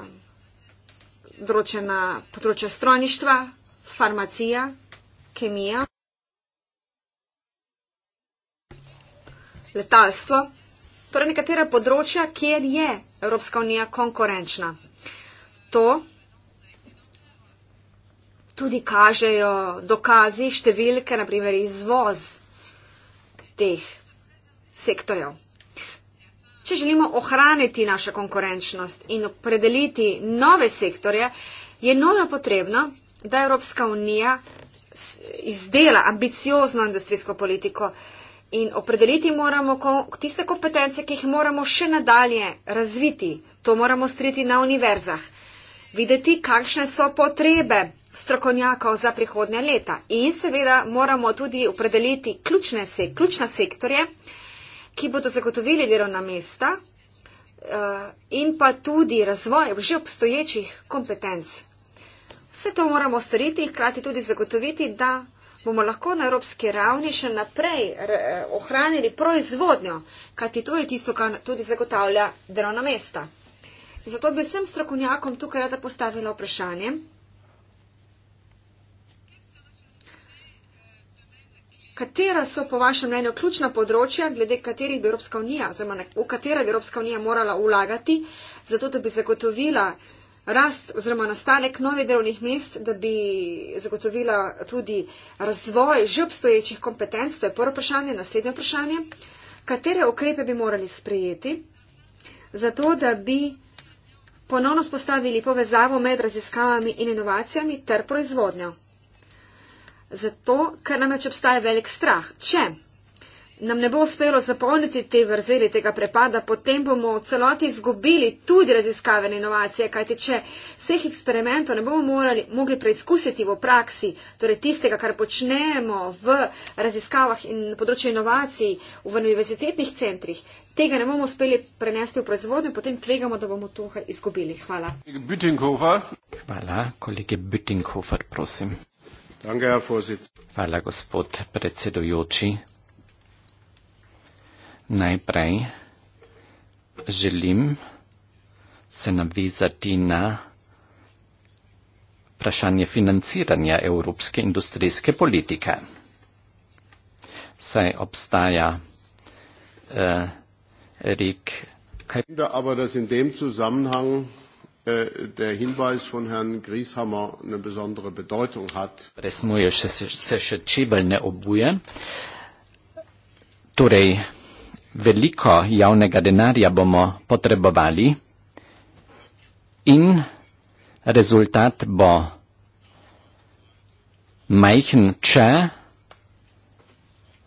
določena področja strojništva, farmacija, kemija, letalstvo. Torej nekatera področja, kjer je Evropska unija konkurenčna. To tudi kažejo dokazi, številke, naprimer izvoz teh sektorjev. Če želimo ohraniti našo konkurenčnost in opredeliti nove sektorje, je nujno potrebno, da Evropska unija izdela ambiciozno industrijsko politiko in opredeliti moramo tiste kompetence, ki jih moramo še nadalje razviti. To moramo streti na univerzah. Videti, kakšne so potrebe strokovnjakov za prihodnje leta. In seveda moramo tudi opredeliti ključne se, ključna sektorje, ki bodo zagotovili delovna mesta uh, in pa tudi razvoj že obstoječih kompetenc. Vse to moramo storiti in hkrati tudi zagotoviti, da bomo lahko na evropski ravni še naprej eh, ohranili proizvodnjo, kajti to je tisto, kar tudi zagotavlja delovna mesta. Zato bi vsem strokovnjakom tukaj rada postavila vprašanje, katera so po vašem mnenju ključna področja, glede katerih bi Evropska unija oziroma v katera bi Evropska unija morala ulagati, zato da bi zagotovila rast oziroma nastanek novih delovnih mest, da bi zagotovila tudi razvoj že obstoječih kompetenc, to je prvo vprašanje, naslednje vprašanje, katere ukrepe bi morali sprejeti, zato da bi ponovno spostavili povezavo med raziskavami in inovacijami ter proizvodnjo. Zato, ker namreč pač obstaja velik strah. Če nam ne bo uspelo zapolniti te vrzeli, tega prepada, potem bomo v celoti izgubili tudi raziskave in inovacije, kajti če vseh eksperimentov ne bomo morali, mogli preizkusiti v praksi, torej tistega, kar počnemo v raziskavah in področju inovacij v univerzitetnih centrih, tega ne bomo uspeli prenesti v proizvodnjo, potem tvegamo, da bomo tukaj izgubili. Hvala. Hvala, kolege Bütinghofer, prosim. Hvala, gospod predsedujoči. Najprej želim se navizati na vprašanje financiranja evropske industrijske politike. Saj obstaja uh, rek, kaj... Da, aber das in dem zusammenhang... Äh, der Hinweis von Herrn Grieshammer eine besondere Bedeutung hat. Torej, veliko javnega denarja bomo potrebovali in rezultat bo majhen, če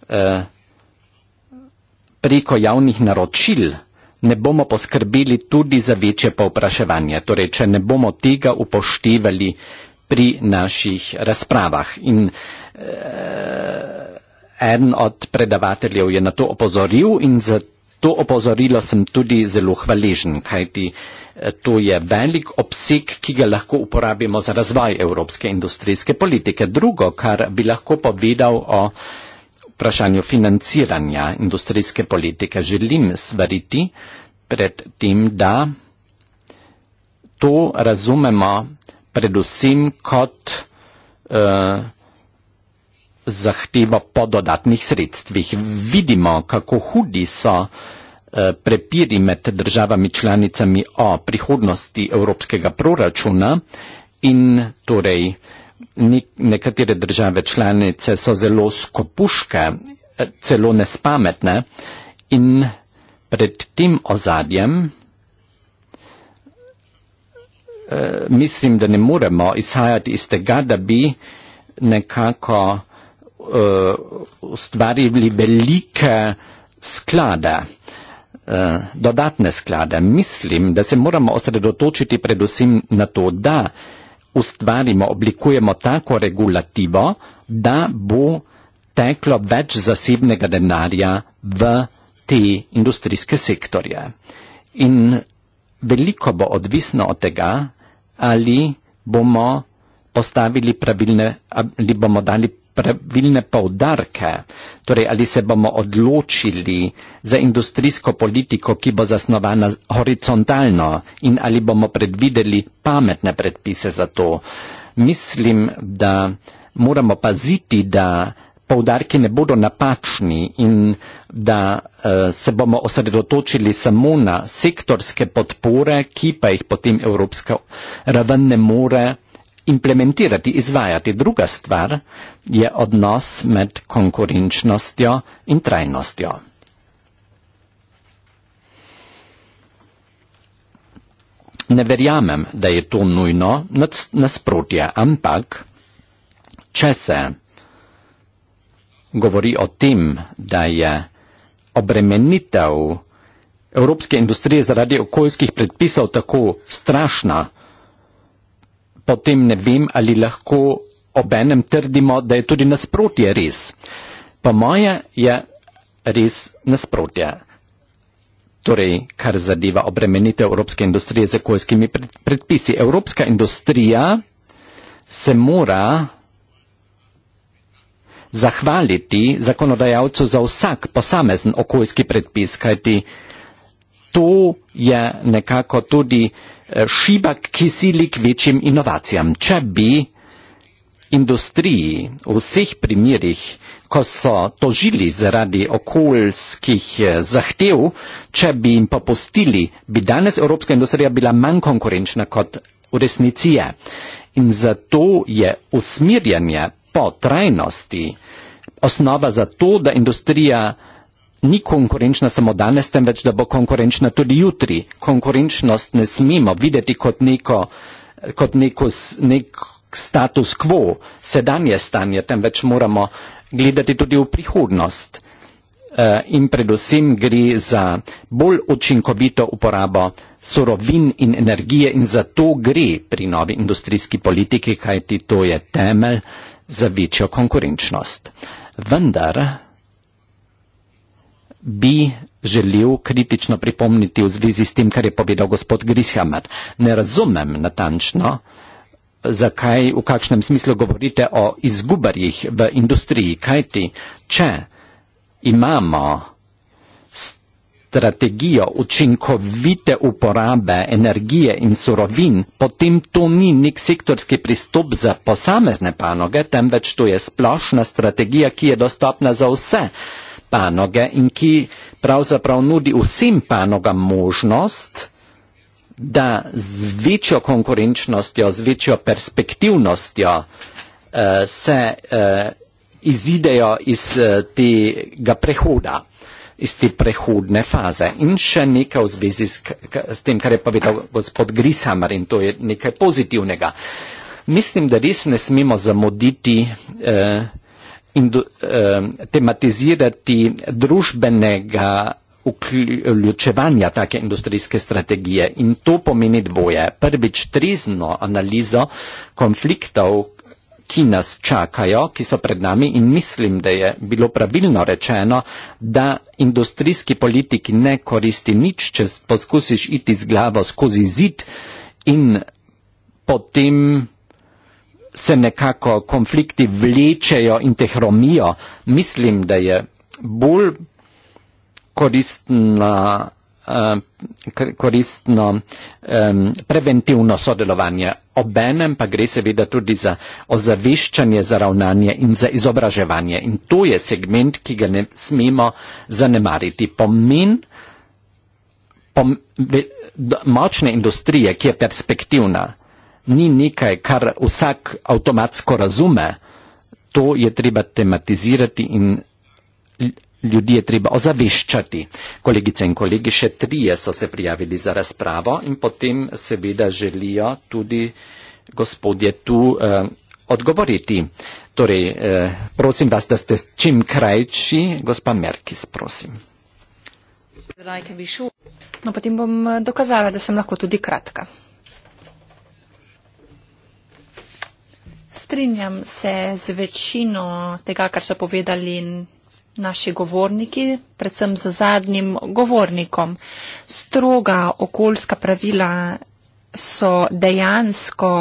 eh, preko javnih naročil ne bomo poskrbeli tudi za večje povpraševanje. Torej, če ne bomo tega upoštevali pri naših razpravah. In eh, en od predavateljev je na to opozoril in za to opozorilo sem tudi zelo hvaležen, kajti eh, to je velik obseg, ki ga lahko uporabimo za razvoj evropske industrijske politike. Drugo, kar bi lahko povedal o eh, vprašanju financiranja industrijske politike želim svariti pred tem, da to razumemo predvsem kot eh, zahtevo po dodatnih sredstvih. Vidimo, kako hudi so eh, prepiri med državami članicami o prihodnosti evropskega proračuna in torej nekatere države članice so zelo skopuške, celo nespametne in pred tem ozadjem eh, mislim, da ne moremo izhajati iz tega, da bi nekako eh, ustvarili velike sklade, eh, dodatne sklade. Mislim, da se moramo osredotočiti predvsem na to, da ustvarimo, oblikujemo tako regulativo, da bo teklo več zasebnega denarja v te industrijske sektorje. In veliko bo odvisno od tega, ali bomo postavili pravilne, ali bomo dali pravilne povdarke, torej ali se bomo odločili za industrijsko politiko, ki bo zasnovana horizontalno in ali bomo predvideli pametne predpise za to. Mislim, da moramo paziti, da povdarki ne bodo napačni in da uh, se bomo osredotočili samo na sektorske podpore, ki pa jih potem Evropska raven ne more implementirati, izvajati. Druga stvar je odnos med konkurenčnostjo in trajnostjo. Ne verjamem, da je to nujno nasprotje, ampak če se govori o tem, da je obremenitev evropske industrije zaradi okoljskih predpisov tako strašna, potem ne vem, ali lahko obenem trdimo, da je tudi nasprotje res. Po moje je res nasprotje. Torej, kar zadeva obremenitev evropske industrije z okoljskimi predpisi. Evropska industrija se mora zahvaliti zakonodajalcu za vsak posamezen okoljski predpis, kajti to je nekako tudi eh, šibak, ki sili k večjim inovacijam. Če bi industriji v vseh primerjih, ko so tožili zaradi okoljskih eh, zahtev, če bi jim popustili, bi danes evropska industrija bila manj konkurenčna kot v resnici je. In zato je usmirjanje po trajnosti osnova za to, da industrija ni konkurenčna samo danes, temveč da bo konkurenčna tudi jutri. Konkurenčnost ne smemo videti kot, neko, kot neko, nek status quo, sedanje stanje, temveč moramo gledati tudi v prihodnost. Eh, in predvsem gre za bolj učinkovito uporabo sorovin in energije in za to gre pri novi industrijski politiki, kajti to je temelj za večjo konkurenčnost. Vendar, bi želel kritično pripomniti v zvezi s tem, kar je povedal gospod Grishammer. Ne razumem natančno, zakaj, v kakšnem smislu govorite o izgubarjih v industriji. Kajti, če imamo strategijo učinkovite uporabe energije in surovin, potem to ni nek sektorski pristop za posamezne panoge, temveč to je splošna strategija, ki je dostopna za vse. Uh, panoge in ki pravzaprav nudi vsem panogam možnost, da z večjo konkurenčnostjo, z večjo perspektivnostjo eh, se eh, izidejo iz eh, tega prehoda, iz te prehodne faze. In še nekaj v zvezi s, k, s tem, kar je povedal gospod Grishammer in to je nekaj pozitivnega. Mislim, da res ne smemo zamuditi eh, indu, eh, tematizirati družbenega vključevanja take industrijske strategije in to pomeni dvoje. Prvič trizno analizo konfliktov, ki nas čakajo, ki so pred nami in mislim, da je bilo pravilno rečeno, da industrijski politik ne koristi nič, če poskusiš iti z glavo skozi zid in potem se nekako konflikti vlečejo in te hromijo, mislim, da je bolj koristna, eh, koristno preventivno sodelovanje. Obenem pa gre seveda tudi za ozaveščanje, za ravnanje in za izobraževanje. In to je segment, ki ga ne smemo zanemariti. Pomen pom, močne industrije, ki je perspektivna, ni nekaj, kar vsak avtomatsko razume. To je treba tematizirati in ljudi je treba ozaveščati. Kolegice in kolegi, še trije so se prijavili za razpravo in potem seveda želijo tudi gospodje tu eh, odgovoriti. Torej, eh, prosim vas, da ste čim krajči. Gospa Merkis, prosim. No, potem bom eh, dokazala, da sem lahko tudi kratka. strinjam se z večino tega, kar so povedali naši govorniki, predvsem z zadnjim govornikom. Stroga okoljska pravila so dejansko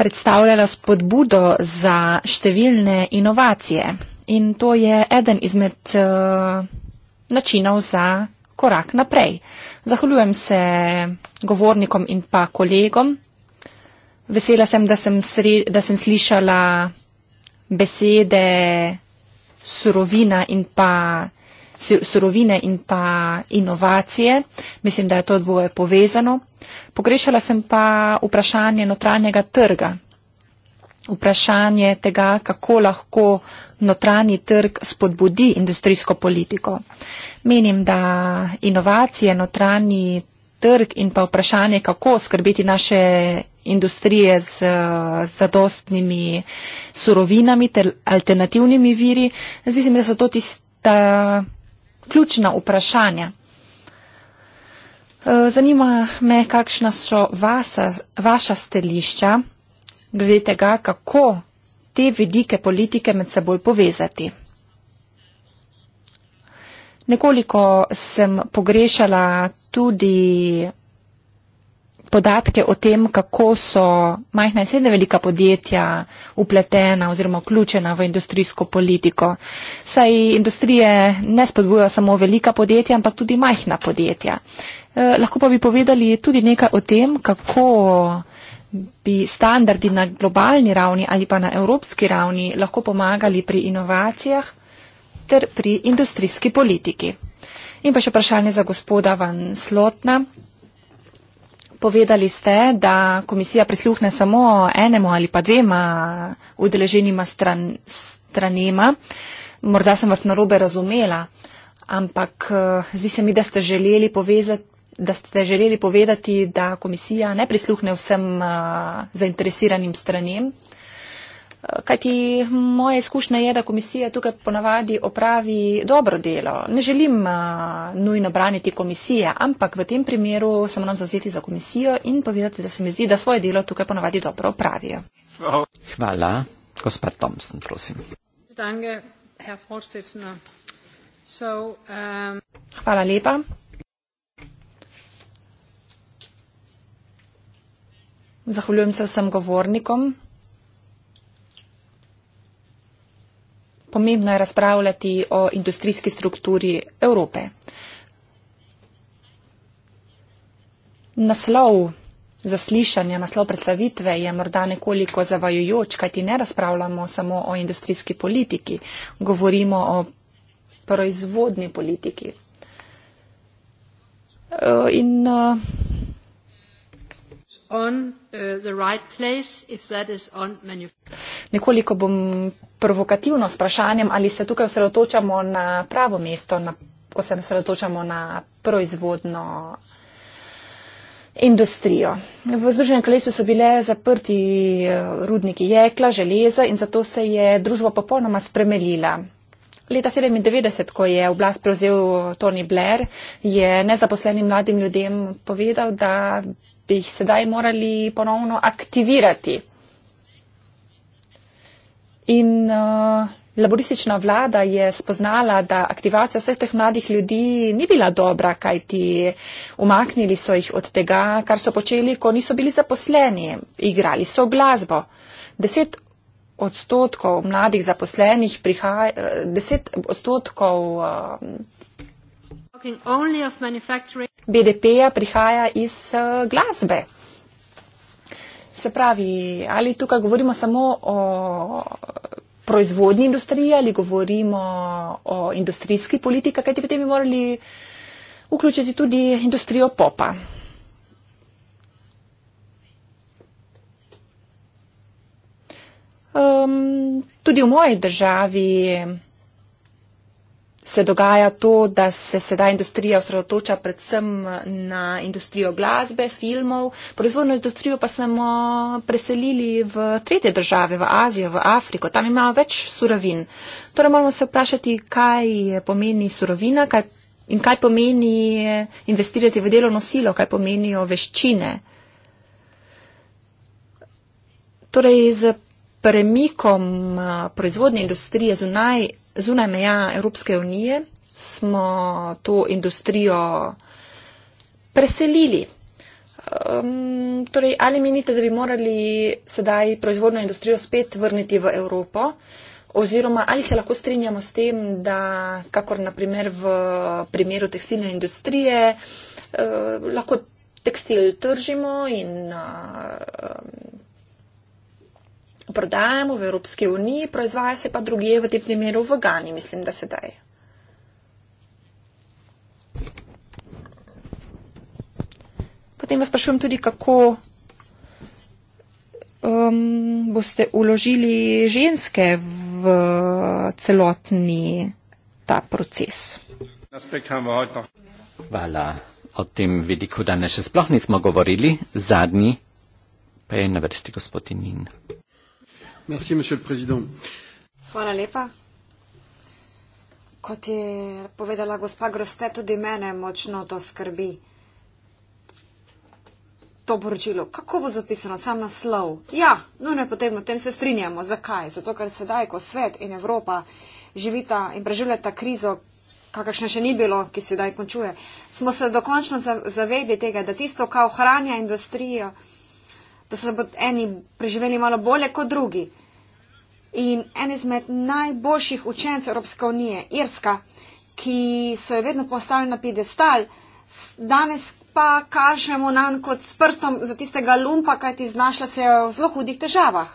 predstavljala spodbudo za številne inovacije in to je eden izmed uh, načinov za korak naprej. Zahvaljujem se govornikom in pa kolegom. Vesela sem, da sem, sre, da sem slišala besede surovina in pa surovine in pa inovacije. Mislim, da je to dvoje povezano. Pogrešala sem pa vprašanje notranjega trga. Vprašanje tega, kako lahko notranji trg spodbudi industrijsko politiko. Menim, da inovacije, notranji trg in pa vprašanje, kako skrbeti naše industrije z zadostnimi surovinami ter alternativnimi viri. Zdi se mi, da so to tista ključna vprašanja. Eh, zanima me, kakšna so vasa, vaša stališča glede tega, kako te vidike politike med seboj povezati. Nekoliko sem pogrešala tudi podatke o tem, kako so majhna in srednja velika podjetja upletena oziroma vključena v industrijsko politiko. Saj industrije ne spodbujajo samo velika podjetja, ampak tudi majhna podjetja. Eh, lahko pa bi povedali tudi nekaj o tem, kako bi standardi na globalni ravni ali pa na evropski ravni lahko pomagali pri inovacijah ter pri industrijski politiki. In pa še vprašanje za gospoda Van Slotna. Povedali ste, da komisija prisluhne samo enemu ali pa dvema udeleženima stran, stranema. Morda sem vas narobe razumela, ampak eh, zdi se mi, da ste želeli, povezati, da ste želeli povedati, da komisija ne prisluhne vsem uh, zainteresiranim stranem. Kajti moja izkušnja je, da komisija tukaj ponavadi opravi dobro delo. Ne želim uh, nujno braniti komisije, ampak v tem primeru se moram zauzeti za komisijo in povedati, da se mi zdi, da svoje delo tukaj ponavadi dobro opravijo. Hvala. Gospod Thompson, prosim. Danke, Herr so, um... Hvala lepa. Zahvaljujem se vsem govornikom. pomembno je razpravljati o industrijski strukturi Evrope. Naslov zaslišanja, naslov predstavitve je morda nekoliko zavajojoč, kajti ne razpravljamo samo o industrijski politiki, govorimo o proizvodni politiki. Eh, in, eh, On, uh, the right place, if that is on nekoliko bom provokativno s vprašanjem, ali se tukaj osredotočamo na pravo mesto, na, ko se osredotočamo na proizvodno industrijo. V Združenem kraljestvu so bile zaprti eh, rudniki jekla, železa in zato se je družba popolnoma spremenila. Leta 1997, ko je oblast prevzel eh, Tony Blair, je nezaposlenim mladim ljudem povedal, da bi jih sedaj morali ponovno aktivirati. In uh, laboristična vlada je spoznala, da aktivacija vseh teh mladih ljudi ni bila dobra, kajti umaknili so jih od tega, kar so počeli, ko niso bili zaposleni. Igrali so glasbo. Deset odstotkov mladih zaposlenih prihaja, eh, deset odstotkov. Uh, BDP-ja prihaja iz uh, glasbe. Se pravi, ali tukaj govorimo samo o proizvodni industriji ali govorimo o industrijski politiki, kajti potem bi morali vključiti tudi industrijo popa. Um, tudi v moji državi se dogaja to, da se sedaj industrija osredotoča predvsem na industrijo glasbe, filmov, proizvodno industrijo pa smo preselili v tretje države, v Azijo, v Afriko, tam imajo več surovin. Torej moramo se vprašati, kaj pomeni surovina kaj, in kaj pomeni investirati v delovno silo, kaj pomenijo veščine. Torej, premikom eh, proizvodne industrije zunaj, zunaj meja Evropske unije smo to industrijo preselili. Um, torej, ali menite, da bi morali sedaj proizvodno industrijo spet vrniti v Evropo? Oziroma, ali se lahko strinjamo s tem, da kakor naprimer v primeru tekstilne industrije eh, lahko tekstil tržimo in eh, prodajamo v Evropski uniji, proizvaja se pa druge, v tem primeru v Gani, mislim, da se daje. Potem vas sprašujem tudi, kako um, boste uložili ženske v celotni ta proces. Hvala. O tem vidiku danes še sploh nismo govorili. Zadnji pa je na vrsti gospodin Nin. Merci, monsieur le président. Hvala lepa. Kot je povedala gospa Groste, tudi mene močno to skrbi. To poročilo, kako bo zapisano, sam naslov. Ja, nujno je potrebno, tem se strinjamo. Zakaj? Zato, ker sedaj, ko svet in Evropa živita in preživljata krizo, kakršne še ni bilo, ki se zdaj končuje, smo se dokončno zavedli tega, da tisto, kar ohranja industrijo, da so eni preživeli malo bolje kot drugi in en izmed najboljših učencev Evropske unije, Irska, ki so jo vedno postavili na pedestal, danes pa kažemo nam kot s prstom za tistega lumpa, kajti znašla se je v zelo hudih težavah.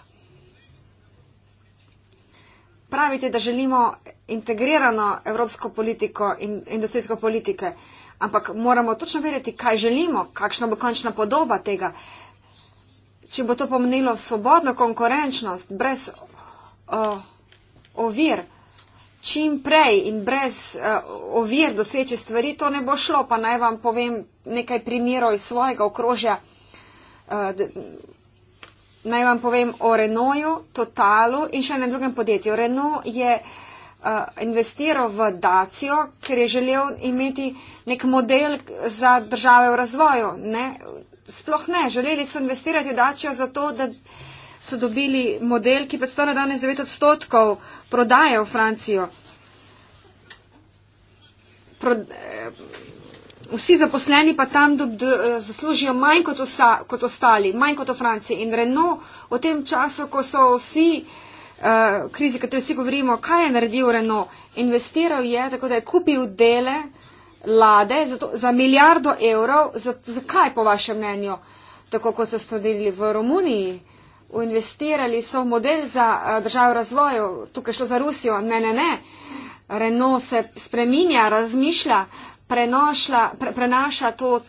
Pravite, da želimo integrirano evropsko politiko in industrijsko politike, ampak moramo točno vedeti, kaj želimo, kakšna bo končna podoba tega. Če bo to pomenilo svobodno konkurenčnost, brez uh, ovir, čim prej in brez uh, ovir doseči stvari, to ne bo šlo. Pa naj vam povem nekaj primerov iz svojega okrožja. Uh, naj vam povem o Renoju, Totalu in še enem drugem podjetju. Renu je e, investiral v Dacijo, ker je želel imeti nek model za države v razvoju. Ne? Sploh ne, želeli so investirati v Dacijo zato, da, so dobili model, ki predstavlja danes 9 odstotkov prodaje v Francijo. Pro, eh, vsi zaposleni pa tam do, do, eh, zaslužijo manj kot, vsa, kot ostali, manj kot v Franciji. In Renault v tem času, ko so vsi eh, krizi, kateri vsi govorimo, kaj je naredil Renault, investiral je, tako da je kupil dele lade zato, za milijardo evrov. Zakaj, za po vašem mnenju, tako kot so storili v Romuniji? investirali so v model za eh, državo razvoju, tukaj šlo za Rusijo, ne, ne, ne. Renault se spreminja, razmišlja, prenošla, pre, prenaša to uh,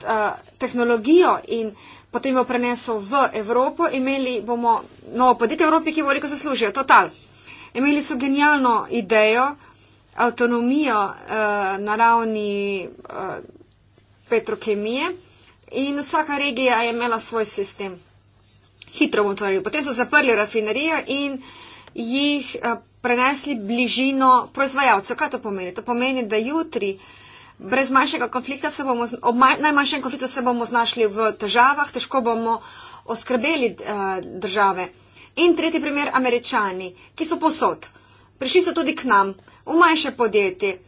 tehnologijo in potem jo prenesel v Evropo, imeli bomo novo podjetje v Evropi, ki bo rekel zaslužijo, total. Imeli so genialno idejo, avtonomijo uh, na ravni uh, petrokemije in vsaka regija je imela svoj sistem hitro bom tvoril. Potem so zaprli rafinerijo in jih a, eh, prenesli bližino proizvajalcev. Kaj to pomeni? To pomeni, da jutri brez manjšega konflikta se bomo, ob maj, najmanjšem konfliktu se bomo znašli v težavah, težko bomo oskrbeli a, eh, države. In tretji primer, američani, ki so posod. Prišli so tudi k nam, v manjše podjetje,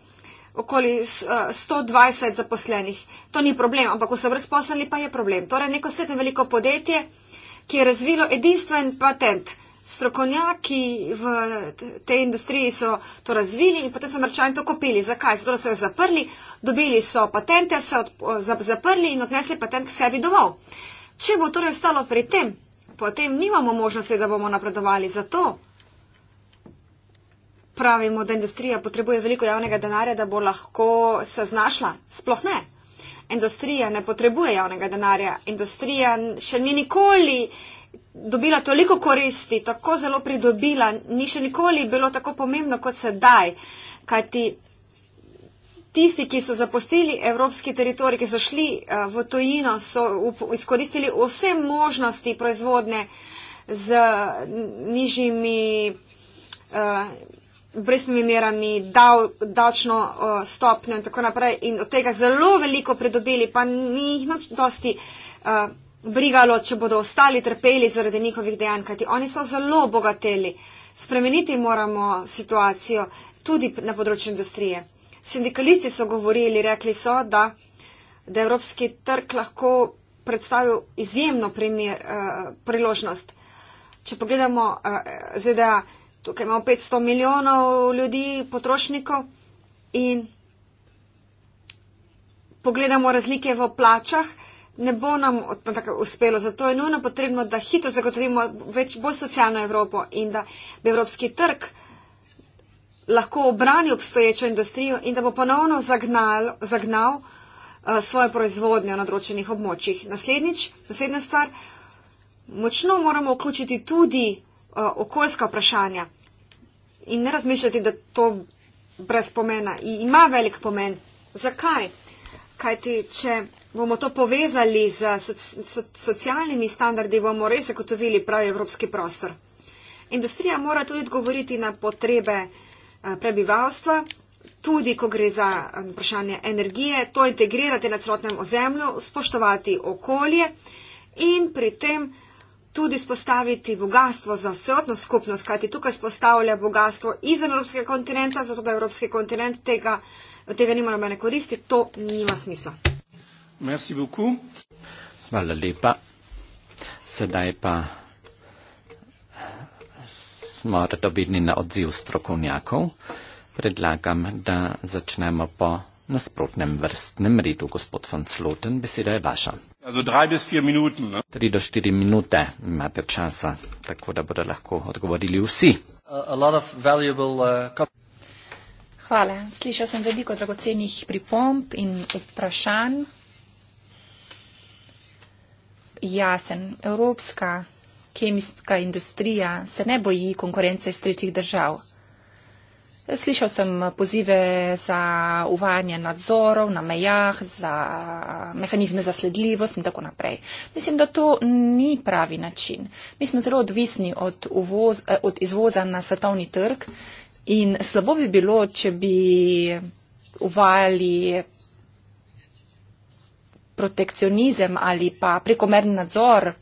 okoli 120 eh, zaposlenih. To ni problem, ampak vse brezposelni pa je problem. Torej, neko srednje veliko podjetje ki je razvilo edinstven patent. Strokovnjaki v tej industriji so to razvili in potem so mrčani to kupili. Zakaj? Zato so jo zaprli, dobili so patente, so zaprli in odnesli patent k sebi domov. Če bo torej ostalo pri tem, potem nimamo možnosti, da bomo napredovali. Zato pravimo, da industrija potrebuje veliko javnega denarja, da bo lahko se znašla. Sploh ne industrija ne potrebuje javnega denarja. Industrija še ni nikoli dobila toliko koristi, tako zelo pridobila, ni še nikoli bilo tako pomembno kot sedaj. Kajti tisti, ki so zapustili evropski teritorij, ki so šli eh, v tojino, so izkoristili vse možnosti proizvodne z nižjimi. Eh, obrestnimi merami, dal, davčno uh, stopnjo in tako naprej in od tega zelo veliko pridobili, pa ni jih noč dosti uh, brigalo, če bodo ostali trpeli zaradi njihovih dejanj, kajti oni so zelo bogateli. Spremeniti moramo situacijo tudi na področju industrije. Sindikalisti so govorili, rekli so, da, da evropski trg lahko predstavil izjemno primer, uh, priložnost. Če pogledamo uh, ZDA, tukaj imamo 500 milijonov ljudi, potrošnikov in pogledamo razlike v plačah, ne bo nam tako uspelo. Zato je nujno potrebno, da hitro zagotovimo več, bolj socialno Evropo in da bi evropski trg lahko obrani obstoječo industrijo in da bo ponovno zagnal, zagnal eh, svoje proizvodnje na določenih območjih. Naslednjič, naslednja stvar, močno moramo vključiti tudi Eh, okoljska vprašanja in ne razmišljati, da to brez pomena I, ima velik pomen. Zakaj? Kaj ti, če bomo to povezali z soc, soc, socialnimi standardi, bomo res zagotovili pravi evropski prostor. Industrija mora tudi odgovoriti na potrebe eh, prebivalstva, tudi ko gre za eh, vprašanje energije, to integrirati na celotnem ozemlju, spoštovati okolje in pri tem tudi spostaviti bogatstvo za celotno skupnost, kajti tukaj spostavlja bogatstvo izven evropskega kontinenta, zato da evropski kontinent tega, tega nima nobene koristi, to nima smisla. Hvala lepa. Sedaj pa smo redobidni na odziv strokovnjakov. Predlagam, da začnemo po nasprotnem vrstnem redu. Gospod von Sloten, beseda je vaša. Tri do štiri minute imate časa, tako da bodo lahko odgovorili vsi. Uh, Hvala. Slišal sem veliko dragocenih pripomb in vprašanj. Jasen, evropska kemijska industrija se ne boji konkurence iz tretjih držav. Slišal sem pozive za uvajanje nadzorov na mejah, za mehanizme za sledljivost in tako naprej. Mislim, da to ni pravi način. Mi smo zelo odvisni od, uvoz, eh, od izvoza na svetovni trg in slabo bi bilo, če bi uvajali protekcionizem ali pa prekomerni nadzor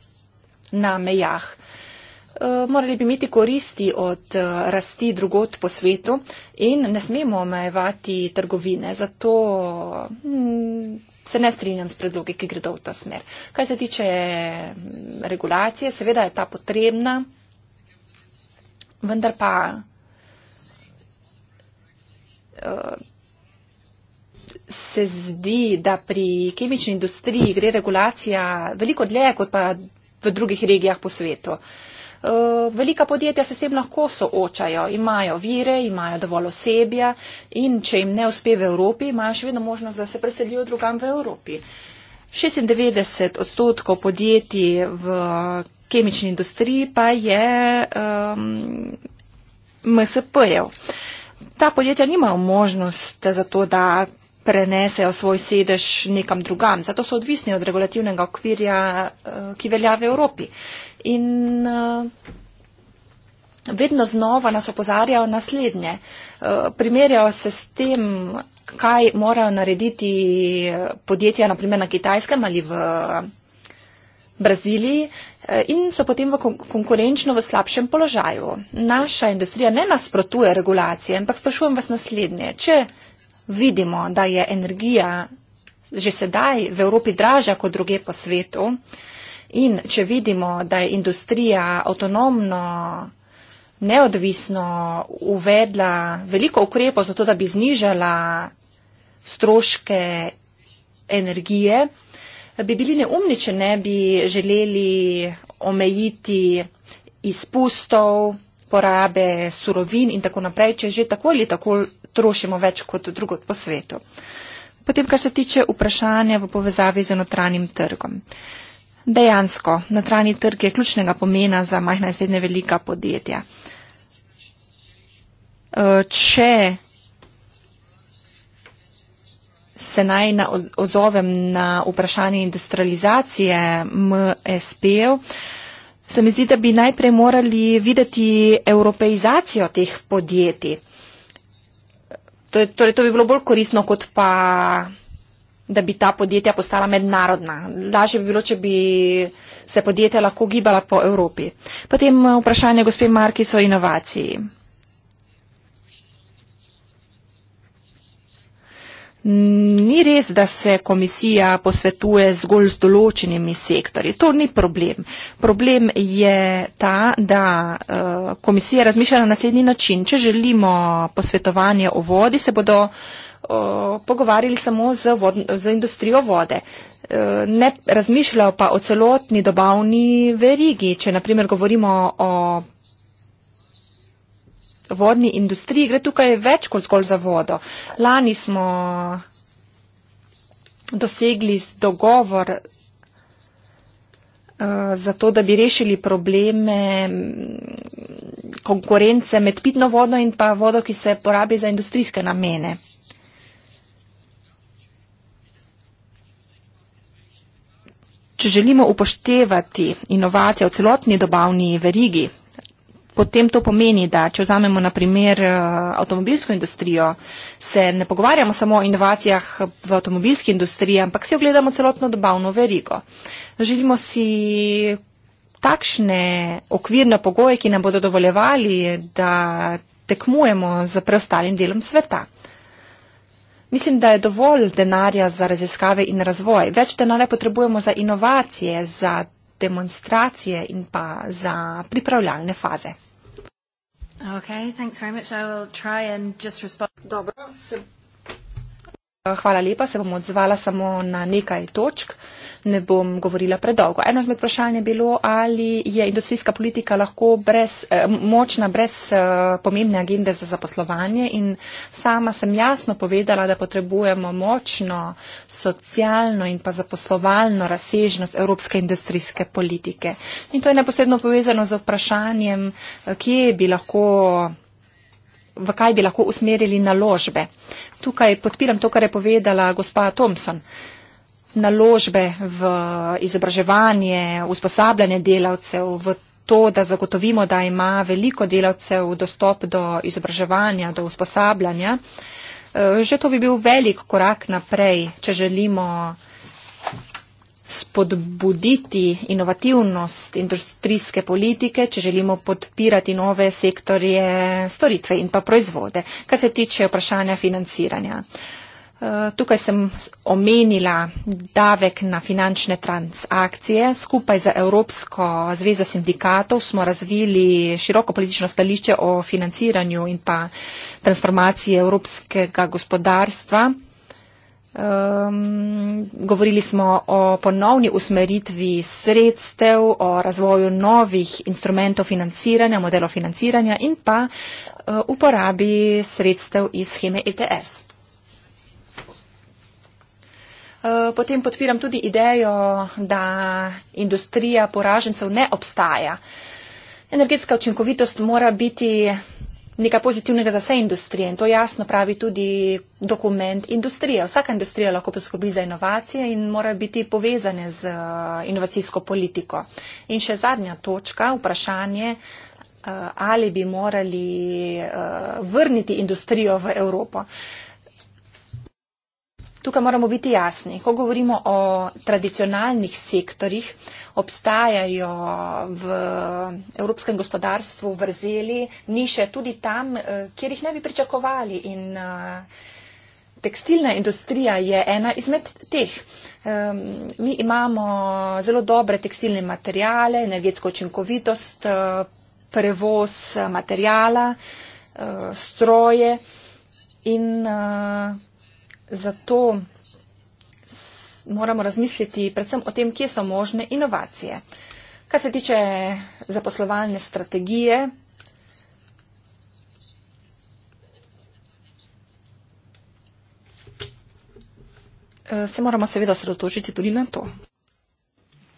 na mejah. Eh, morali bi imeti koristi od eh, rasti drugot po svetu in ne smemo omejevati trgovine. Zato mm, se ne strinjam s predlogi, ki gredo v ta smer. Kaj se tiče mm, regulacije, seveda je ta potrebna, vendar pa. Eh, se zdi, da pri kemični industriji gre regulacija veliko dlje, kot pa v drugih regijah po svetu. Uh, Eh, velika podjetja se s tem lahko soočajo, imajo vire, imajo dovolj osebja in če jim ne uspe v Evropi, imajo še vedno možnost, da se preselijo drugam v Evropi. 96 odstotkov podjetij v kemični industriji pa je um, MSP-jev. Ta podjetja nimajo možnost za to, da prenesejo svoj sedež nekam drugam. Zato so odvisni od regulativnega okvirja, eh, ki velja v Evropi. In eh, vedno znova nas opozarjajo naslednje. Eh, primerjajo se s tem, kaj morajo narediti podjetja, naprimer na Kitajskem ali v Braziliji in so potem v konkurenčno v slabšem položaju. Naša industrija ne nasprotuje regulacije, ampak sprašujem vas naslednje. Če vidimo, da je energija že sedaj v Evropi dražja kot druge po svetu in če vidimo, da je industrija avtonomno, neodvisno uvedla veliko ukrepov za to, da bi znižala stroške energije, bi bili neumni, če ne bi želeli omejiti izpustov, porabe surovin in tako naprej, če že tako ali tako trošimo več kot drugot po svetu. Potem, kar se tiče vprašanja v povezavi z notranjim trgom. Dejansko, notranji trg je ključnega pomena za majhna in srednje velika podjetja. E, če se naj na odzovem na vprašanje industrializacije MSP-ev, se mi zdi, da bi najprej morali videti evropeizacijo teh podjetij. To, je, torej, to bi bilo bolj koristno, kot pa, da bi ta podjetja postala mednarodna. Lažje bi bilo, če bi se podjetja lahko gibala po Evropi. Potem eh, vprašanje gospe Marki so inovaciji. Ni res, da se komisija posvetuje zgolj z določenimi sektori. To ni problem. Problem je ta, da eh, komisija razmišlja na naslednji način. Če želimo posvetovanje o vodi, se bodo eh, pogovarjali samo z, vod, z industrijo vode. Eh, ne razmišljajo pa o celotni dobavni verigi. Če naprimer govorimo o vodni industriji, gre tukaj več kot zgolj za vodo. Lani smo dosegli dogovor eh, za to, da bi rešili probleme mm, konkurence med pitno vodo in pa vodo, ki se porabi za industrijske namene. Če želimo upoštevati inovacije v celotni dobavni verigi, potem to pomeni, da če vzamemo na primer eh, avtomobilsko industrijo, se ne pogovarjamo samo o inovacijah v avtomobilski industriji, ampak si ogledamo celotno dobavno verigo. Želimo si takšne okvirne pogoje, ki nam bodo dovoljevali, da tekmujemo z preostalim delom sveta. Mislim, da je dovolj denarja za raziskave in razvoj. Več denarja potrebujemo za inovacije, za demonstracije in pa za pripravljalne faze. Okay, thanks very much. I will try and just respond. Dobro, se... Hvala lepa, se bom odzvala samo na nekaj točk ne bom govorila predolgo. Eno izmed vprašanj je bilo, ali je industrijska politika lahko brez, eh, močna brez eh, pomembne agende za zaposlovanje in sama sem jasno povedala, da potrebujemo močno socialno in pa zaposlovalno razsežnost evropske industrijske politike. In to je neposredno povezano z vprašanjem, eh, kje bi lahko v kaj bi lahko usmerili naložbe. Tukaj podpiram to, kar je povedala gospa Thompson. Uh, naložbe v izobraževanje, usposabljanje delavcev, v to, da zagotovimo, da ima veliko delavcev dostop do izobraževanja, do usposabljanja, eh, že to bi bil velik korak naprej, če želimo spodbuditi inovativnost industrijske politike, če želimo podpirati nove sektorje storitve in pa proizvode, kar se tiče vprašanja financiranja. Uh, Tukaj sem omenila davek na finančne transakcije. Skupaj za Evropsko zvezo sindikatov smo razvili široko politično stališče o financiranju in pa transformaciji evropskega gospodarstva. Um, govorili smo o ponovni usmeritvi sredstev, o razvoju novih instrumentov financiranja, modelov financiranja in pa uh, uporabi sredstev iz scheme ETS. Eh, potem podpiram tudi idejo, da industrija poražencev ne obstaja. Energetska učinkovitost mora biti nekaj pozitivnega za vse industrije in to jasno pravi tudi dokument industrije. Vsaka industrija lahko poskrbi za inovacije in mora biti povezane z eh, inovacijsko politiko. In še zadnja točka, vprašanje, eh, ali bi morali vrniti industrijo v Evropo. Tukaj moramo biti jasni. Ko govorimo o tradicionalnih sektorjih, obstajajo v evropskem gospodarstvu vrzeli niše tudi tam, eh, kjer jih ne bi pričakovali. In eh, tekstilna industrija je ena izmed teh. Mi imamo zelo dobre tekstilne materijale, energetsko učinkovitost, eh, prevoz materijala, stroje in Zato moramo razmisliti predvsem o tem, kje so možne inovacije. Kar se tiče zaposlovalne strategije, eh, se moramo seveda osredotočiti tudi na to.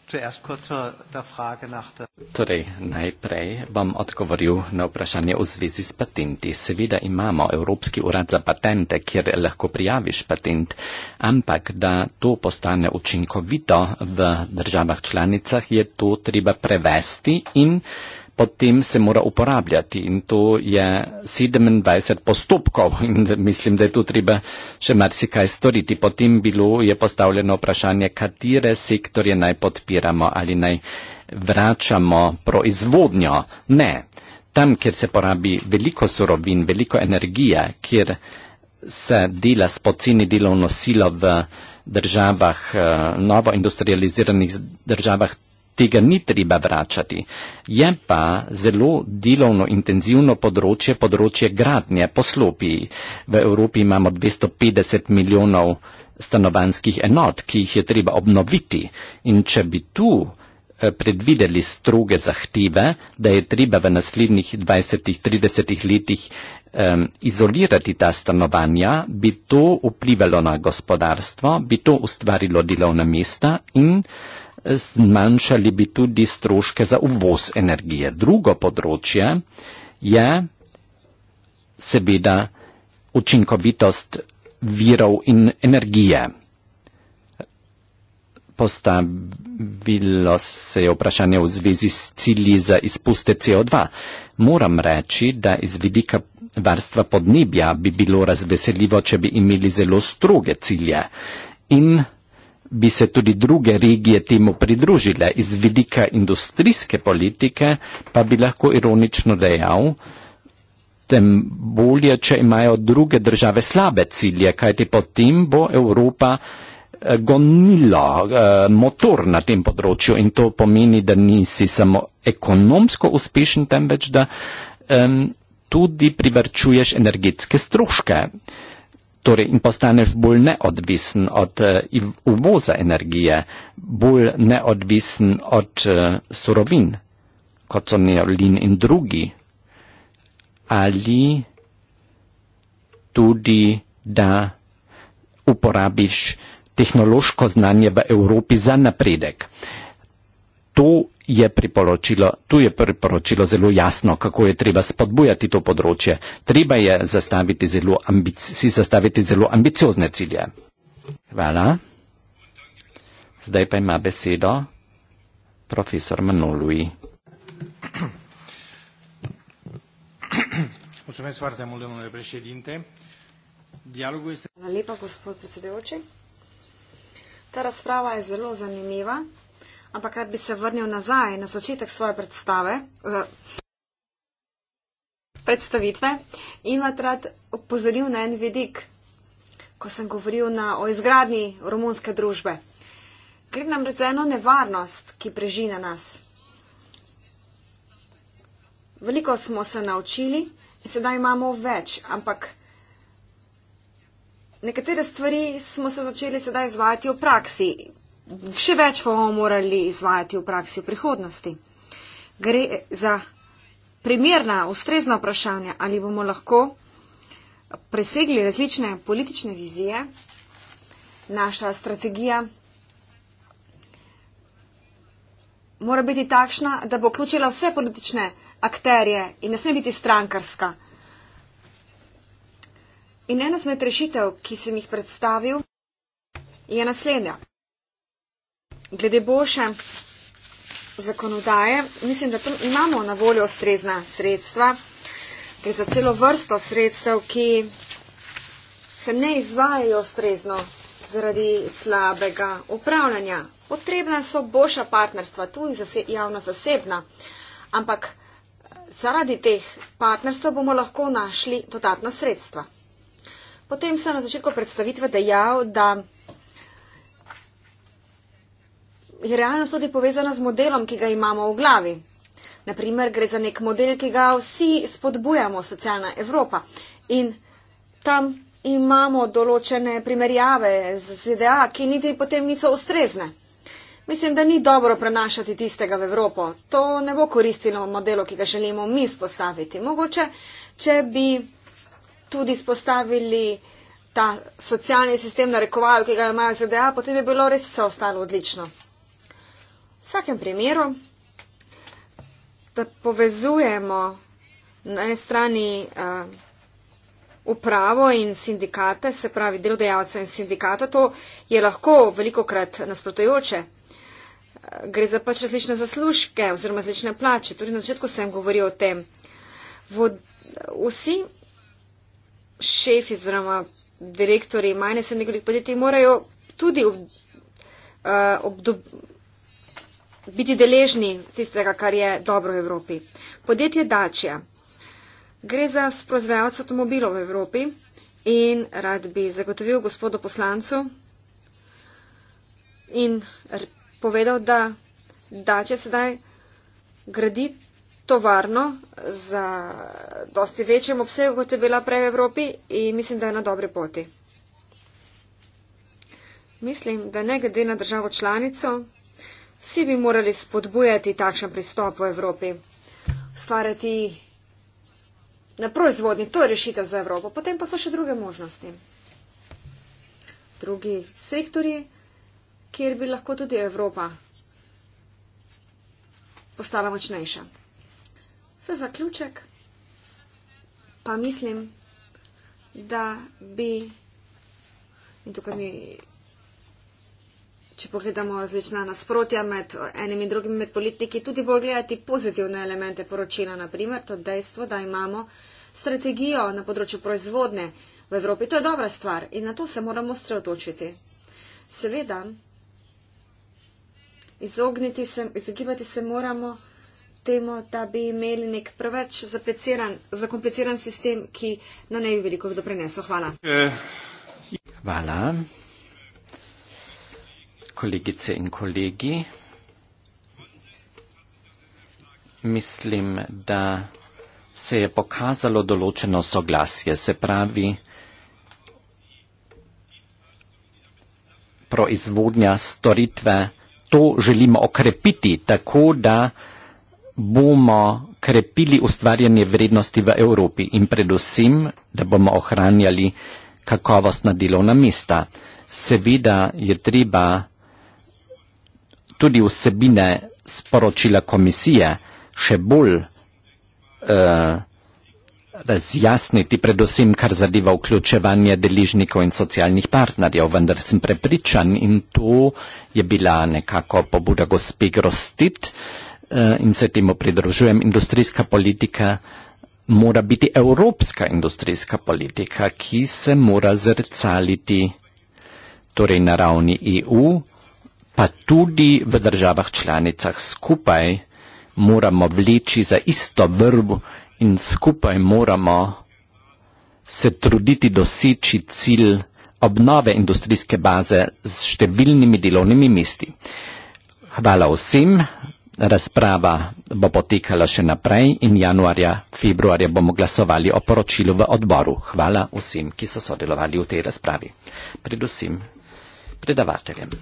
Zuerst kurz zur der Frage nach der Torej, najprej bom odgovoril na vprašanje v zvezi s patenti. Seveda imamo Evropski urad za patente, kjer lahko prijaviš patent, ampak da to postane učinkovito v državah članicah, je to treba prevesti in potem se mora uporabljati in to je 27 postopkov in mislim, da je tu treba še marsikaj storiti. Potem bilo je postavljeno vprašanje, katere sektorje naj podpiramo ali naj vračamo proizvodnjo. Ne, tam, kjer se porabi veliko surovin, veliko energije, kjer se dela s poceni delovno silo v državah, eh, novo industrializiranih državah, tega ni treba vračati. Je pa zelo delovno intenzivno področje, področje gradnje poslopij. V Evropi imamo 250 milijonov stanovanskih enot, ki jih je treba obnoviti. In če bi tu eh, predvideli stroge zahteve, da je treba v naslednjih 20-30 letih um, izolirati ta stanovanja, bi to vplivalo na gospodarstvo, bi to ustvarilo delovna mesta in zmanjšali bi tudi stroške za uvoz energije. Drugo področje je seveda učinkovitost virov in energije. Postavilo se je vprašanje v zvezi s cilji za izpuste CO2. Moram reči, da iz vidika varstva podnebja bi bilo razveseljivo, če bi imeli zelo stroge cilje. In bi se tudi druge regije temu pridružile iz vidika industrijske politike, pa bi lahko ironično dejal, tem bolje, če imajo druge države slabe cilje, kajti potem bo Evropa eh, gonila eh, motor na tem področju in to pomeni, da nisi samo ekonomsko uspešen, temveč da um, tudi privrčuješ energetske stroške. Uh, torej in postaneš bolj neodvisen od eh, uvoza energije, bolj neodvisen od eh, surovin, kot so neolin in drugi, ali tudi da uporabiš tehnološko znanje v Evropi za napredek. To je priporočilo, tu je priporočilo zelo jasno, kako je treba spodbujati to področje. Treba je zastaviti zelo si zastaviti zelo ambiciozne cilje. Hvala. Zdaj pa ima besedo profesor Manolui. Hvala lepa, gospod predsedujoči. Ta razprava je zelo zanimiva ampak rad bi se vrnil nazaj na začetek svoje predstave, uh, predstavitve in vam rad opozoril na en vidik, ko sem govoril na, o izgradnji romunske družbe. Gre nam rec eno nevarnost, ki preži na nas. Veliko smo se naučili in sedaj imamo več, ampak nekatere stvari smo se začeli sedaj izvajati v praksi še več pa bomo morali izvajati v praksi v prihodnosti. Gre za primerna, ustrezna vprašanja, ali bomo lahko presegli različne politične vizije, naša strategija. Mora biti takšna, da bo vključila vse politične akterje in ne sme biti strankarska. In ena zmed rešitev, ki sem jih predstavil, je naslednja glede boljše zakonodaje, mislim, da tam imamo na voljo ustrezna sredstva, gre za celo vrsto sredstev, ki se ne izvajajo ustrezno zaradi slabega upravljanja. Potrebna so boljša partnerstva, tudi zase, javno-zasebna, ampak eh, zaradi teh partnerstva bomo lahko našli dodatna sredstva. Potem sem na začetku predstavitve dejal, da je realnost tudi povezana z modelom, ki ga imamo v glavi. Naprimer, gre za nek model, ki ga vsi spodbujamo, socialna Evropa. In tam imamo določene primerjave z ZDA, ki niti potem niso ustrezne. Mislim, da ni dobro prenašati tistega v Evropo. To ne bo koristilo modelu, ki ga želimo mi spostaviti. Mogoče, če bi tudi spostavili ta socialni sistem narekoval, ki ga imajo ZDA, potem bi bilo res vse ostalo odlično. V vsakem primeru, da povezujemo na eni strani uh, upravo in sindikate, se pravi delodajalce in sindikate, to je lahko veliko krat nasprotujoče. Eh, gre za pač različne zaslužke oziroma različne plače. Tudi na začetku sem govoril o tem. Vod, vsi šefi oziroma direktori manj se nekaj podjetij morajo tudi ob, uh, eh, obdobiti biti deležni tistega, kar je dobro v Evropi. Podjetje Dačja. Gre za sprozvejalc avtomobilov v Evropi in rad bi zagotovil gospodu poslancu in povedal, da Dačja sedaj gradi tovarno za dosti večjem obsegu, kot je bila prej v Evropi in mislim, da je na dobre poti. Mislim, da ne glede na državo članico, Vsi bi morali spodbujati takšen pristop v Evropi, ustvarjati na proizvodni, to je rešitev za Evropo, potem pa so še druge možnosti. Drugi sektori, kjer bi lahko tudi Evropa postala močnejša. Za zaključek pa mislim, da bi, in tukaj mi če pogledamo različna nasprotja med enim in drugim, med politiki, tudi bolj gledati pozitivne elemente poročila, naprimer to dejstvo, da imamo strategijo na področju proizvodne v Evropi. To je dobra stvar in na to se moramo sredotočiti. Seveda, izogniti se, izogibati se moramo temu, da bi imeli nek preveč zapliciran, zakompliciran sistem, ki na ne bi veliko doprinesel. Hvala. Eh. Hvala kolegice in kolegi. Mislim, da se je pokazalo določeno soglasje, se pravi, proizvodnja storitve, to želimo okrepiti tako, da bomo krepili ustvarjanje vrednosti v Evropi in predvsem, da bomo ohranjali kakovostna delovna mesta. Seveda je treba tudi vsebine sporočila komisije še bolj uh, razjasniti, predvsem kar zadeva vključevanje deližnikov in socialnih partnerjev, vendar sem prepričan in to je bila nekako pobuda gospe Grostit uh, in se temu pridružujem, industrijska politika mora biti evropska industrijska politika, ki se mora zrcaliti torej na ravni EU pa tudi v državah članicah skupaj moramo vleči za isto vrbo in skupaj moramo se truditi doseči cilj obnove industrijske baze z številnimi delovnimi mesti. Hvala vsem, razprava bo potekala še naprej in januarja, februarja bomo glasovali o poročilu v odboru. Hvala vsem, ki so sodelovali v tej razpravi, predvsem predavateljem.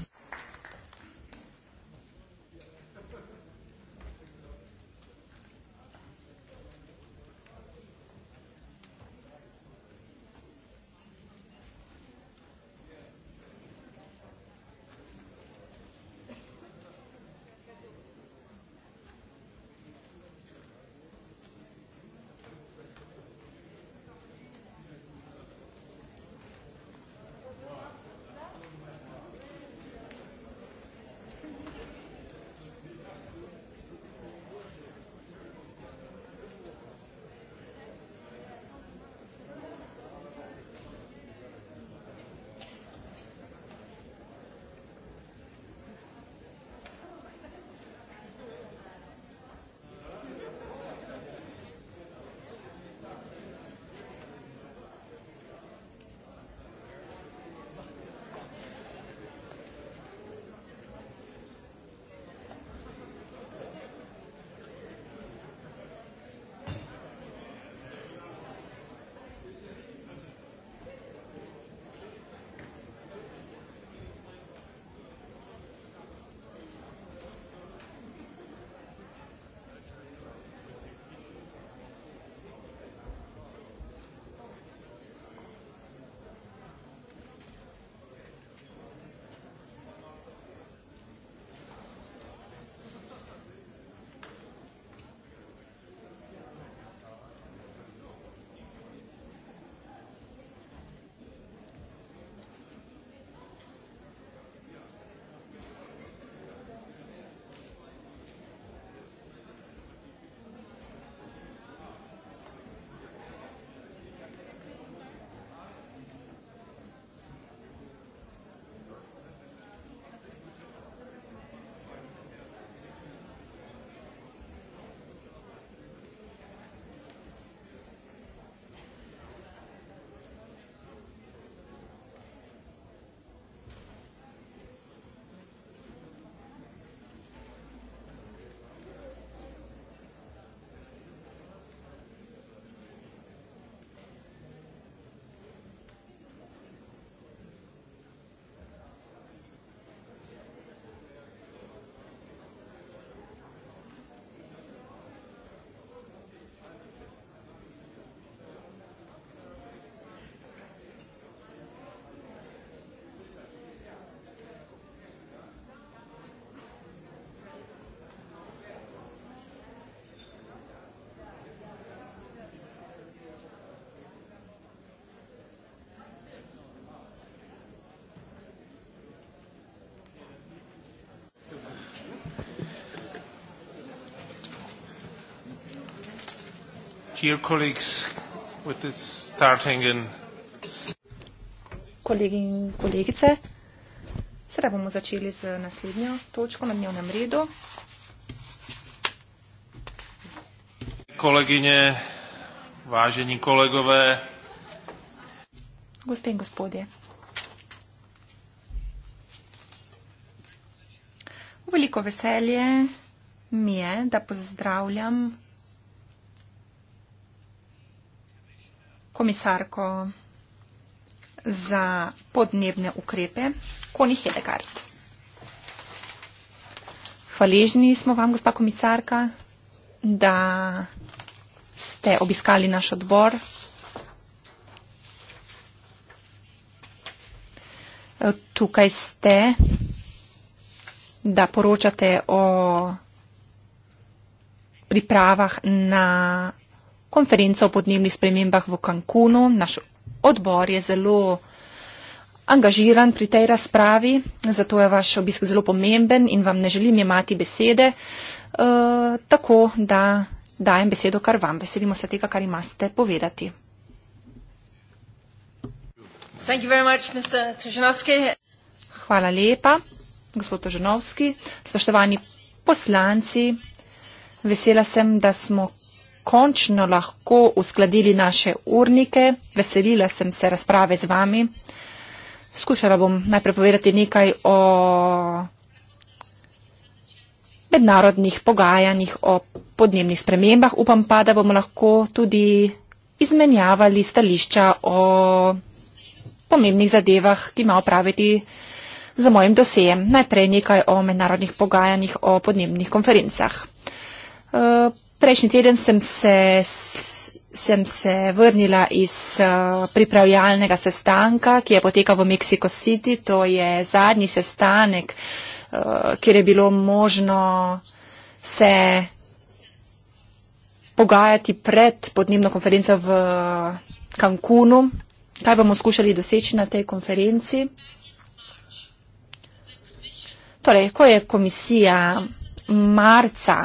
Dear colleagues, with this starting in... Kolegi in kolegice, sedaj bomo začeli z naslednjo točko na dnevnem redu. Koleginje, važeni kolegove. Gospe in gospodje. Veliko veselje mi je, da pozdravljam komisarko za podnebne ukrepe, Koni Hedegard. Hvaležni smo vam, gospa komisarka, da ste obiskali naš odbor. Tukaj ste, da poročate o pripravah na konferenco o podnebnih spremembah v Cancunu. Naš odbor je zelo angažiran pri tej razpravi, zato je vaš obisk zelo pomemben in vam ne želim jemati besede, eh, tako da dajem besedo kar vam. Veselimo se tega, kar imate povedati. Much, Hvala lepa, gospod Toženovski. Spoštovani poslanci, vesela sem, da smo končno lahko uskladili naše urnike. Veselila sem se razprave z vami. Skušala bom najprej povedati nekaj o mednarodnih pogajanjih o podnebnih spremembah. Upam pa, da bomo lahko tudi izmenjavali stališča o pomembnih zadevah, ki ima opraviti za mojim dosejem. Najprej nekaj o mednarodnih pogajanjih o podnebnih konferencah. Eh, Prejšnji teden sem se, sem se vrnila iz eh, pripravljalnega sestanka, ki je potekal v Mexico City. To je zadnji sestanek, eh, kjer je bilo možno se pogajati pred podnebno konferenco v eh, Cancunu. Kaj bomo skušali doseči na tej konferenci? Torej, ko je komisija marca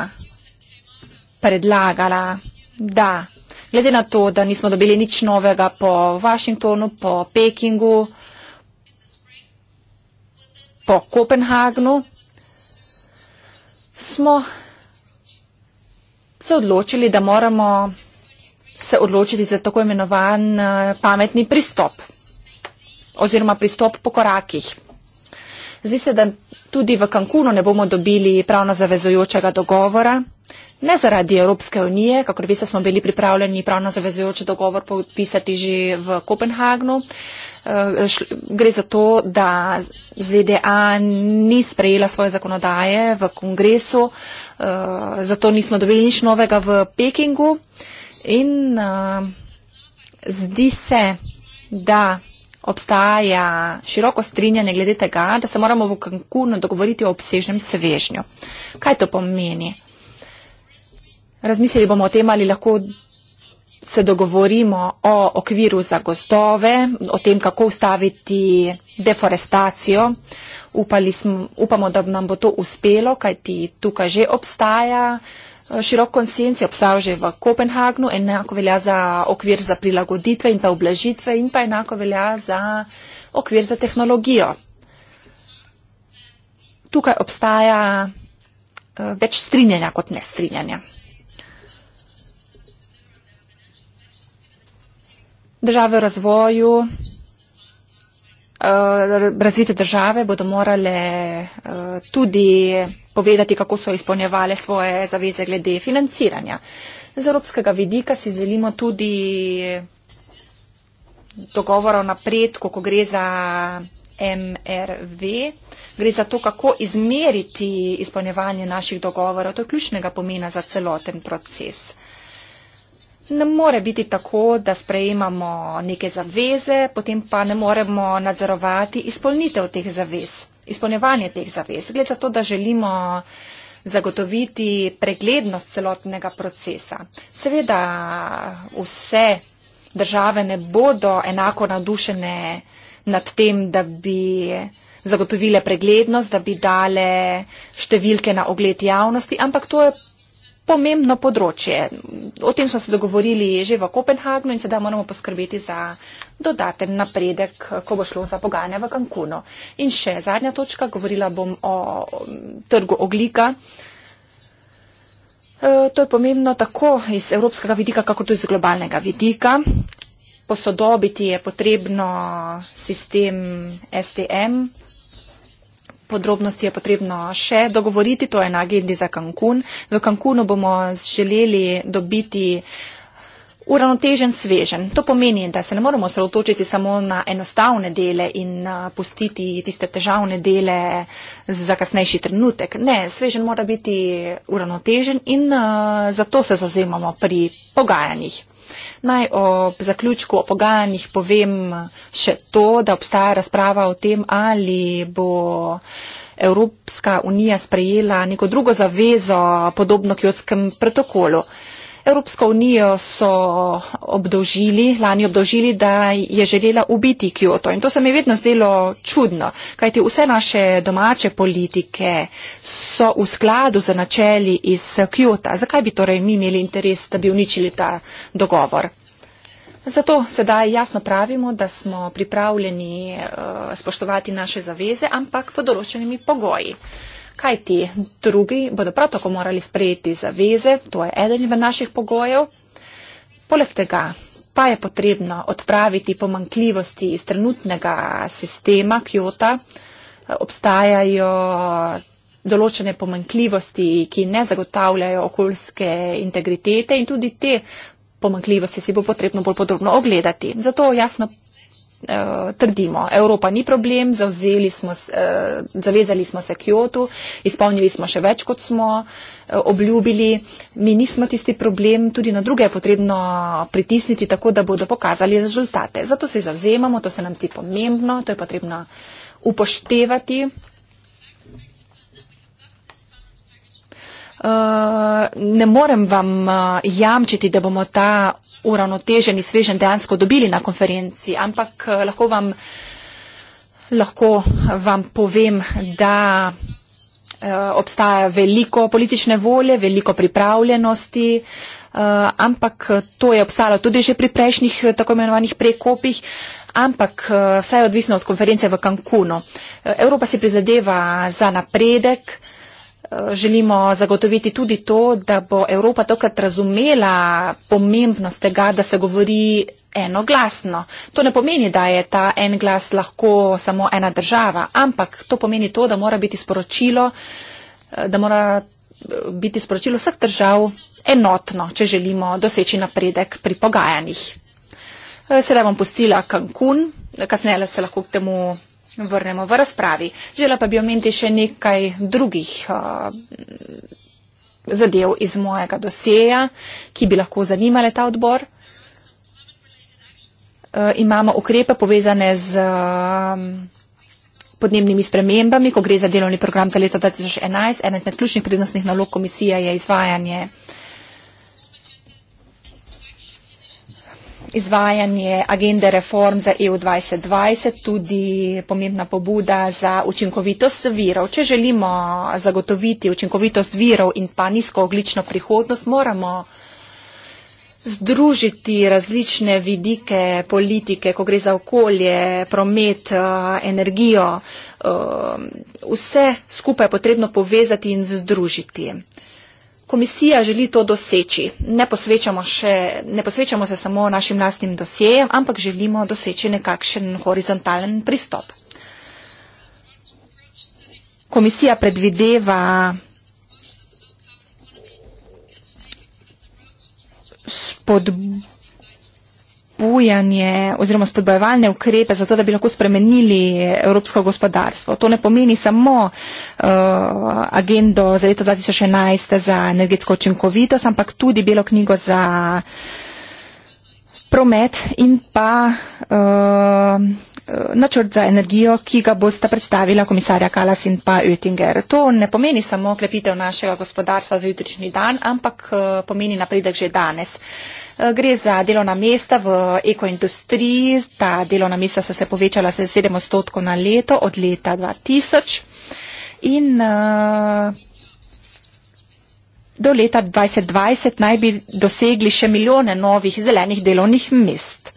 predlagala, da glede na to, da nismo dobili nič novega po Washingtonu, po Pekingu, po Kopenhagnu, smo se odločili, da moramo se odločiti za tako imenovan eh, pametni pristop oziroma pristop po korakih. Zdi se, da tudi v Cancunu ne bomo dobili pravno zavezojočega dogovora ne zaradi Evropske unije, kakor veste, smo bili pripravljeni pravno zavezujoči dogovor podpisati že v Kopenhagnu. Eh, gre za to, da ZDA ni sprejela svoje zakonodaje v kongresu, eh, zato nismo dobili nič novega v Pekingu in eh, zdi se, da obstaja široko strinjanje glede tega, da se moramo v Cancunu dogovoriti o obsežnem svežnju. Kaj to pomeni? Razmislili bomo o tem, ali lahko se dogovorimo o okviru za gozdove, o tem, kako ustaviti deforestacijo. Smo, upamo, da nam bo to uspelo, kajti tukaj že obstaja eh, širok konsens, je obstajal že v Kopenhagnu, enako velja za okvir za prilagoditve in pa oblažitve in pa enako velja za okvir za tehnologijo. Tukaj obstaja eh, več strinjanja kot nestrinjanja. države v razvoju, eh, razvite države bodo morale eh, tudi povedati, kako so izpolnjevale svoje zaveze glede financiranja. Z evropskega vidika si želimo tudi dogovora o napredku, ko gre za MRV. Gre za to, kako izmeriti izpolnjevanje naših dogovorov. To je ključnega pomena za celoten proces ne more biti tako, da sprejemamo neke zaveze, potem pa ne moremo nadzorovati izpolnitev teh zavez, izpolnjevanje teh zavez. Gled za to, da želimo zagotoviti preglednost celotnega procesa. Seveda vse države ne bodo enako nadušene nad tem, da bi zagotovile preglednost, da bi dale številke na ogled javnosti, ampak to je pomembno področje. O tem smo se dogovorili že v Kopenhagnu in sedaj moramo poskrbeti za dodaten napredek, ko bo šlo za pogajanja v Cancunu. In še zadnja točka, govorila bom o trgu oglika. E, to je pomembno tako iz evropskega vidika, kako tudi iz globalnega vidika. Posodobiti je potrebno sistem STM, podrobnosti je potrebno še dogovoriti, to je na agendi za Cancun. V Cancunu bomo želeli dobiti uravnotežen svežen. To pomeni, da se ne moramo sredotočiti samo na enostavne dele in pustiti tiste težavne dele za kasnejši trenutek. Ne, svežen mora biti uravnotežen in zato se zauzemamo pri pogajanjih. Naj ob zaključku o pogajanjih povem še to, da obstaja razprava o tem, ali bo Evropska unija sprejela neko drugo zavezo podobno kjotskem protokolu. Evropsko unijo so obdožili, lani obdožili, da je želela ubiti Kyoto. In to se mi je vedno zdelo čudno, kajti vse naše domače politike so v skladu z načeli iz Kyoto. Zakaj bi torej mi imeli interes, da bi uničili ta dogovor? Zato sedaj jasno pravimo, da smo pripravljeni uh, spoštovati naše zaveze, ampak pod določenimi pogoji kaj ti drugi bodo prav tako morali sprejeti zaveze, to je eden v naših pogojev. Poleg tega pa je potrebno odpraviti pomankljivosti iz trenutnega sistema Kjota. Obstajajo določene pomankljivosti, ki ne zagotavljajo okoljske integritete in tudi te pomankljivosti si bo potrebno bolj podrobno ogledati. Zato jasno Eh, trdimo. Evropa ni problem, smo, uh, zavezali smo se Kjotu, izpolnili smo še več, kot smo uh, obljubili. Mi nismo tisti problem, tudi na druge je potrebno pritisniti tako, da bodo pokazali rezultate. Zato se zavzemamo, to se nam zdi pomembno, to je potrebno upoštevati. Uh, ne morem vam uh, jamčiti, da bomo ta uravnoteženi svežen dejansko dobili na konferenci, ampak eh, lahko vam, lahko vam povem, da eh, obstaja veliko politične volje, veliko pripravljenosti, eh, ampak to je obstalo tudi že pri prejšnjih tako imenovanih prekopih, ampak vse je odvisno od konference v Cancuno. Evropa si prizadeva za napredek. Eh, želimo zagotoviti tudi to, da bo Evropa tokrat razumela pomembnost tega, da se govori enoglasno. To ne pomeni, da je ta en glas lahko samo ena država, ampak to pomeni to, da mora biti sporočilo, eh, da mora eh, biti sporočilo vseh držav enotno, če želimo doseči napredek pri pogajanjih. Sedaj bom pustila Cancun, kasneje se lahko k temu vrnemo v razpravi. Žela pa bi omeniti še nekaj drugih uh, zadev iz mojega dosjeja, ki bi lahko zanimale ta odbor. Uh, imamo ukrepe povezane z. Uh, podnebnimi spremembami, ko gre za delovni program za leto 2011. Ena izmed ključnih prednostnih nalog komisije je izvajanje uh, izvajanje agende reform za EU 2020 tudi pomembna pobuda za učinkovitost virov. Če želimo zagotoviti učinkovitost virov in pa nizkooglično prihodnost, moramo združiti različne vidike politike, ko gre za okolje, promet, eh, energijo. Eh, vse skupaj je potrebno povezati in združiti. Komisija želi to doseči. Ne posvečamo, še, ne posvečamo se samo našim lastnim dosjejem, ampak želimo doseči nekakšen horizontalen pristop. Komisija predvideva spodbud spodbujanje oziroma spodbojevalne ukrepe za to, da bi lahko spremenili evropsko gospodarstvo. To ne pomeni samo uh, agendo za leto 2011 za energetsko učinkovitost, ampak tudi belo knjigo za promet in pa uh, Eh, načrt za energijo, ki ga bosta predstavila komisarja Kalas in pa Oettinger. To ne pomeni samo krepitev našega gospodarstva za jutrišnji dan, ampak eh, pomeni napredek že danes. Eh, gre za delovna mesta v ekoindustriji. Ta delovna mesta so se povečala za 7 odstotkov na leto od leta 2000. In, uh, Do leta 2020 naj bi dosegli še milijone novih zelenih delovnih mest.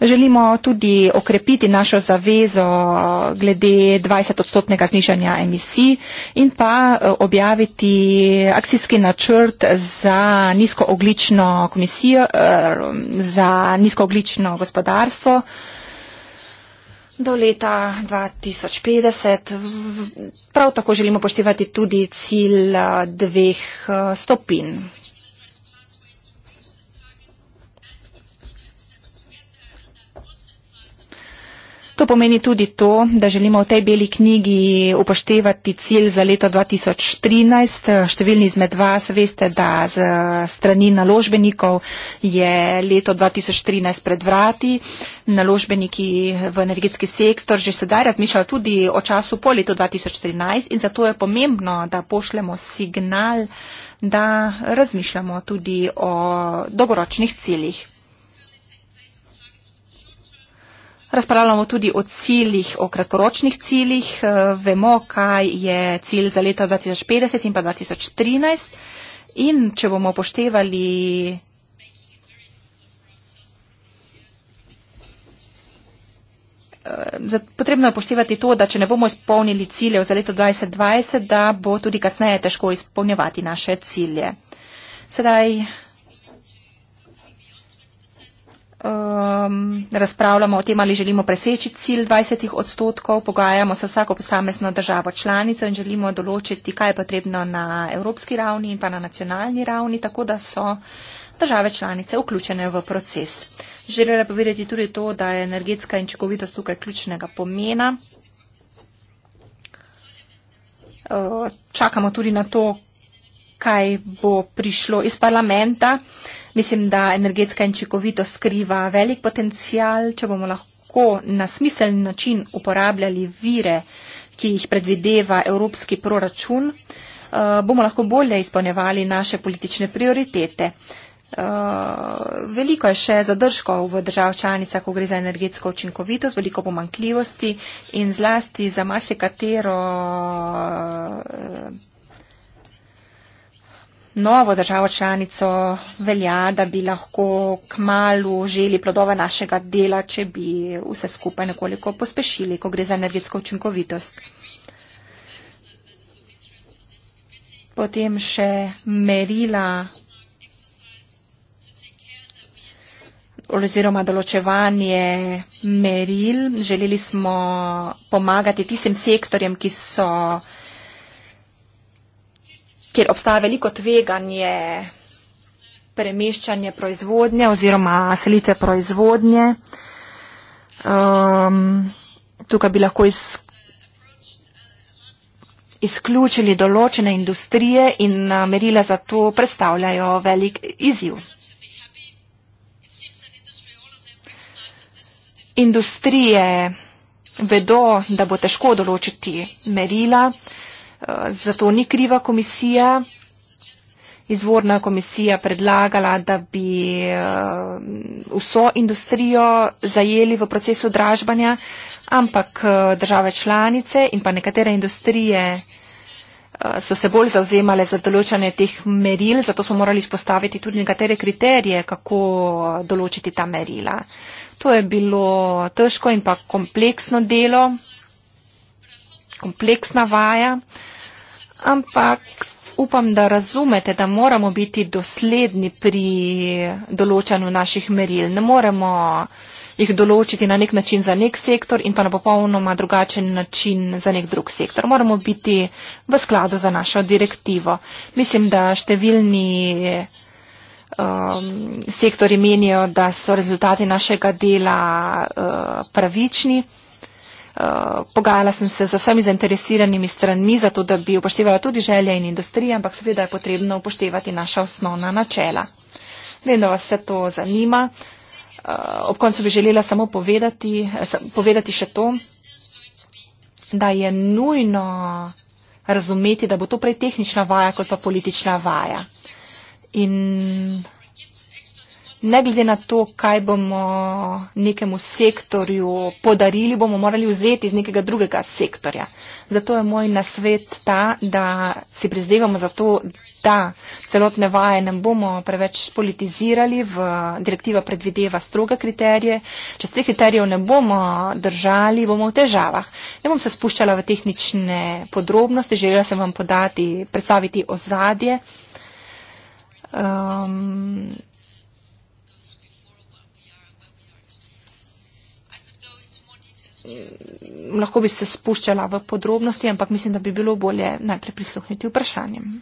Želimo tudi okrepiti našo zavezo eh, glede 20 odstotnega znižanja emisij in pa eh, objaviti akcijski načrt za nizkooglično komisijo, eh, za nizkooglično gospodarstvo do leta 2050. Prav tako želimo poštevati tudi cilj dveh stopin. To pomeni tudi to, da želimo v tej beli knjigi upoštevati cilj za leto 2013. Številni izmed vas veste, da z strani naložbenikov je leto 2013 pred vrati. Naložbeniki v energetski sektor že sedaj razmišljajo tudi o času po letu 2013 in zato je pomembno, da pošljemo signal, da razmišljamo tudi o dolgoročnih ciljih. Razpravljamo tudi o ciljih, o kratkoročnih ciljih. Eh, vemo, kaj je cilj za leto 2050 in pa 2013. In če bomo poštevali eh, Potrebno je poštevati to, da če ne bomo izpolnili ciljev za leto 2020, da bo tudi kasneje težko izpolnjevati naše cilje. Sedaj um, razpravljamo o tem, ali želimo preseči cilj 20 odstotkov, pogajamo se vsako posamezno državo članico in želimo določiti, kaj je potrebno na evropski ravni in pa na nacionalni ravni, tako da so države članice vključene v proces. Želela povedati tudi to, da je energetska inčekovitost tukaj ključnega pomena. Ehm, čakamo tudi na to, kaj bo prišlo iz parlamenta. Uh, Mislim, da energetska učinkovitost skriva velik potencial, če bomo lahko na smiseln način uporabljali vire, ki jih predvideva evropski proračun, eh, bomo lahko bolje izpolnjevali naše politične prioritete. Eh, veliko je še zadržkov v držav članica, ko gre za energetsko učinkovitost, veliko pomankljivosti in zlasti za marsikatero. katero eh, novo državo članico velja, da bi lahko k malu želi plodove našega dela, če bi vse skupaj nekoliko pospešili, ko gre za energetsko učinkovitost. Potem še merila oziroma določevanje meril. Želeli smo pomagati tistim sektorjem, ki so kjer obstaja veliko tveganje premeščanje proizvodnje oziroma selitve proizvodnje. Um, tukaj bi lahko iz, izključili določene industrije in eh, merila za to predstavljajo velik izjiv. Industrije vedo, da bo težko določiti merila. Zato ni kriva komisija. Izvorna komisija predlagala, da bi eh, vso industrijo zajeli v procesu dražbanja, ampak eh, države članice in pa nekatere industrije eh, so se bolj zauzemale za določanje teh meril, zato smo morali spostaviti tudi nekatere kriterije, kako določiti ta merila. To je bilo težko in pa kompleksno delo, kompleksna vaja ampak upam, da razumete, da moramo biti dosledni pri določanju naših meril. Ne moremo jih določiti na nek način za nek sektor in pa na popolnoma drugačen način za nek drug sektor. Moramo biti v skladu za našo direktivo. Mislim, da številni um, sektori menijo, da so rezultati našega dela uh, pravični. Eh, pogajala sem se z vsemi zainteresiranimi stranmi, zato da bi upoštevala tudi želje in industrije, ampak seveda je potrebno upoštevati naša osnovna načela. Vem, da vas vse to zanima. Eh, ob koncu bi želela samo povedati, eh, povedati še to, da je nujno razumeti, da bo to prej tehnična vaja kot pa politična vaja. In ne glede na to, kaj bomo nekemu sektorju podarili, bomo morali vzeti iz nekega drugega sektorja. Zato je moj nasvet ta, da si prizdevamo za to, da celotne vaje ne bomo preveč politizirali. Direktiva predvideva stroge kriterije. Če se teh kriterijev ne bomo držali, bomo v težavah. Ne bom se spuščala v tehnične podrobnosti, želela sem vam podati, predstaviti ozadje. Um, Mm, lahko bi se spuščala v podrobnosti, ampak mislim, da bi bilo bolje najprej prisluhniti vprašanjem.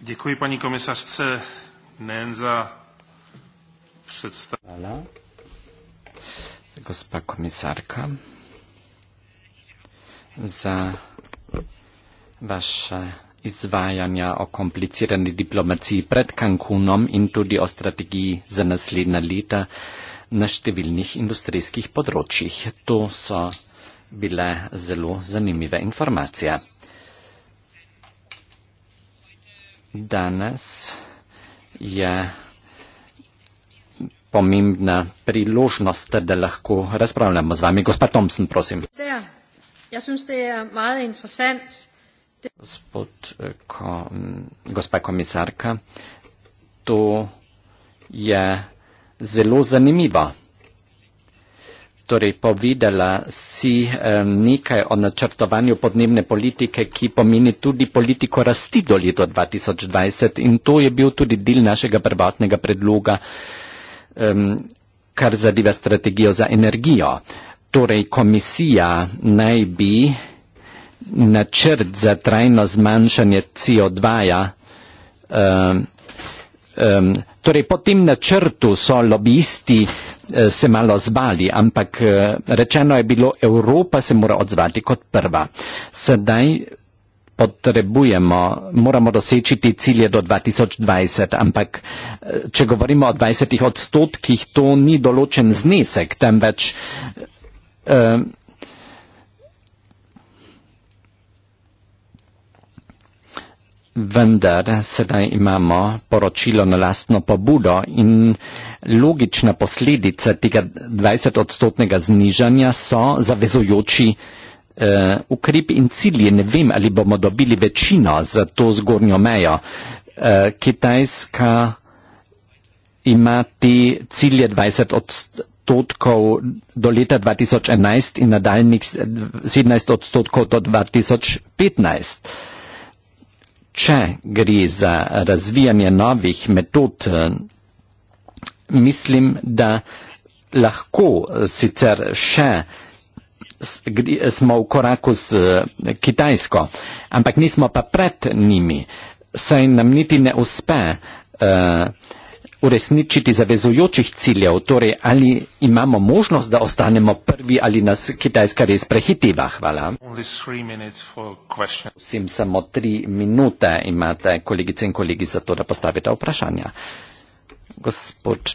Děkuji paní komisařce nejen za představu. Gospa komisarka za vaše izvajanja o komplicirani diplomaciji pred Cancunom in tudi o strategiji za naslednja leta na številnih industrijskih področjih. To so bile zelo zanimive informacije. Danes je pomembna priložnost, da lahko razpravljamo z vami. Gospa Thompson, prosim. Sejo. Jeg synes, det er meget interessant. Gospod, eh, kom, gospa komisarka, to je zelo zanimivo. Torej, povedala si eh, nekaj o načrtovanju podnebne politike, ki pomeni tudi politiko rasti do leta 2020 in to je bil tudi del našega prvotnega predloga, eh, kar zadeva strategijo za energijo. Eh, Torej, komisija naj bi načrt za trajno zmanjšanje CO2. -ja, um, ehm, um, ehm, torej, po tem načrtu so lobisti uh, se malo zbali, ampak uh, rečeno je bilo, Evropa se mora odzvati kot prva. Sedaj potrebujemo, moramo dosečiti cilje do 2020, ampak eh, če govorimo o 20 odstotkih, to ni določen znesek, temveč Ehm, vendar sedaj imamo poročilo na lastno pobudo in logične posledice tega 20-odstotnega znižanja so zavezujoči eh, ukrep in cilje. Ne vem, ali bomo dobili večino za to zgornjo mejo. Eh, Kitajska ima te cilje 20 odstotnega odstotkov do leta 2011 in nadaljnih 17 odstotkov do 2015. Če gre za razvijanje novih metod, mislim, da lahko sicer še smo v koraku z Kitajsko, ampak nismo pa pred njimi, saj nam niti ne uspe. Uh, uresničiti zavezujočih ciljev, torej ali imamo možnost, da ostanemo prvi ali nas Kitajska res prehitiva. Hvala. Vsem samo tri minute imate, kolegice in kolegi, za to, da postavite vprašanja. Gospod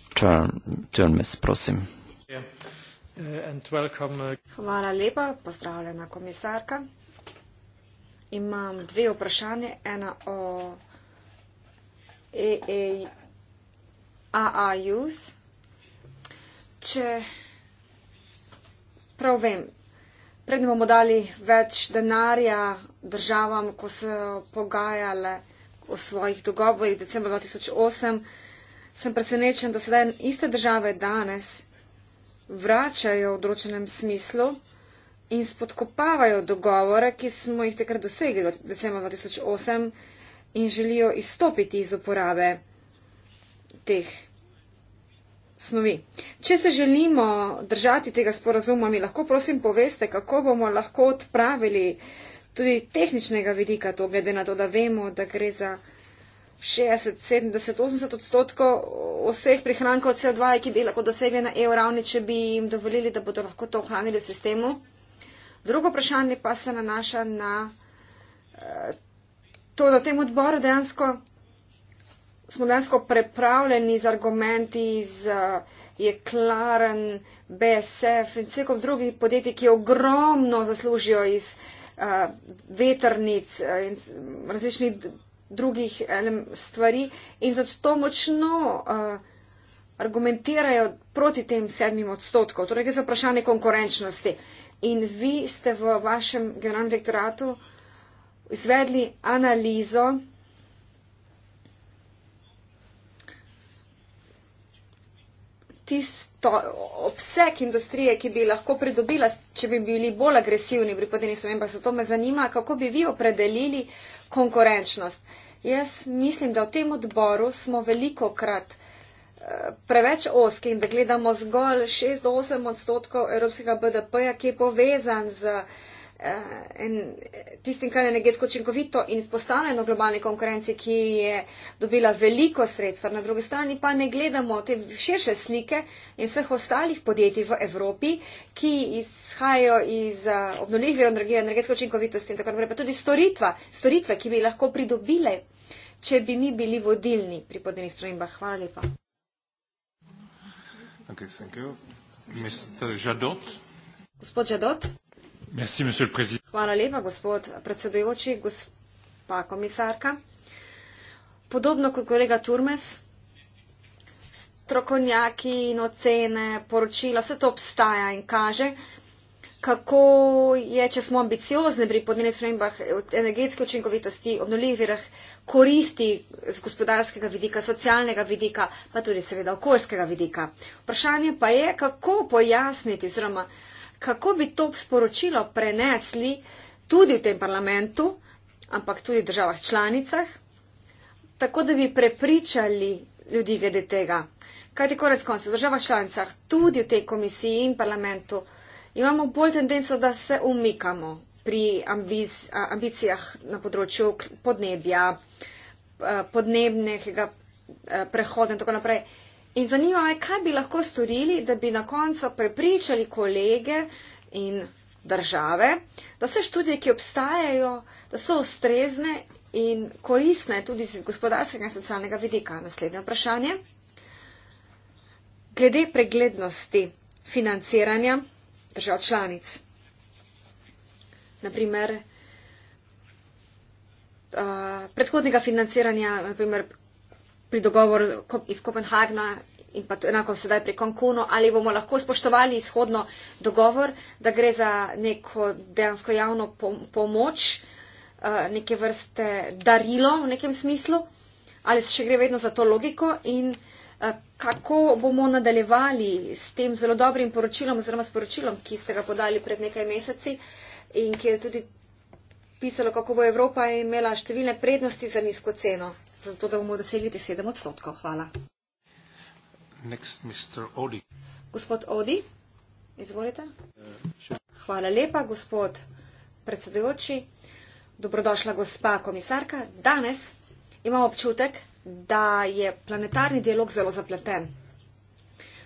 Turmes, prosim. Uh, Hvala lepa, pozdravljena komisarka. Imam dve vprašanje, ena o. AAU e e AAUs, če prav vem, prednji bomo dali več denarja državam, ko so pogajale o svojih dogovorih decembra 2008, sem presenečen, da sedaj iste države danes vračajo v določenem smislu in spodkopavajo dogovore, ki smo jih takrat dosegli decembra 2008 in želijo izstopiti iz uporabe teh snovi. Če se želimo držati tega sporazuma, mi lahko prosim poveste, kako bomo lahko odpravili tudi tehničnega vidika to, glede na to, da vemo, da gre za 60, 70, 80 odstotkov vseh prihrankov CO2, ki bi lahko dosegli na EU ravni, če bi jim dovolili, da bodo lahko to ohranili v sistemu. Drugo vprašanje pa se nanaša na eh, to, da tem odboru dejansko smo dejansko prepravljeni z argumenti, z eh, jeklaren, BSF in vseh drugih podjetij, ki ogromno zaslužijo iz uh, eh, veternic eh, in različnih drugih stvari in zato močno uh, argumentirajo proti tem sedmim odstotkom. Torej, gre za vprašanje konkurenčnosti. In vi ste v vašem generalnem direktoratu izvedli analizo tisto obseg industrije, ki bi lahko pridobila, če bi bili bolj agresivni pri podnebnih spremembah. Zato me zanima, kako bi vi opredelili konkurenčnost. Jaz mislim, da v tem odboru smo veliko krat eh, preveč oski in da gledamo zgolj 6-8 odstotkov evropskega BDP-ja, ki je povezan z. Eh, eh, tistim, kar je energetsko učinkovito in izpostavljeno globalni konkurenci, ki je dobila veliko sredstva. Na drugi strani pa ne gledamo te širše slike in vseh ostalih podjetij v Evropi, ki izhajajo iz eh, obnovljivih virov energije, energetsko učinkovitosti in tako naprej, pa tudi storitva, storitve, ki bi lahko pridobile, če bi mi bili vodilni pri podnebnih spremembah. Hvala lepa. Okay, Gospod Žadot. Merci, Hvala lepa, gospod predsedujoči, gospa komisarka. Podobno kot kolega Turmes, strokovnjaki in ocene, poročila, vse to obstaja in kaže, kako je, če smo ambiciozni pri podnebnih spremembah, energetske učinkovitosti, obnovljivih virah, koristi z gospodarskega vidika, socialnega vidika, pa tudi seveda okoljskega vidika. Vprašanje pa je, kako pojasniti, oziroma kako bi to sporočilo prenesli tudi v tem parlamentu, ampak tudi v državah članicah, tako da bi prepričali ljudi glede tega. Kaj ti konec konca, v državah članicah, tudi v tej komisiji in parlamentu, imamo bolj tendenco, da se umikamo pri ambiz, ambicijah na področju podnebja, eh, podnebnega eh, prehoda in tako naprej. In zanima me, kaj bi lahko storili, da bi na koncu prepričali kolege in države, da vse študije, ki obstajajo, da so ustrezne in koristne tudi z gospodarskega in socialnega vidika. Naslednje vprašanje. Glede preglednosti financiranja držav članic. Naprimer, eh, predhodnega financiranja, naprimer, pri dogovoru iz Kopenhagna in pa enako sedaj pri Konkunu, ali bomo lahko spoštovali izhodno dogovor, da gre za neko dejansko javno pomoč, eh, neke vrste darilo v nekem smislu, ali se še gre vedno za to logiko in eh, kako bomo nadaljevali s tem zelo dobrim poročilom oziroma sporočilom, ki ste ga podali pred nekaj meseci in ki je tudi pisalo, kako bo Evropa imela številne prednosti za nizko ceno zato da bomo dosegli te 7 odstotkov. Hvala. Next, Mr. Odi. Gospod Odi, izvolite. Hvala lepa, gospod predsedujoči. Dobrodošla, gospa komisarka. Danes imam občutek, da je planetarni dialog zelo zapleten.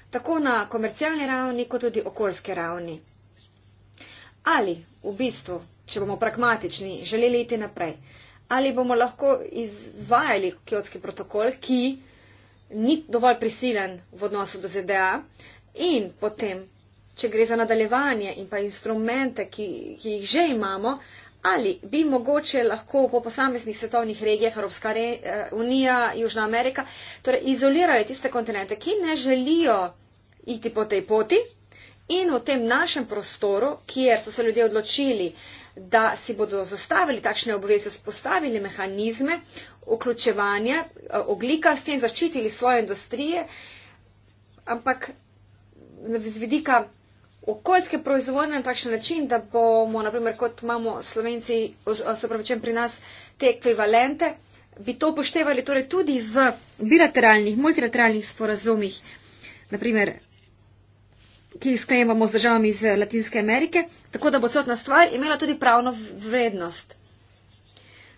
Tako na komercialni ravni, kot tudi okoljski ravni. Ali v bistvu, če bomo pragmatični, želeli iti naprej, ali bomo lahko izvajali kjotski protokol, ki ni dovolj prisilen v odnosu do ZDA in potem, če gre za nadaljevanje in pa instrumente, ki, ki jih že imamo, ali bi mogoče lahko po posameznih svetovnih regijah, Evropska re, eh, unija, Južna Amerika, torej izolirali tiste kontinente, ki ne želijo iti po tej poti. In v tem našem prostoru, kjer so se ljudje odločili, da si bodo zastavili takšne obveze, spostavili mehanizme vključevanja eh, oglika, s tem začitili svoje industrije, ampak z vidika okoljske proizvodnje na takšen način, da bomo, naprimer, kot imamo slovenci, se pravi, če pri nas te ekvivalente, bi to upoštevali torej tudi v bilateralnih, multilateralnih sporazumih, naprimer ki jih sklenjamo z državami iz eh, Latinske Amerike, tako da bo celotna stvar imela tudi pravno vrednost.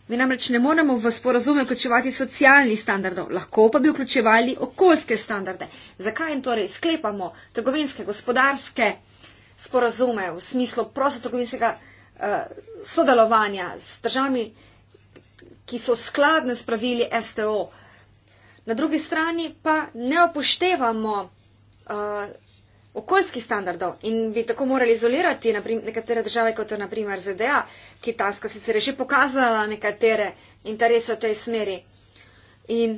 Mi namreč ne moremo v sporazume vključevati socialnih standardov, lahko pa bi vključevali okoljske standarde. Zakaj jim torej sklepamo trgovinske, gospodarske sporazume v smislu prostotrgovinskega uh, sodelovanja s državami, ki so skladne s pravili STO? Na drugi strani pa ne opoštevamo uh, eh, okoljskih standardov in bi tako morali izolirati naprim, nekatere države, kot je naprimer ZDA, Kitajska sicer je že pokazala nekatere interese v tej smeri. In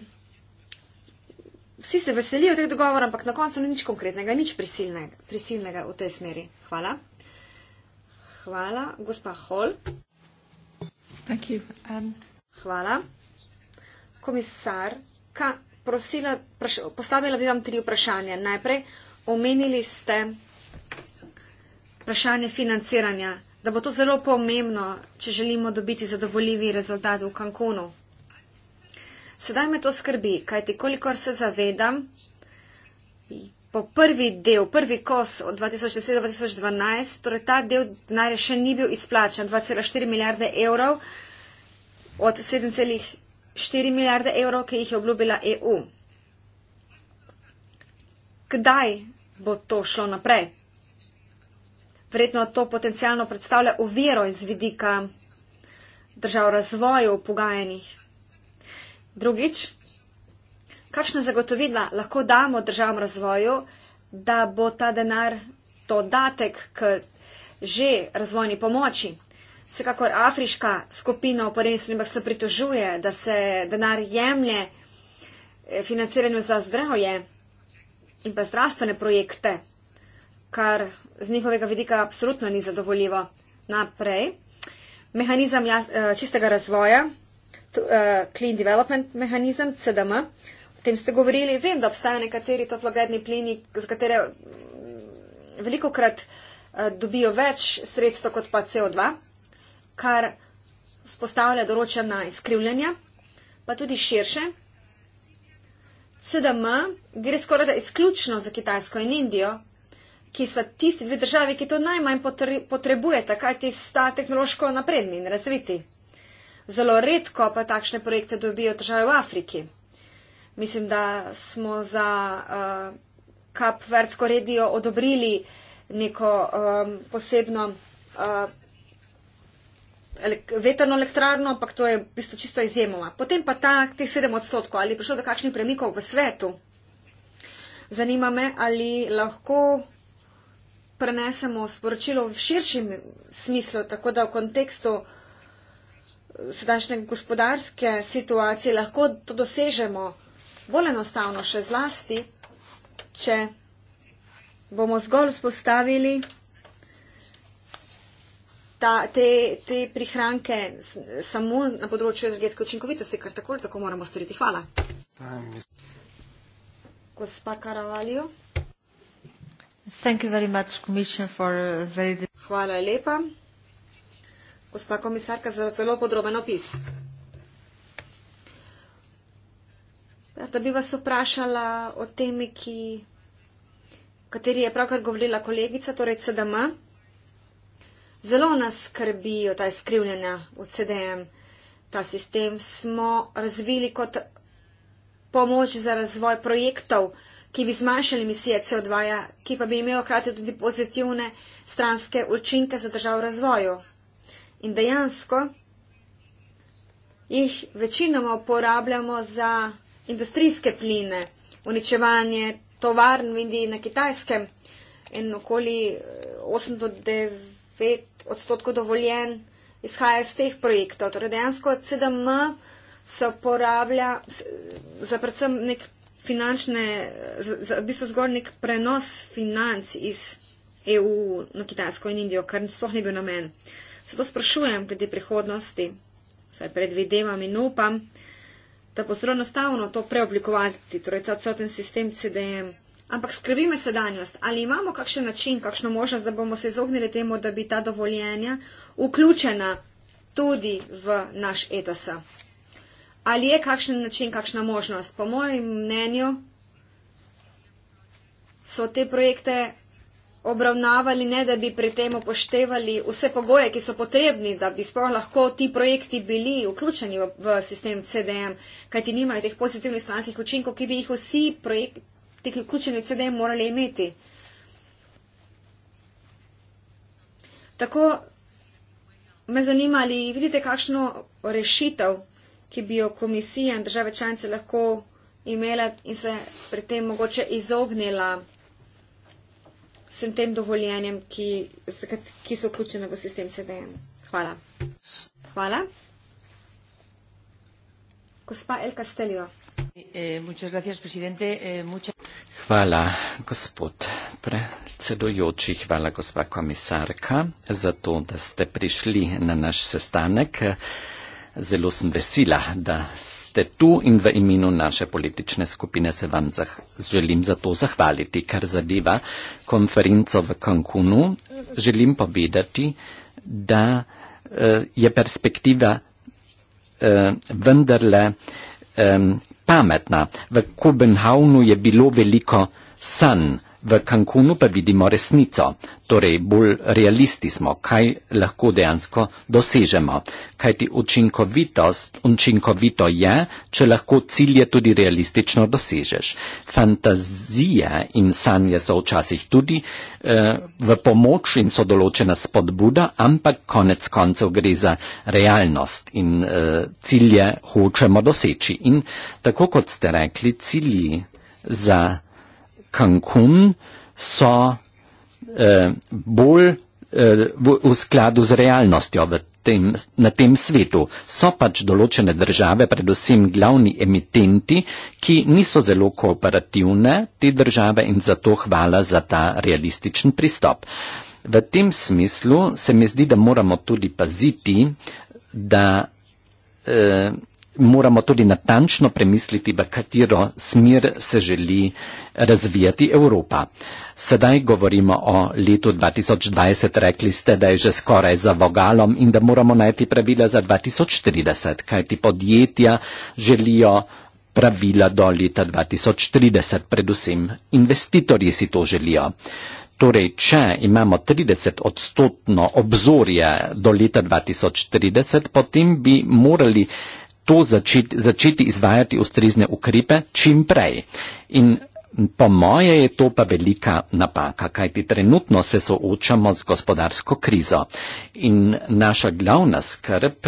vsi se veselijo teh dogovorov, ampak na koncu ni nič konkretnega, nič prisilnega, prisilnega v tej smeri. Hvala. Hvala, gospa Hol. Um... Hvala. Komisarka, prosila, postavila bi vam tri vprašanja. Najprej, omenili ste vprašanje financiranja, da bo to zelo pomembno, če želimo dobiti zadovoljivi rezultat v Cancunu. Sedaj me to skrbi, kajti kolikor se zavedam, po prvi del, prvi kos od 2007-2012, torej ta del denarja še ni bil izplačen, 2,4 milijarde evrov od 7,4 milijarde evrov, ki jih je obljubila EU. Kdaj bo to šlo naprej. Verjetno to potencialno predstavlja uvero iz vidika držav razvoju v pogajanjih. Drugič, kakšna zagotovila lahko damo državam razvoju, da bo ta denar dodatek k že razvojni pomoči. Vsekakor afriška skupina v Parizu in Bahsa pritožuje, da se denar jemlje eh, financiranju za zdravje in pa zdravstvene projekte, kar z njihovega vidika absolutno ni zadovoljivo. Naprej, mehanizem jaz, eh, čistega razvoja, to, uh, eh, Clean Development Mechanism, CDM, o tem ste govorili, vem, da obstajajo nekateri toplogredni plini, z katere mm, veliko krat uh, eh, dobijo več sredstva kot pa CO2, kar spostavlja določena izkrivljanja, pa tudi širše CDM gre skoraj da izključno za Kitajsko in Indijo, ki sta tisti dve državi, ki to najmanj potrebujete, kajti sta tehnološko napredni in razviti. Zelo redko pa takšne projekte dobijo države v Afriki. Mislim, da smo za uh, eh, Kapverdsko redijo odobrili neko um, posebno. Uh, vetrno elektrarno, ampak to je v bistvu čisto izjemoma. Potem pa ta, ti sedem odstotkov, ali je prišlo do kakšnih premikov v svetu? Zanima me, ali lahko prenesemo sporočilo v širšem smislu, tako da v kontekstu eh, sedajšnje gospodarske situacije lahko to dosežemo bolj enostavno še zlasti, če bomo zgolj spostavili ta, te, te prihranke samo na področju energetske učinkovitosti, kar tako ali tako moramo storiti. Hvala. Gospa Karavalijo. Very... Uh, Hvala lepa. Gospa komisarka za zelo podroben opis. Da bi vas vprašala o temi, ki, kateri je pravkar govorila kolegica, torej CDM. Zelo nas skrbijo ta skrivljena v CDM. Ta sistem smo razvili kot pomoč za razvoj projektov, ki bi zmanjšali emisije CO2, ja, ki pa bi imeli hkrati tudi pozitivne stranske učinke za državo razvoju. In dejansko jih večinoma uporabljamo za industrijske pline, uničevanje tovarn, vidi na kitajskem in okoli 8 eh, do 9. 5 odstotkov dovoljen izhaja iz teh projektov. Torej dejansko CDM se uporablja za predvsem nek finančne, za, za, v bistvu zgolj nek prenos financ iz EU na Kitajsko in Indijo, kar sploh ni bil namen. Zato sprašujem glede prihodnosti, saj predvidevam in upam, da bo zelo enostavno to preoblikovati, torej ta celoten sistem CDM. Ampak skrbi me sedanjost. Ali imamo kakšen način, kakšno možnost, da bomo se izognili temu, da bi ta dovoljenja vključena tudi v naš etos? Ali je kakšen način, kakšna možnost? Po mojem mnenju so te projekte obravnavali ne, da bi pri tem upoštevali vse pogoje, ki so potrebni, da bi sploh lahko ti projekti bili vključeni v, v sistem CDM, kajti nimajo teh pozitivnih stranskih učinkov, ki bi jih vsi projekti tisti, ki vključeni CD morali imeti. Tako me zanima, ali vidite kakšno rešitev, ki bi jo komisija in države članice lahko imela in se pri tem mogoče izognila vsem tem dovoljenjem, ki, ki so vključene v sistem CD. Hvala. Hvala. Gospa El Castelio. Eh, eh, hvala, gospod predsedujoči, hvala, gospa komisarka, za to, da ste prišli na naš sestanek. Zelo sem vesela, da ste tu in v imenu naše politične skupine se vam zah želim za to zahvaliti, kar zadeva konferenco v Cancunu. Želim povedati, da uh, je perspektiva uh, vendarle um, pametna. V Kopenhavnu je bilo veliko sanj, V Cancunu pa vidimo resnico, torej bolj realisti smo, kaj lahko dejansko dosežemo. Kaj ti učinkovitost, učinkovito je, če lahko cilje tudi realistično dosežeš. Fantazije in sanje so včasih tudi eh, v pomoč in so določena spodbuda, ampak konec koncev gre za realnost in eh, cilje hočemo doseči. In tako kot ste rekli, cilji za. Cancún so eh, bolj eh, v, v skladu z realnostjo v tem, na tem svetu. So pač določene države, predvsem glavni emitenti, ki niso zelo kooperativne te države in zato hvala za ta realističen pristop. V tem smislu se mi zdi, da moramo tudi paziti, da. Eh, moramo tudi natančno premisliti, v katero smer se želi razvijati Evropa. Sedaj govorimo o letu 2020, rekli ste, da je že skoraj za vogalom in da moramo najti pravila za 2030, kajti podjetja želijo pravila do leta 2030, predvsem investitorji si to želijo. Torej, če imamo 30 odstotno obzorje do leta 2030, potem bi morali to začeti, začeti izvajati ustrezne ukrepe čim prej. In po moje je to pa velika napaka, kajti trenutno se soočamo z gospodarsko krizo in naša glavna skrb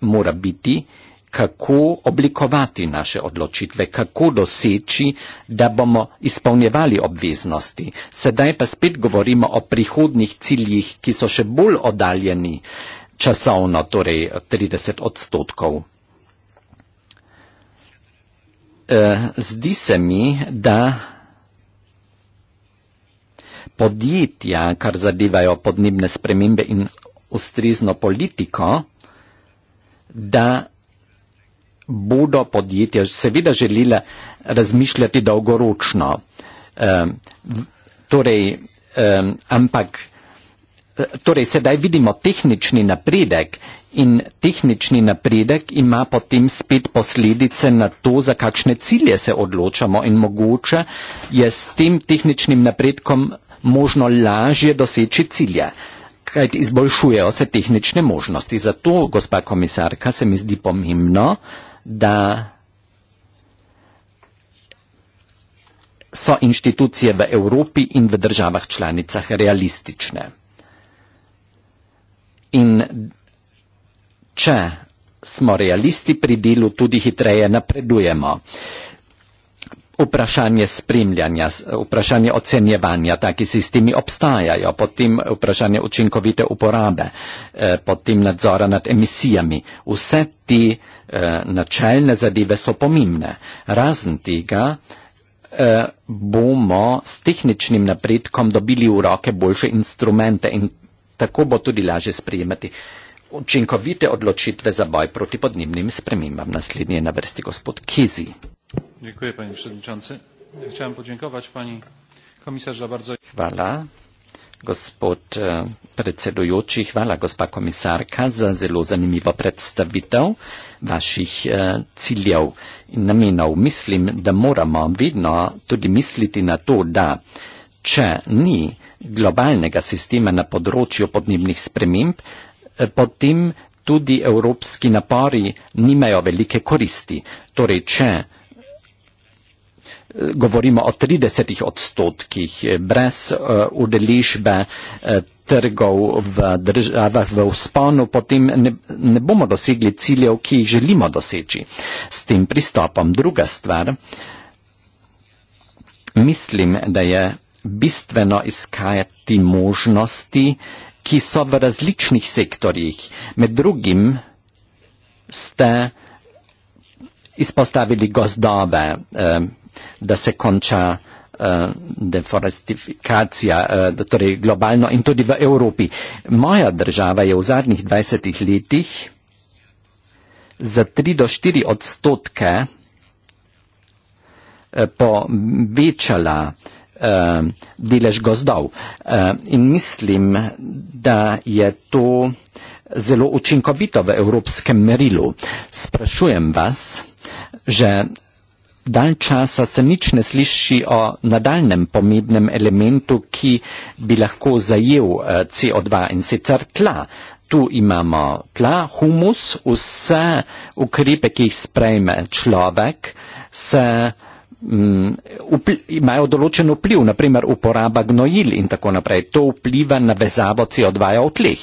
mora biti, kako oblikovati naše odločitve, kako doseči, da bomo izpolnjevali obveznosti. Sedaj pa spet govorimo o prihodnih ciljih, ki so še bolj oddaljeni časovno, torej 30 odstotkov. Eh, zdi se mi, da podjetja, kar zadevajo podnebne spremembe in ustrezno politiko, da bodo podjetja seveda želela razmišljati dolgoročno. Um, torej, um, ampak torej sedaj vidimo tehnični napredek in tehnični napredek ima potem spet posledice na to, za kakšne cilje se odločamo in mogoče je s tem tehničnim napredkom možno lažje doseči cilje, kajti izboljšujejo se tehnične možnosti. Zato, gospa komisarka, se mi zdi pomembno, da so inštitucije v Evropi in v državah članicah realistične. In če smo realisti pri delu, tudi hitreje napredujemo. Vprašanje spremljanja, vprašanje ocenjevanja, taki sistemi obstajajo, potem vprašanje učinkovite uporabe, eh, potem nadzora nad emisijami. Vse te eh, načelne zadeve so pomembne. Razen tega eh, bomo s tehničnim napredkom dobili v roke boljše instrumente in tako bo tudi laže sprejemati učinkovite odločitve za boj proti podnebnim spremembam. Naslednji je na vrsti gospod Kizi. Dziękuję panie przewodniczący. Chciałem podziękować pani komisarz za bardzo. Hvala. Gospod e, predsedujoči, hvala gospa komisarka za zelo zanimivo predstavitev vaših e, ciljev in namenov. Mislim, da moramo vedno tudi misliti na to, da če ni globalnega sistema na področju podnebnih sprememb, eh, potem tudi evropski napori nimajo velike koristi. Torej, če eh, govorimo o 30 odstotkih eh, brez udeležbe trgov v državah v usponu, potem ne, ne bomo dosegli ciljev, ki jih želimo doseči. S tem pristopom druga stvar, mislim, da je bistveno iskati možnosti, ki so v različnih sektorjih. Med drugim ste izpostavili gozdove, eh, da se konča eh, deforestifikacija, eh, torej globalno in tudi v Evropi. Moja država je v zadnjih 20 letih za 3 do 4 odstotke povečala Eh, delež gozdov. Eh, in mislim, da je to zelo učinkovito v evropskem merilu. Sprašujem vas, že dalj časa se nič ne sliši o nadaljnem pomembnem elementu, ki bi lahko zajel eh, CO2 in sicer tla. Tu imamo tla, humus, vse ukrepe, ki jih sprejme človek, se imajo določen vpliv, naprimer uporaba gnojil in tako naprej. To vpliva na vezavo CO2 v tleh.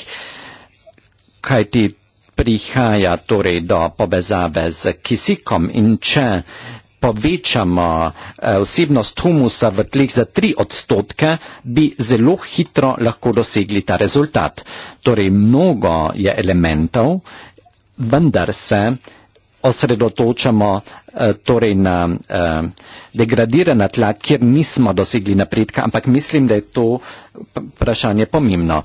Kaj ti prihaja torej do povezave z kisikom in če povečamo eh, vsebnost humusa v tleh za tri odstotke, bi zelo hitro lahko dosegli ta rezultat. Torej, mnogo je elementov, vendar se osredotočamo eh, torej na eh, degradirana tla, kjer nismo dosegli napredka, ampak mislim, da je to vprašanje pomembno.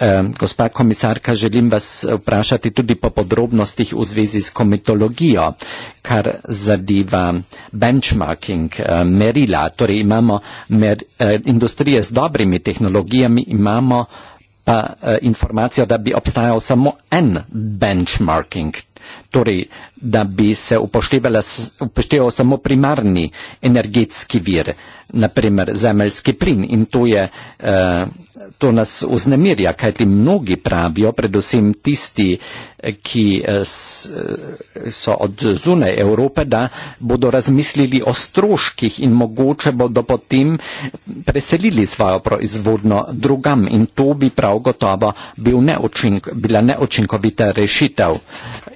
Eh, gospa komisarka, želim vas vprašati tudi po podrobnostih v zvezi s komitologijo, kar zadeva benchmarking, merila. Torej imamo mer, industrije z dobrimi tehnologijami, imamo pa informacijo, da bi obstajal samo en benchmarking. Torej da bi se upošteval samo primarni energetski vir, naprimer zemeljski plin. In to, je, eh, to nas uznemirja, kajti mnogi pravijo, predvsem tisti, eh, ki eh, so od zune Evrope, da bodo razmislili o stroških in mogoče bodo potem preselili svojo proizvodno drugam. In to bi prav gotovo bil neočink, bila neočinkovita rešitev.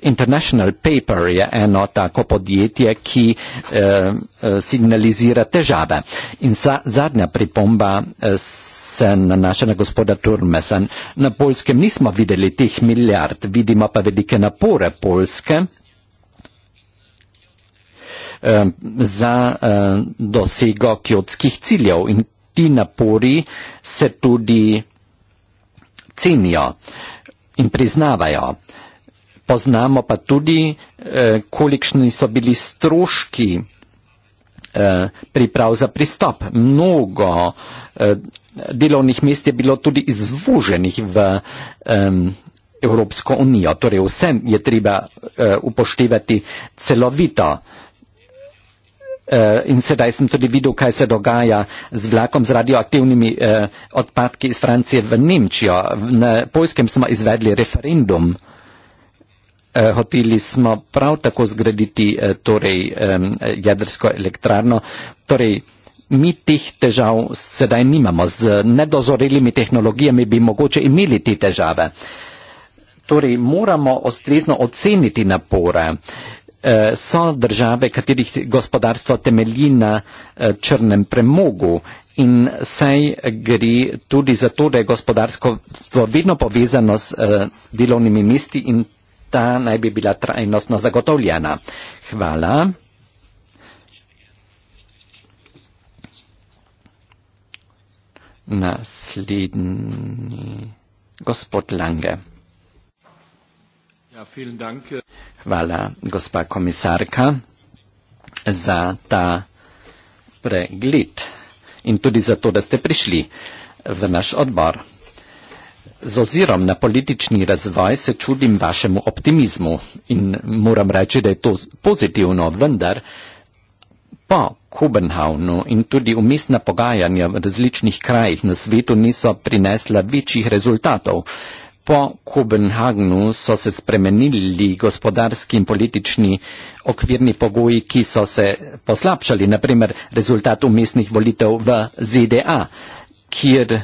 International Paper Juniper je eno tako podjetje, ki eh, eh, signalizira težave. In za, zadnja pripomba eh, se nanaša na gospoda Turmesa. Na Poljskem nismo videli teh milijard, vidimo pa velike napore Poljske eh, za eh, dosego kjotskih ciljev. In ti napori se tudi cenijo in priznavajo poznamo pa tudi, eh, kolikšni so bili stroški eh, priprav za pristop. Mnogo eh, delovnih mest je bilo tudi izvuženih v eh, Evropsko unijo. Torej vse je treba eh, upoštevati celovito. Eh, in sedaj sem tudi videl, kaj se dogaja z vlakom z radioaktivnimi eh, odpadki iz Francije v Nemčijo. Na Poljskem smo izvedli referendum eh, Eh, hoteli smo prav tako zgraditi eh, torej, jedrsko elektrarno. Torej, mi teh težav sedaj nimamo. Z nedozorelimi tehnologijami bi mogoče imeli te težave. Torej, moramo ostrezno oceniti napore. Eh, so države, katerih gospodarstvo temelji na črnem premogu in saj gre tudi za to, da je gospodarstvo vedno povezano s delovnimi mesti in ta naj bi bila trajnostno zagotovljena. Hvala. Naslednji gospod Lange. Ja, Hvala, gospa komisarka, za ta pregled in tudi za to, da ste prišli v naš odbor. Z ozirom na politični razvoj se čudim vašemu optimizmu in moram reči, da je to pozitivno, vendar po Kobenhavnu in tudi umestna pogajanja v različnih krajih na svetu niso prinesla večjih rezultatov. Po Kobenhagnu so se spremenili gospodarski in politični okvirni pogoji, ki so se poslabšali, naprimer rezultat umestnih volitev v ZDA, kjer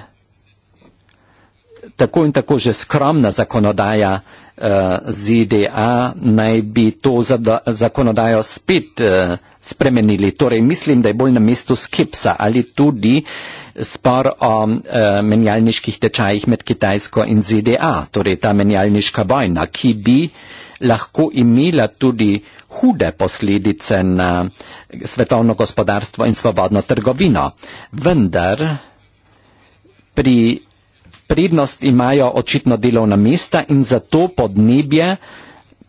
tako in tako že skromna zakonodaja eh, ZDA, naj bi to zakonodajo spet eh, spremenili. Torej mislim, da je bolj na mestu skepsa ali tudi spor o eh, menjalniških tečajih med Kitajsko in ZDA, torej ta menjalniška vojna, ki bi lahko imela tudi hude posledice na svetovno gospodarstvo in svobodno trgovino. Vendar pri prednost imajo očitno delovna mesta in zato podnebje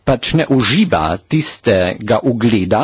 pač ne uživa tistega ugleda,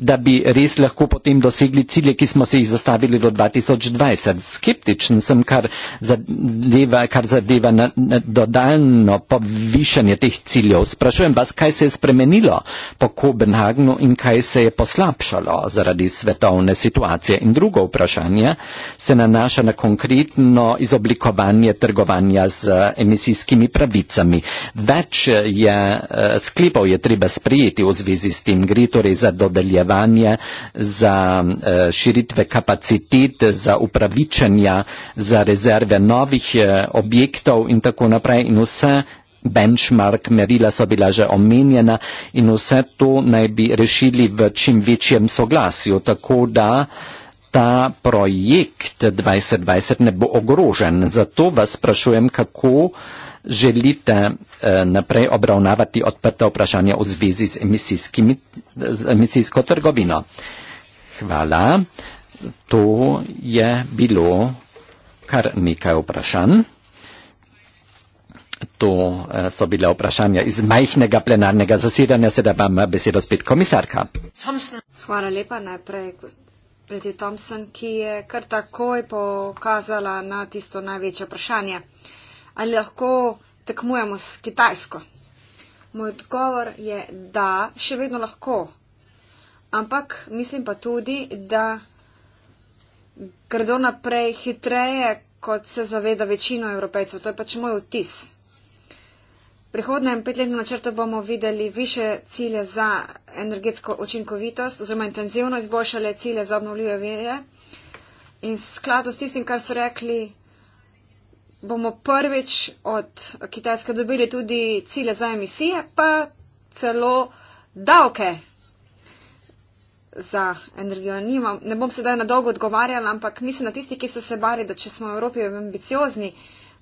da bi res lahko potem dosegli cilje, ki smo se jih zastavili do 2020. Skeptičen sem, kar zadeva, kar zadeva na, na dodaljno povišanje teh ciljev. Sprašujem vas, kaj se je spremenilo po Kopenhagnu in kaj se je poslabšalo zaradi svetovne situacije. In drugo vprašanje se nanaša na konkretno izoblikovanje trgovanja z emisijskimi pravicami. Več je, eh, sklepov je treba sprejeti v zvezi s tem, gre torej za dodeljevanje usklajevanje, za eh, širitve kapacitet, za upravičanja, za rezerve novih eh, objektov in tako naprej. In vse benchmark merila so bila že omenjena in vse to naj bi rešili v čim večjem soglasju. Tako da ta projekt 2020 ne bo ogrožen. Zato vas sprašujem, kako želite eh, naprej obravnavati odprte vprašanja v zvezi z, z emisijsko trgovino. Hvala. To je bilo kar nekaj vprašanj. To eh, so bile vprašanja iz majhnega plenarnega zasedanja. Sedaj vam besedo spet komisarka. Hvala lepa najprej. Preti Thompson, ki je kar takoj pokazala na tisto največje vprašanje. Uh, ali lahko tekmujemo s Kitajsko. Moj odgovor je, da še vedno lahko. Ampak mislim pa tudi, da gredo naprej hitreje, kot se zaveda večino evropejcev. To je pač moj vtis. V prihodnem petletnem načrtu bomo videli više cilje za energetsko učinkovitost oziroma intenzivno izboljšale cilje za obnovljive vire in skladu s tistim, kar so rekli bomo prvič od Kitajske dobili tudi cilje za emisije, pa celo davke za energijo. Nimam, ne bom sedaj na dolgo odgovarjala, ampak mislim na tisti, ki so se bali, da če smo v Evropi ambiciozni,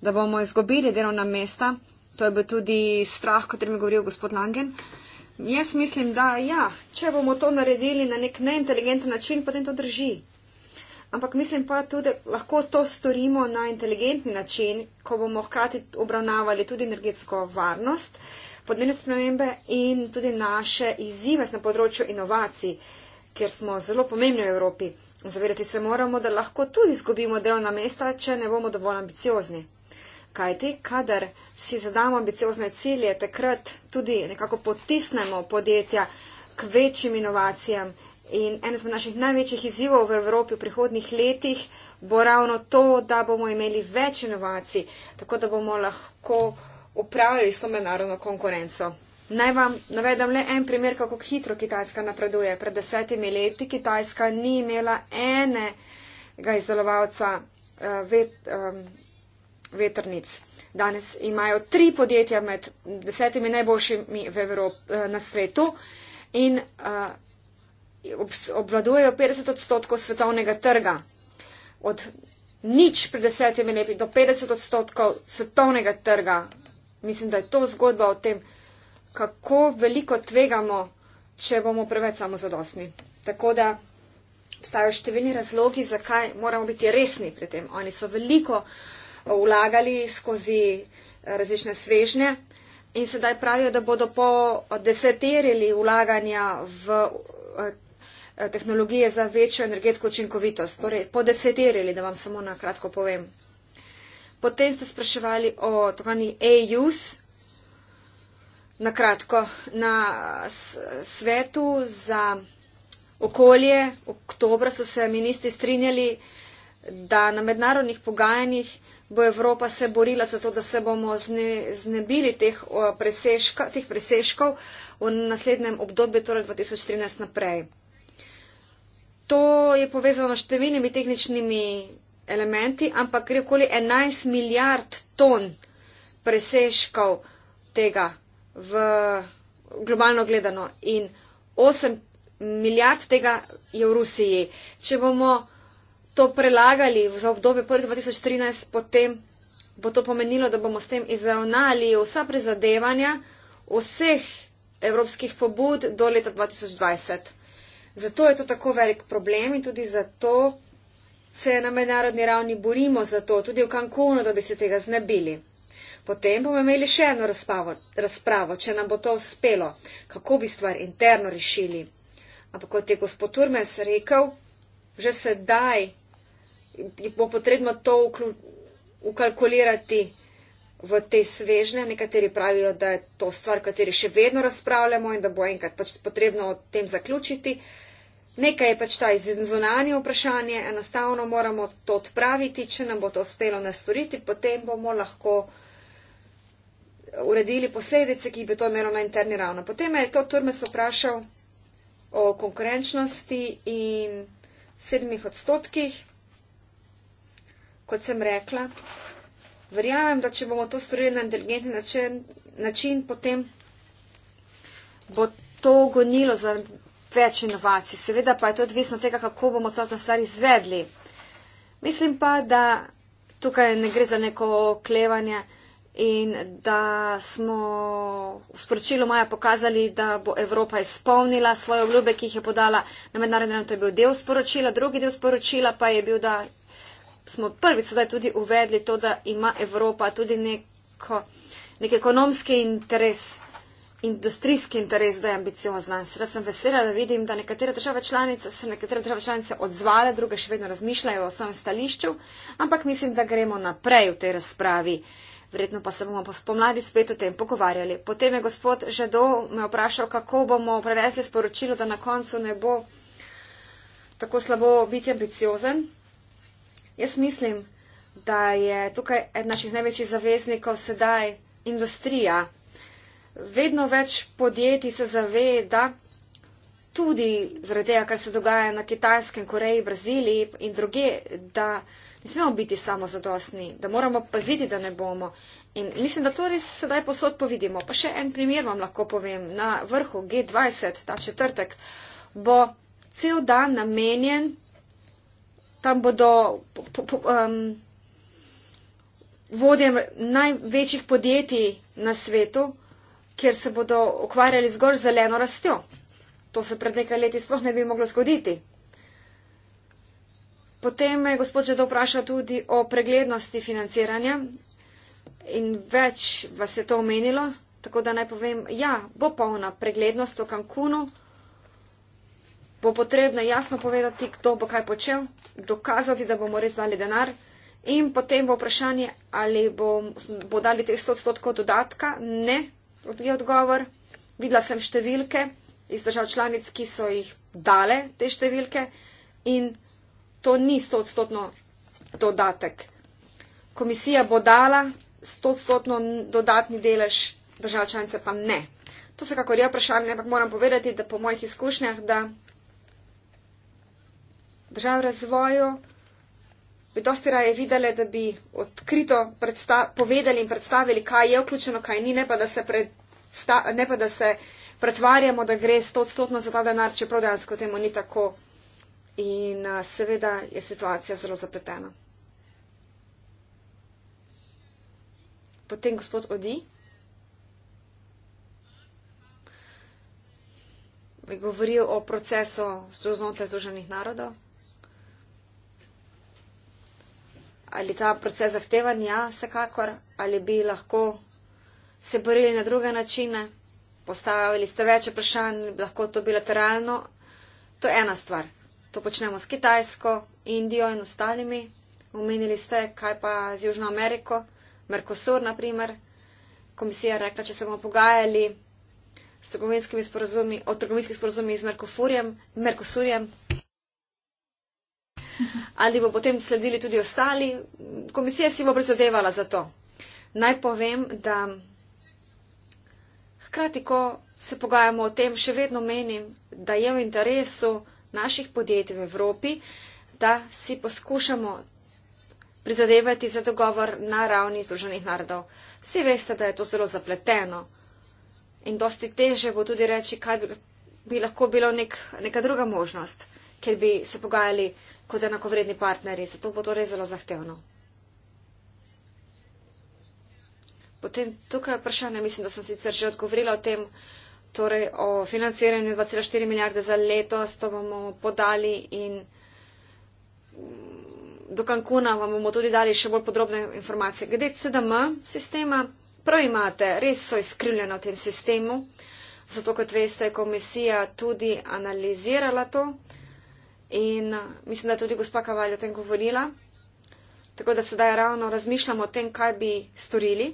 da bomo izgubili delovna mesta. To je bil tudi strah, kot je mi govoril gospod Langen. Jaz mislim, da ja, če bomo to naredili na nek neinteligenten način, potem to drži. Ampak mislim pa tudi, da lahko to storimo na inteligentni način, ko bomo hkrati obravnavali tudi energetsko varnost, podnebne spremembe in tudi naše izzive na področju inovacij, kjer smo zelo pomembni v Evropi. Zavedati se moramo, da lahko tudi izgubimo delovna mesta, če ne bomo dovolj ambiciozni. Kajti, kadar si zadamo ambiciozne cilje, takrat tudi nekako potisnemo podjetja k večjim inovacijam In en izmed naših največjih izzivov v Evropi v prihodnih letih bo ravno to, da bomo imeli več inovacij, tako da bomo lahko upravljali s to mednarodno konkurenco. Naj vam navedem le en primer, kako hitro Kitajska napreduje. Pred desetimi leti Kitajska ni imela enega izdelovalca eh, vet, vetrnic. Danes imajo tri podjetja med desetimi najboljšimi v Evropi, eh, na svetu in uh, obvladujejo 50 odstotkov svetovnega trga. Od nič pred desetimi leti do 50 odstotkov svetovnega trga. Mislim, da je to zgodba o tem, kako veliko tvegamo, če bomo preveč samozadostni. Tako da obstajajo številni razlogi, zakaj moramo biti resni pri tem. Oni so veliko eh, vlagali skozi eh, različne svežnje in sedaj pravijo, da bodo po deseterili vlaganja v eh, Eh, tehnologije za večjo energetsko učinkovitost. Torej, podeseterili, da vam samo na kratko povem. Potem ste spraševali o tokani AUS, e na kratko, na svetu za okolje. Oktobra so se ministri strinjali, da na mednarodnih pogajanjih bo Evropa se borila za to, da se bomo znebili teh, preseška, teh preseškov v naslednjem obdobju, torej 2013 naprej. To je povezano s številnimi tehničnimi elementi, ampak gre okoli 11 milijard ton presežkov tega v globalno gledano in 8 milijard tega je v Rusiji. Če bomo to prelagali za obdobje po 2013, potem bo to pomenilo, da bomo s tem izravnali vsa prizadevanja vseh evropskih pobud do leta 2020. Zato je to tako velik problem in tudi zato se na mednarodni ravni borimo za to, tudi v Cancunu, da bi se tega znebili. Potem bomo imeli še eno razpravo, razpravo, če nam bo to uspelo, kako bi stvar interno rešili. Ampak kot je gospod Turmes rekel, že sedaj bo potrebno to ukalkulirati v te svežne. Nekateri pravijo, da je to stvar, kateri še vedno razpravljamo in da bo enkrat pač potrebno o tem zaključiti. Nekaj je pač ta zunanje vprašanje, enostavno moramo to odpraviti, če nam bo to uspelo nastoriti, potem bomo lahko uredili posledice, ki bi to imelo na interni ravni. Potem je to Turmes vprašal o konkurenčnosti in sedmih odstotkih, kot sem rekla. Verjamem, da če bomo to storili na inteligentni način, način, potem bo to gonilo za več inovacij. Seveda pa je to odvisno od tega, kako bomo celotno stvar izvedli. Mislim pa, da tukaj ne gre za neko oklevanje in da smo v sporočilu maja pokazali, da bo Evropa izpolnila svoje obljube, ki jih je podala na mednarodnem. To je bil del sporočila. Drugi del sporočila pa je bil, da smo prvi sedaj tudi uvedli to, da ima Evropa tudi neko, nek ekonomski interes industrijski interes, da je ambiciozna. Sredaj sem vesela, da vidim, da nekatere države članice so nekatere države članice odzvale, druge še vedno razmišljajo o svojem stališču, ampak mislim, da gremo naprej v tej razpravi. Vredno pa se bomo spomladi spet o tem pogovarjali. Potem je gospod Žedo me vprašal, kako bomo prenesli sporočilo, da na koncu ne bo tako slabo biti ambiciozen. Jaz mislim, da je tukaj en naših največjih zaveznikov sedaj industrija vedno več podjetij se zaveda, tudi zaradi tega, kar se dogaja na Kitajskem, Koreji, Braziliji in druge, da ne smemo biti samozadostni, da moramo paziti, da ne bomo. In mislim, da to res sedaj posod povidimo. Pa še en primer vam lahko povem. Na vrhu G20, ta četrtek, bo cel dan namenjen, tam bodo. Po, po, po, um, vodjem največjih podjetij na svetu, kjer se bodo ukvarjali zgolj z zeleno rastjo. To se pred nekaj leti sploh ne bi moglo zgoditi. Potem me je gospod Žedo vprašal tudi o preglednosti financiranja in več vas je to omenilo, tako da naj povem, ja, bo polna preglednost v Cancunu, bo potrebno jasno povedati, kdo bo kaj počel, dokazati, da bomo res dali denar in potem bo vprašanje, ali bo, bo dali teh 100 odstotkov dodatka, ne, je odgovor. Videla sem številke iz držav članic, ki so jih dale te številke in to ni 100-odstotno dodatek. Komisija bo dala 100-odstotno dodatni delež držav članice, pa ne. To se kakor je vprašanje, ampak moram povedati, da po mojih izkušnjah, da držav razvoju bi dosti raje videli, da bi odkrito povedali in predstavili, kaj je vključeno, kaj ni, ne pa da se pred sta, ne pa da se pretvarjamo, da gre stotstotno za ta denar, čeprav dejansko temu ni tako. In uh, seveda je situacija zelo zapletena. Potem gospod odi. Govoril o procesu znotraj Združenih narodov. Ali ta proces zahtevanja, vsekakor, ali bi lahko se borili na druge načine, postavljali ste več vprašanj, lahko to bilateralno. To je ena stvar. To počnemo s Kitajsko, Indijo in ostalimi. Umenili ste, kaj pa z Južno Ameriko, Merkosur naprimer. Komisija je rekla, če se bomo pogajali s trgovinskimi sporozumi, o trgovinskih sporozumi z Merkosurjem. Ali bo potem sledili tudi ostali? Komisija si bo prizadevala za to. Naj povem, da Hkrati, ko se pogajamo o tem, še vedno menim, da je v interesu naših podjetij v Evropi, da si poskušamo prizadevati za dogovor na ravni Združenih narodov. Vsi veste, da je to zelo zapleteno in dosti teže bo tudi reči, kaj bi, bi lahko bilo nek, neka druga možnost, ker bi se pogajali kot enakovredni partneri. Zato bo to res zelo zahtevno. Potem tukaj je vprašanje, mislim, da sem sicer že odgovorila o tem, torej o financiranju 2,4 milijarde za letos, to bomo podali in mm, do Kankuna vam bomo tudi dali še bolj podrobne informacije. Glede CDM sistema, prav imate, res so izkrivljena v tem sistemu, zato kot veste, je komisija tudi analizirala to in mislim, da je tudi gospa Kavalj o tem govorila. Tako da sedaj ravno razmišljamo o tem, kaj bi storili.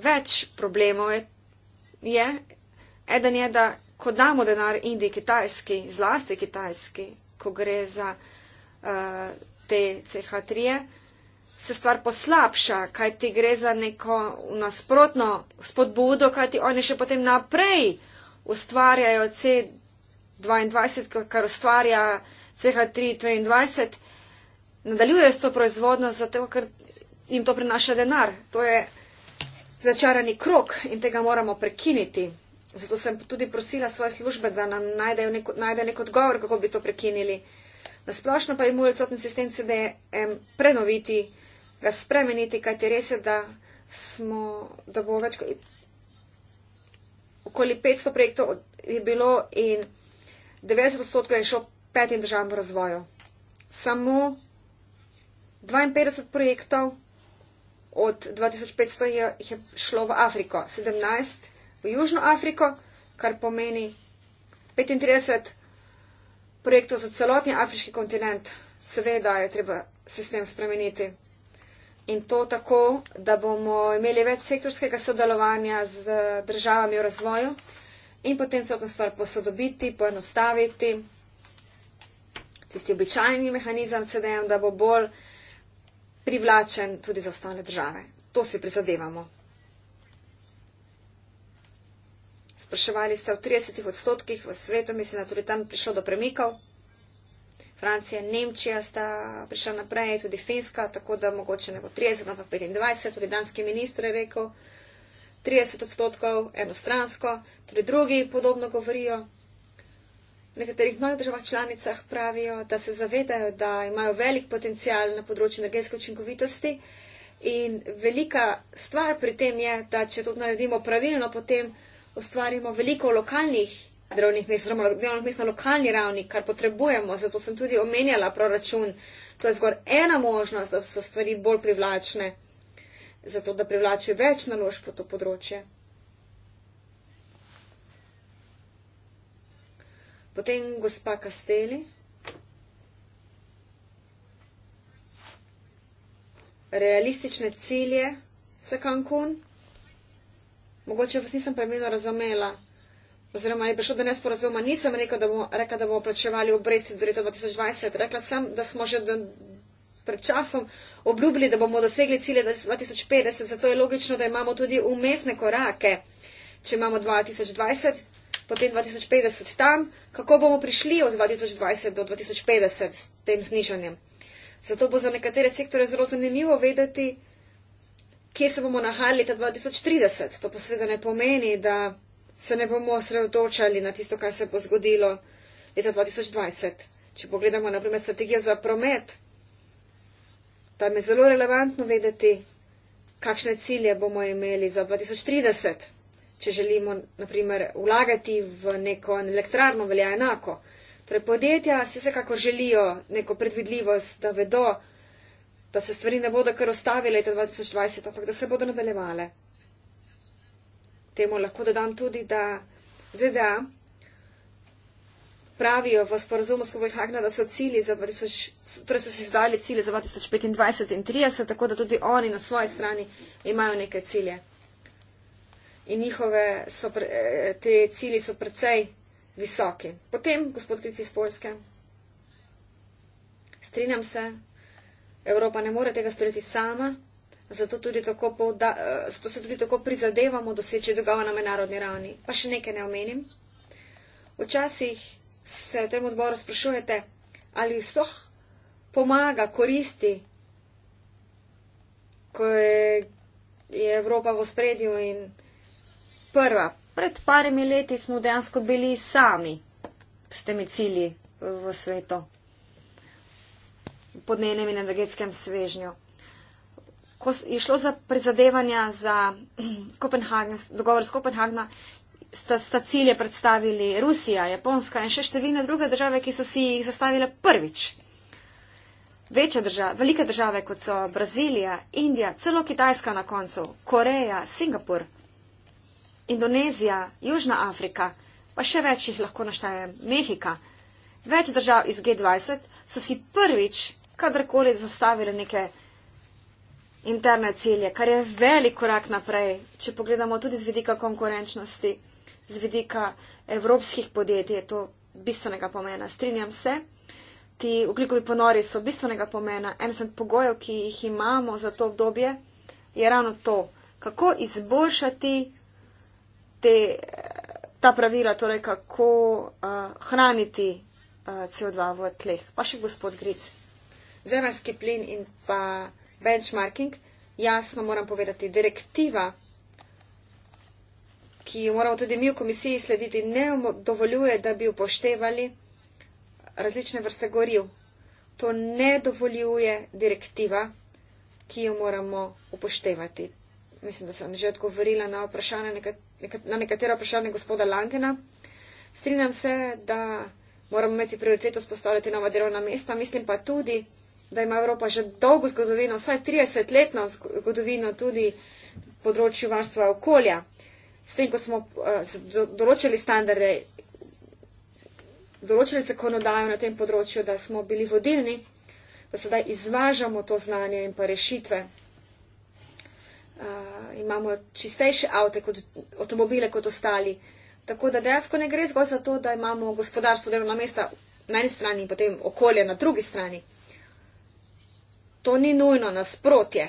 Več problemov je. je. Eden je, da ko damo denar Indiji, Kitajski, zlasti Kitajski, ko gre za uh, te CH3-je, se stvar poslabša, kaj ti gre za neko nasprotno spodbudo, kaj ti oni še potem naprej ustvarjajo C22, kar ustvarja CH3-23, nadaljujejo s to proizvodnost, zato ker jim to prinaša denar. To je, začarani krok in tega moramo prekiniti. Zato sem tudi prosila svoje službe, da nam najdejo nek, najde nek odgovor, kako bi to prekinili. Nasplošno pa je moj odsotni sistem CDM prenoviti, ga spremeniti, kajti res je, da, smo, da bo več kot okoli 500 projektov je bilo in 90 odstotkov je šlo petim državam v razvoju. Samo 52 projektov od 2500 je, je šlo v Afriko, 17 v Južno Afriko, kar pomeni 35 projektov za celotni afriški kontinent. Seveda je treba sistem spremeniti. In to tako, da bomo imeli več sektorskega sodelovanja z državami v razvoju in potem celotno stvar posodobiti, poenostaviti. Tisti običajni mehanizem CDM, da bo bolj privlačen tudi za ostale države. To si prizadevamo. Spraševali ste o 30 odstotkih v svetu, mislim, da tudi tam prišlo do premikov. Francija, Nemčija sta prišla naprej, tudi Finska, tako da mogoče ne bo 30, ampak 25, tudi danski ministr je rekel 30 odstotkov enostransko, tudi drugi podobno govorijo. V nekaterih novih državah članicah pravijo, da se zavedajo, da imajo velik potencial na področju energetske učinkovitosti in velika stvar pri tem je, da če to naredimo pravilno, potem ustvarimo veliko lokalnih delovnih mest, oziroma delovnih mest na lokalni ravni, kar potrebujemo. Zato sem tudi omenjala proračun. To je zgolj ena možnost, da so stvari bolj privlačne, zato da privlačijo več naložb po to področje. Potem gospa Kasteli. Realistične cilje za Cancun. Mogoče vas nisem pravilno razumela, oziroma je prišlo do nesporazuma. Nisem rekla, da bomo, rekla, da bomo plačevali obresti do leta 2020. Rekla sem, da smo že do, pred časom obljubili, da bomo dosegli cilje 2050. Zato je logično, da imamo tudi umestne korake, če imamo 2020 potem 2050 tam, kako bomo prišli od 2020 do 2050 s tem znižanjem. Zato bo za nekatere sektore zelo zanimivo vedeti, kje se bomo nahajali leta 2030. To pa seveda ne pomeni, da se ne bomo osredotočali na tisto, kaj se bo zgodilo leta 2020. Če pogledamo naprimer strategijo za promet, tam je zelo relevantno vedeti, kakšne cilje bomo imeli za 2030 če želimo naprimer vlagati v neko elektrarno, velja enako. Torej, podjetja se vsekakor želijo neko predvidljivost, da vedo, da se stvari ne bodo kar ostavile leta 2020, ampak da se bodo nadaljevale. Temu lahko dodam tudi, da ZDA pravijo v sporozumu s Kobelhagna, da so, cilji za 2000, torej so si zdali cilje za 2025 in 2030, tako da tudi oni na svoji strani imajo neke cilje in njihove so, pre, eh, te cili so precej visoki. Potem, gospod Kric iz Polske, strinjam se, Evropa ne more tega storiti sama, zato, tudi tako povda, eh, zato se tudi tako prizadevamo doseči dogovor na mednarodni ravni. Pa še nekaj ne omenim. Včasih se v tem odboru sprašujete, ali sploh pomaga, koristi, ko je, je Evropa v spredju in prva, pred parimi leti smo dejansko bili sami s temi cilji v svetu, podnenem in energetskem svežnju. Ko je šlo za prizadevanja za dogovor s Kopenhagna, sta, sta cilje predstavili Rusija, Japonska in še številne druge države, ki so si jih zastavile prvič. Večje države, velike države, kot so Brazilija, Indija, celo Kitajska na koncu, Koreja, Singapur. Indonezija, Južna Afrika, pa še več jih lahko naštejem, Mehika. Več držav iz G20 so si prvič kadarkoli zastavili neke interne cilje, kar je velik korak naprej, če pogledamo tudi z vidika konkurenčnosti, z vidika evropskih podjetij, je to bistvenega pomena. Strinjam se, ti ugljikovi ponori so bistvenega pomena. En izmed pogojev, ki jih imamo za to obdobje, je ravno to, kako izboljšati te, ta pravila, torej kako uh, hraniti uh, eh, CO2 v tleh. Pa še gospod Gric. Zemljski plin in pa benchmarking. Jasno moram povedati, direktiva, ki jo moramo tudi mi v komisiji slediti, ne dovoljuje, da bi upoštevali različne vrste goril. To ne dovoljuje direktiva, ki jo moramo upoštevati mislim, da sem že odgovorila na, vprašanje, na nekatera vprašanja gospoda Langena. Strinjam se, da moramo imeti prioriteto spostavljati nova delovna mesta, mislim pa tudi, da ima Evropa že dolgo zgodovino, vsaj 30-letno zgodovino tudi področju varstva okolja. S tem, ko smo eh, določili standarde, določili zakonodajo na tem področju, da smo bili vodilni, da sedaj izvažamo to znanje in pa rešitve. Eh, imamo čistejše avte kot avtomobile kot ostali. Tako da dejansko ne gre zgolj za to, da imamo gospodarstvo delovna mesta na eni strani in potem okolje na drugi strani. To ni nujno nasprotje.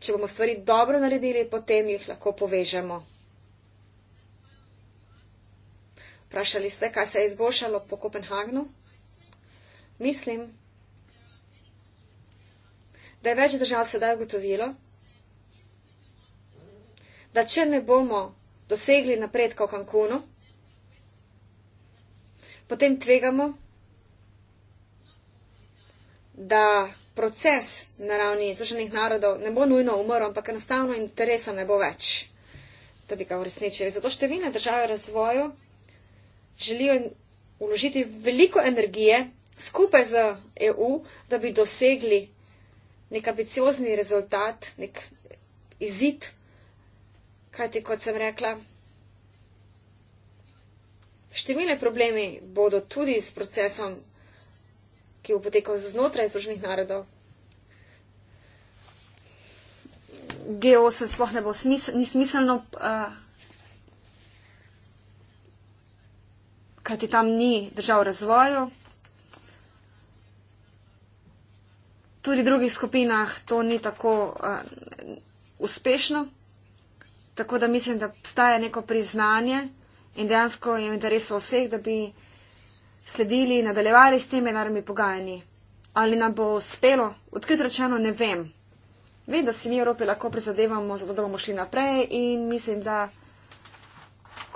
Če bomo stvari dobro naredili, potem jih lahko povežemo. Vprašali ste, kaj se je izboljšalo po Kopenhagnu? Mislim, da je več držav sedaj ugotovilo, da če ne bomo dosegli napredka v Cancunu, potem tvegamo, da proces na ravni izvršenih narodov ne bo nujno umrl, ampak enostavno interesa ne bo več, da bi ga uresničili. Zato številne države razvoju želijo uložiti veliko energije skupaj z EU, da bi dosegli nek ambiciozni rezultat, nek izid Kajti, kot sem rekla, številne problemi bodo tudi s procesom, ki bo potekal znotraj Združenih narodov. G8 sploh ne bo smisel, ni smiselno, uh, kajti tam ni držav razvoju. Tudi v drugih skupinah to ni tako uh, uspešno. Tako da mislim, da obstaja neko priznanje in dejansko je v interesu vseh, da bi sledili in nadaljevali s temi narmi pogajanji. Ali nam bo uspelo, odkrit rečeno, ne vem. Vem, da si mi v Evropi lahko prizadevamo, zato da bomo šli naprej in mislim, da,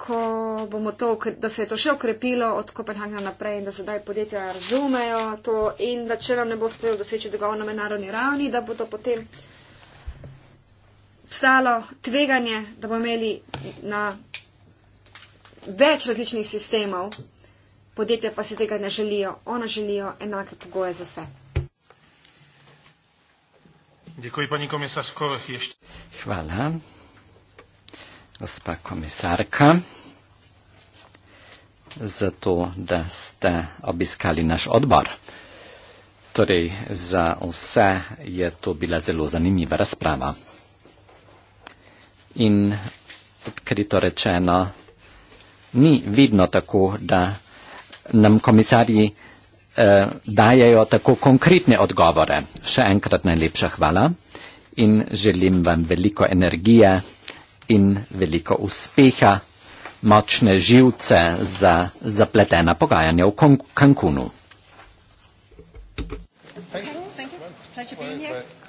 to, da se je to še okrepilo od Kopenhagna naprej in da sedaj podjetja razumejo to in da če nam ne bo uspelo doseči dogovor na mednarodni ravni, da bo to potem obstalo tveganje, da bomo imeli na več različnih sistemov, podjetja pa si tega ne želijo. Ona želijo enake pogoje za vse. Děkuji, paní komisarko, ještě. Hvala, gospa komisarka, za to, da ste obiskali naš odbor. Torej, za vse je to bila zelo zanimiva razprava in odkrito rečeno, ni vidno tako, da nam komisarji eh, dajajo tako konkretne odgovore. Še enkrat najlepša hvala in želim vam veliko energije in veliko uspeha, močne živce za zapletena pogajanja v Cancunu. Thank you. Thank you.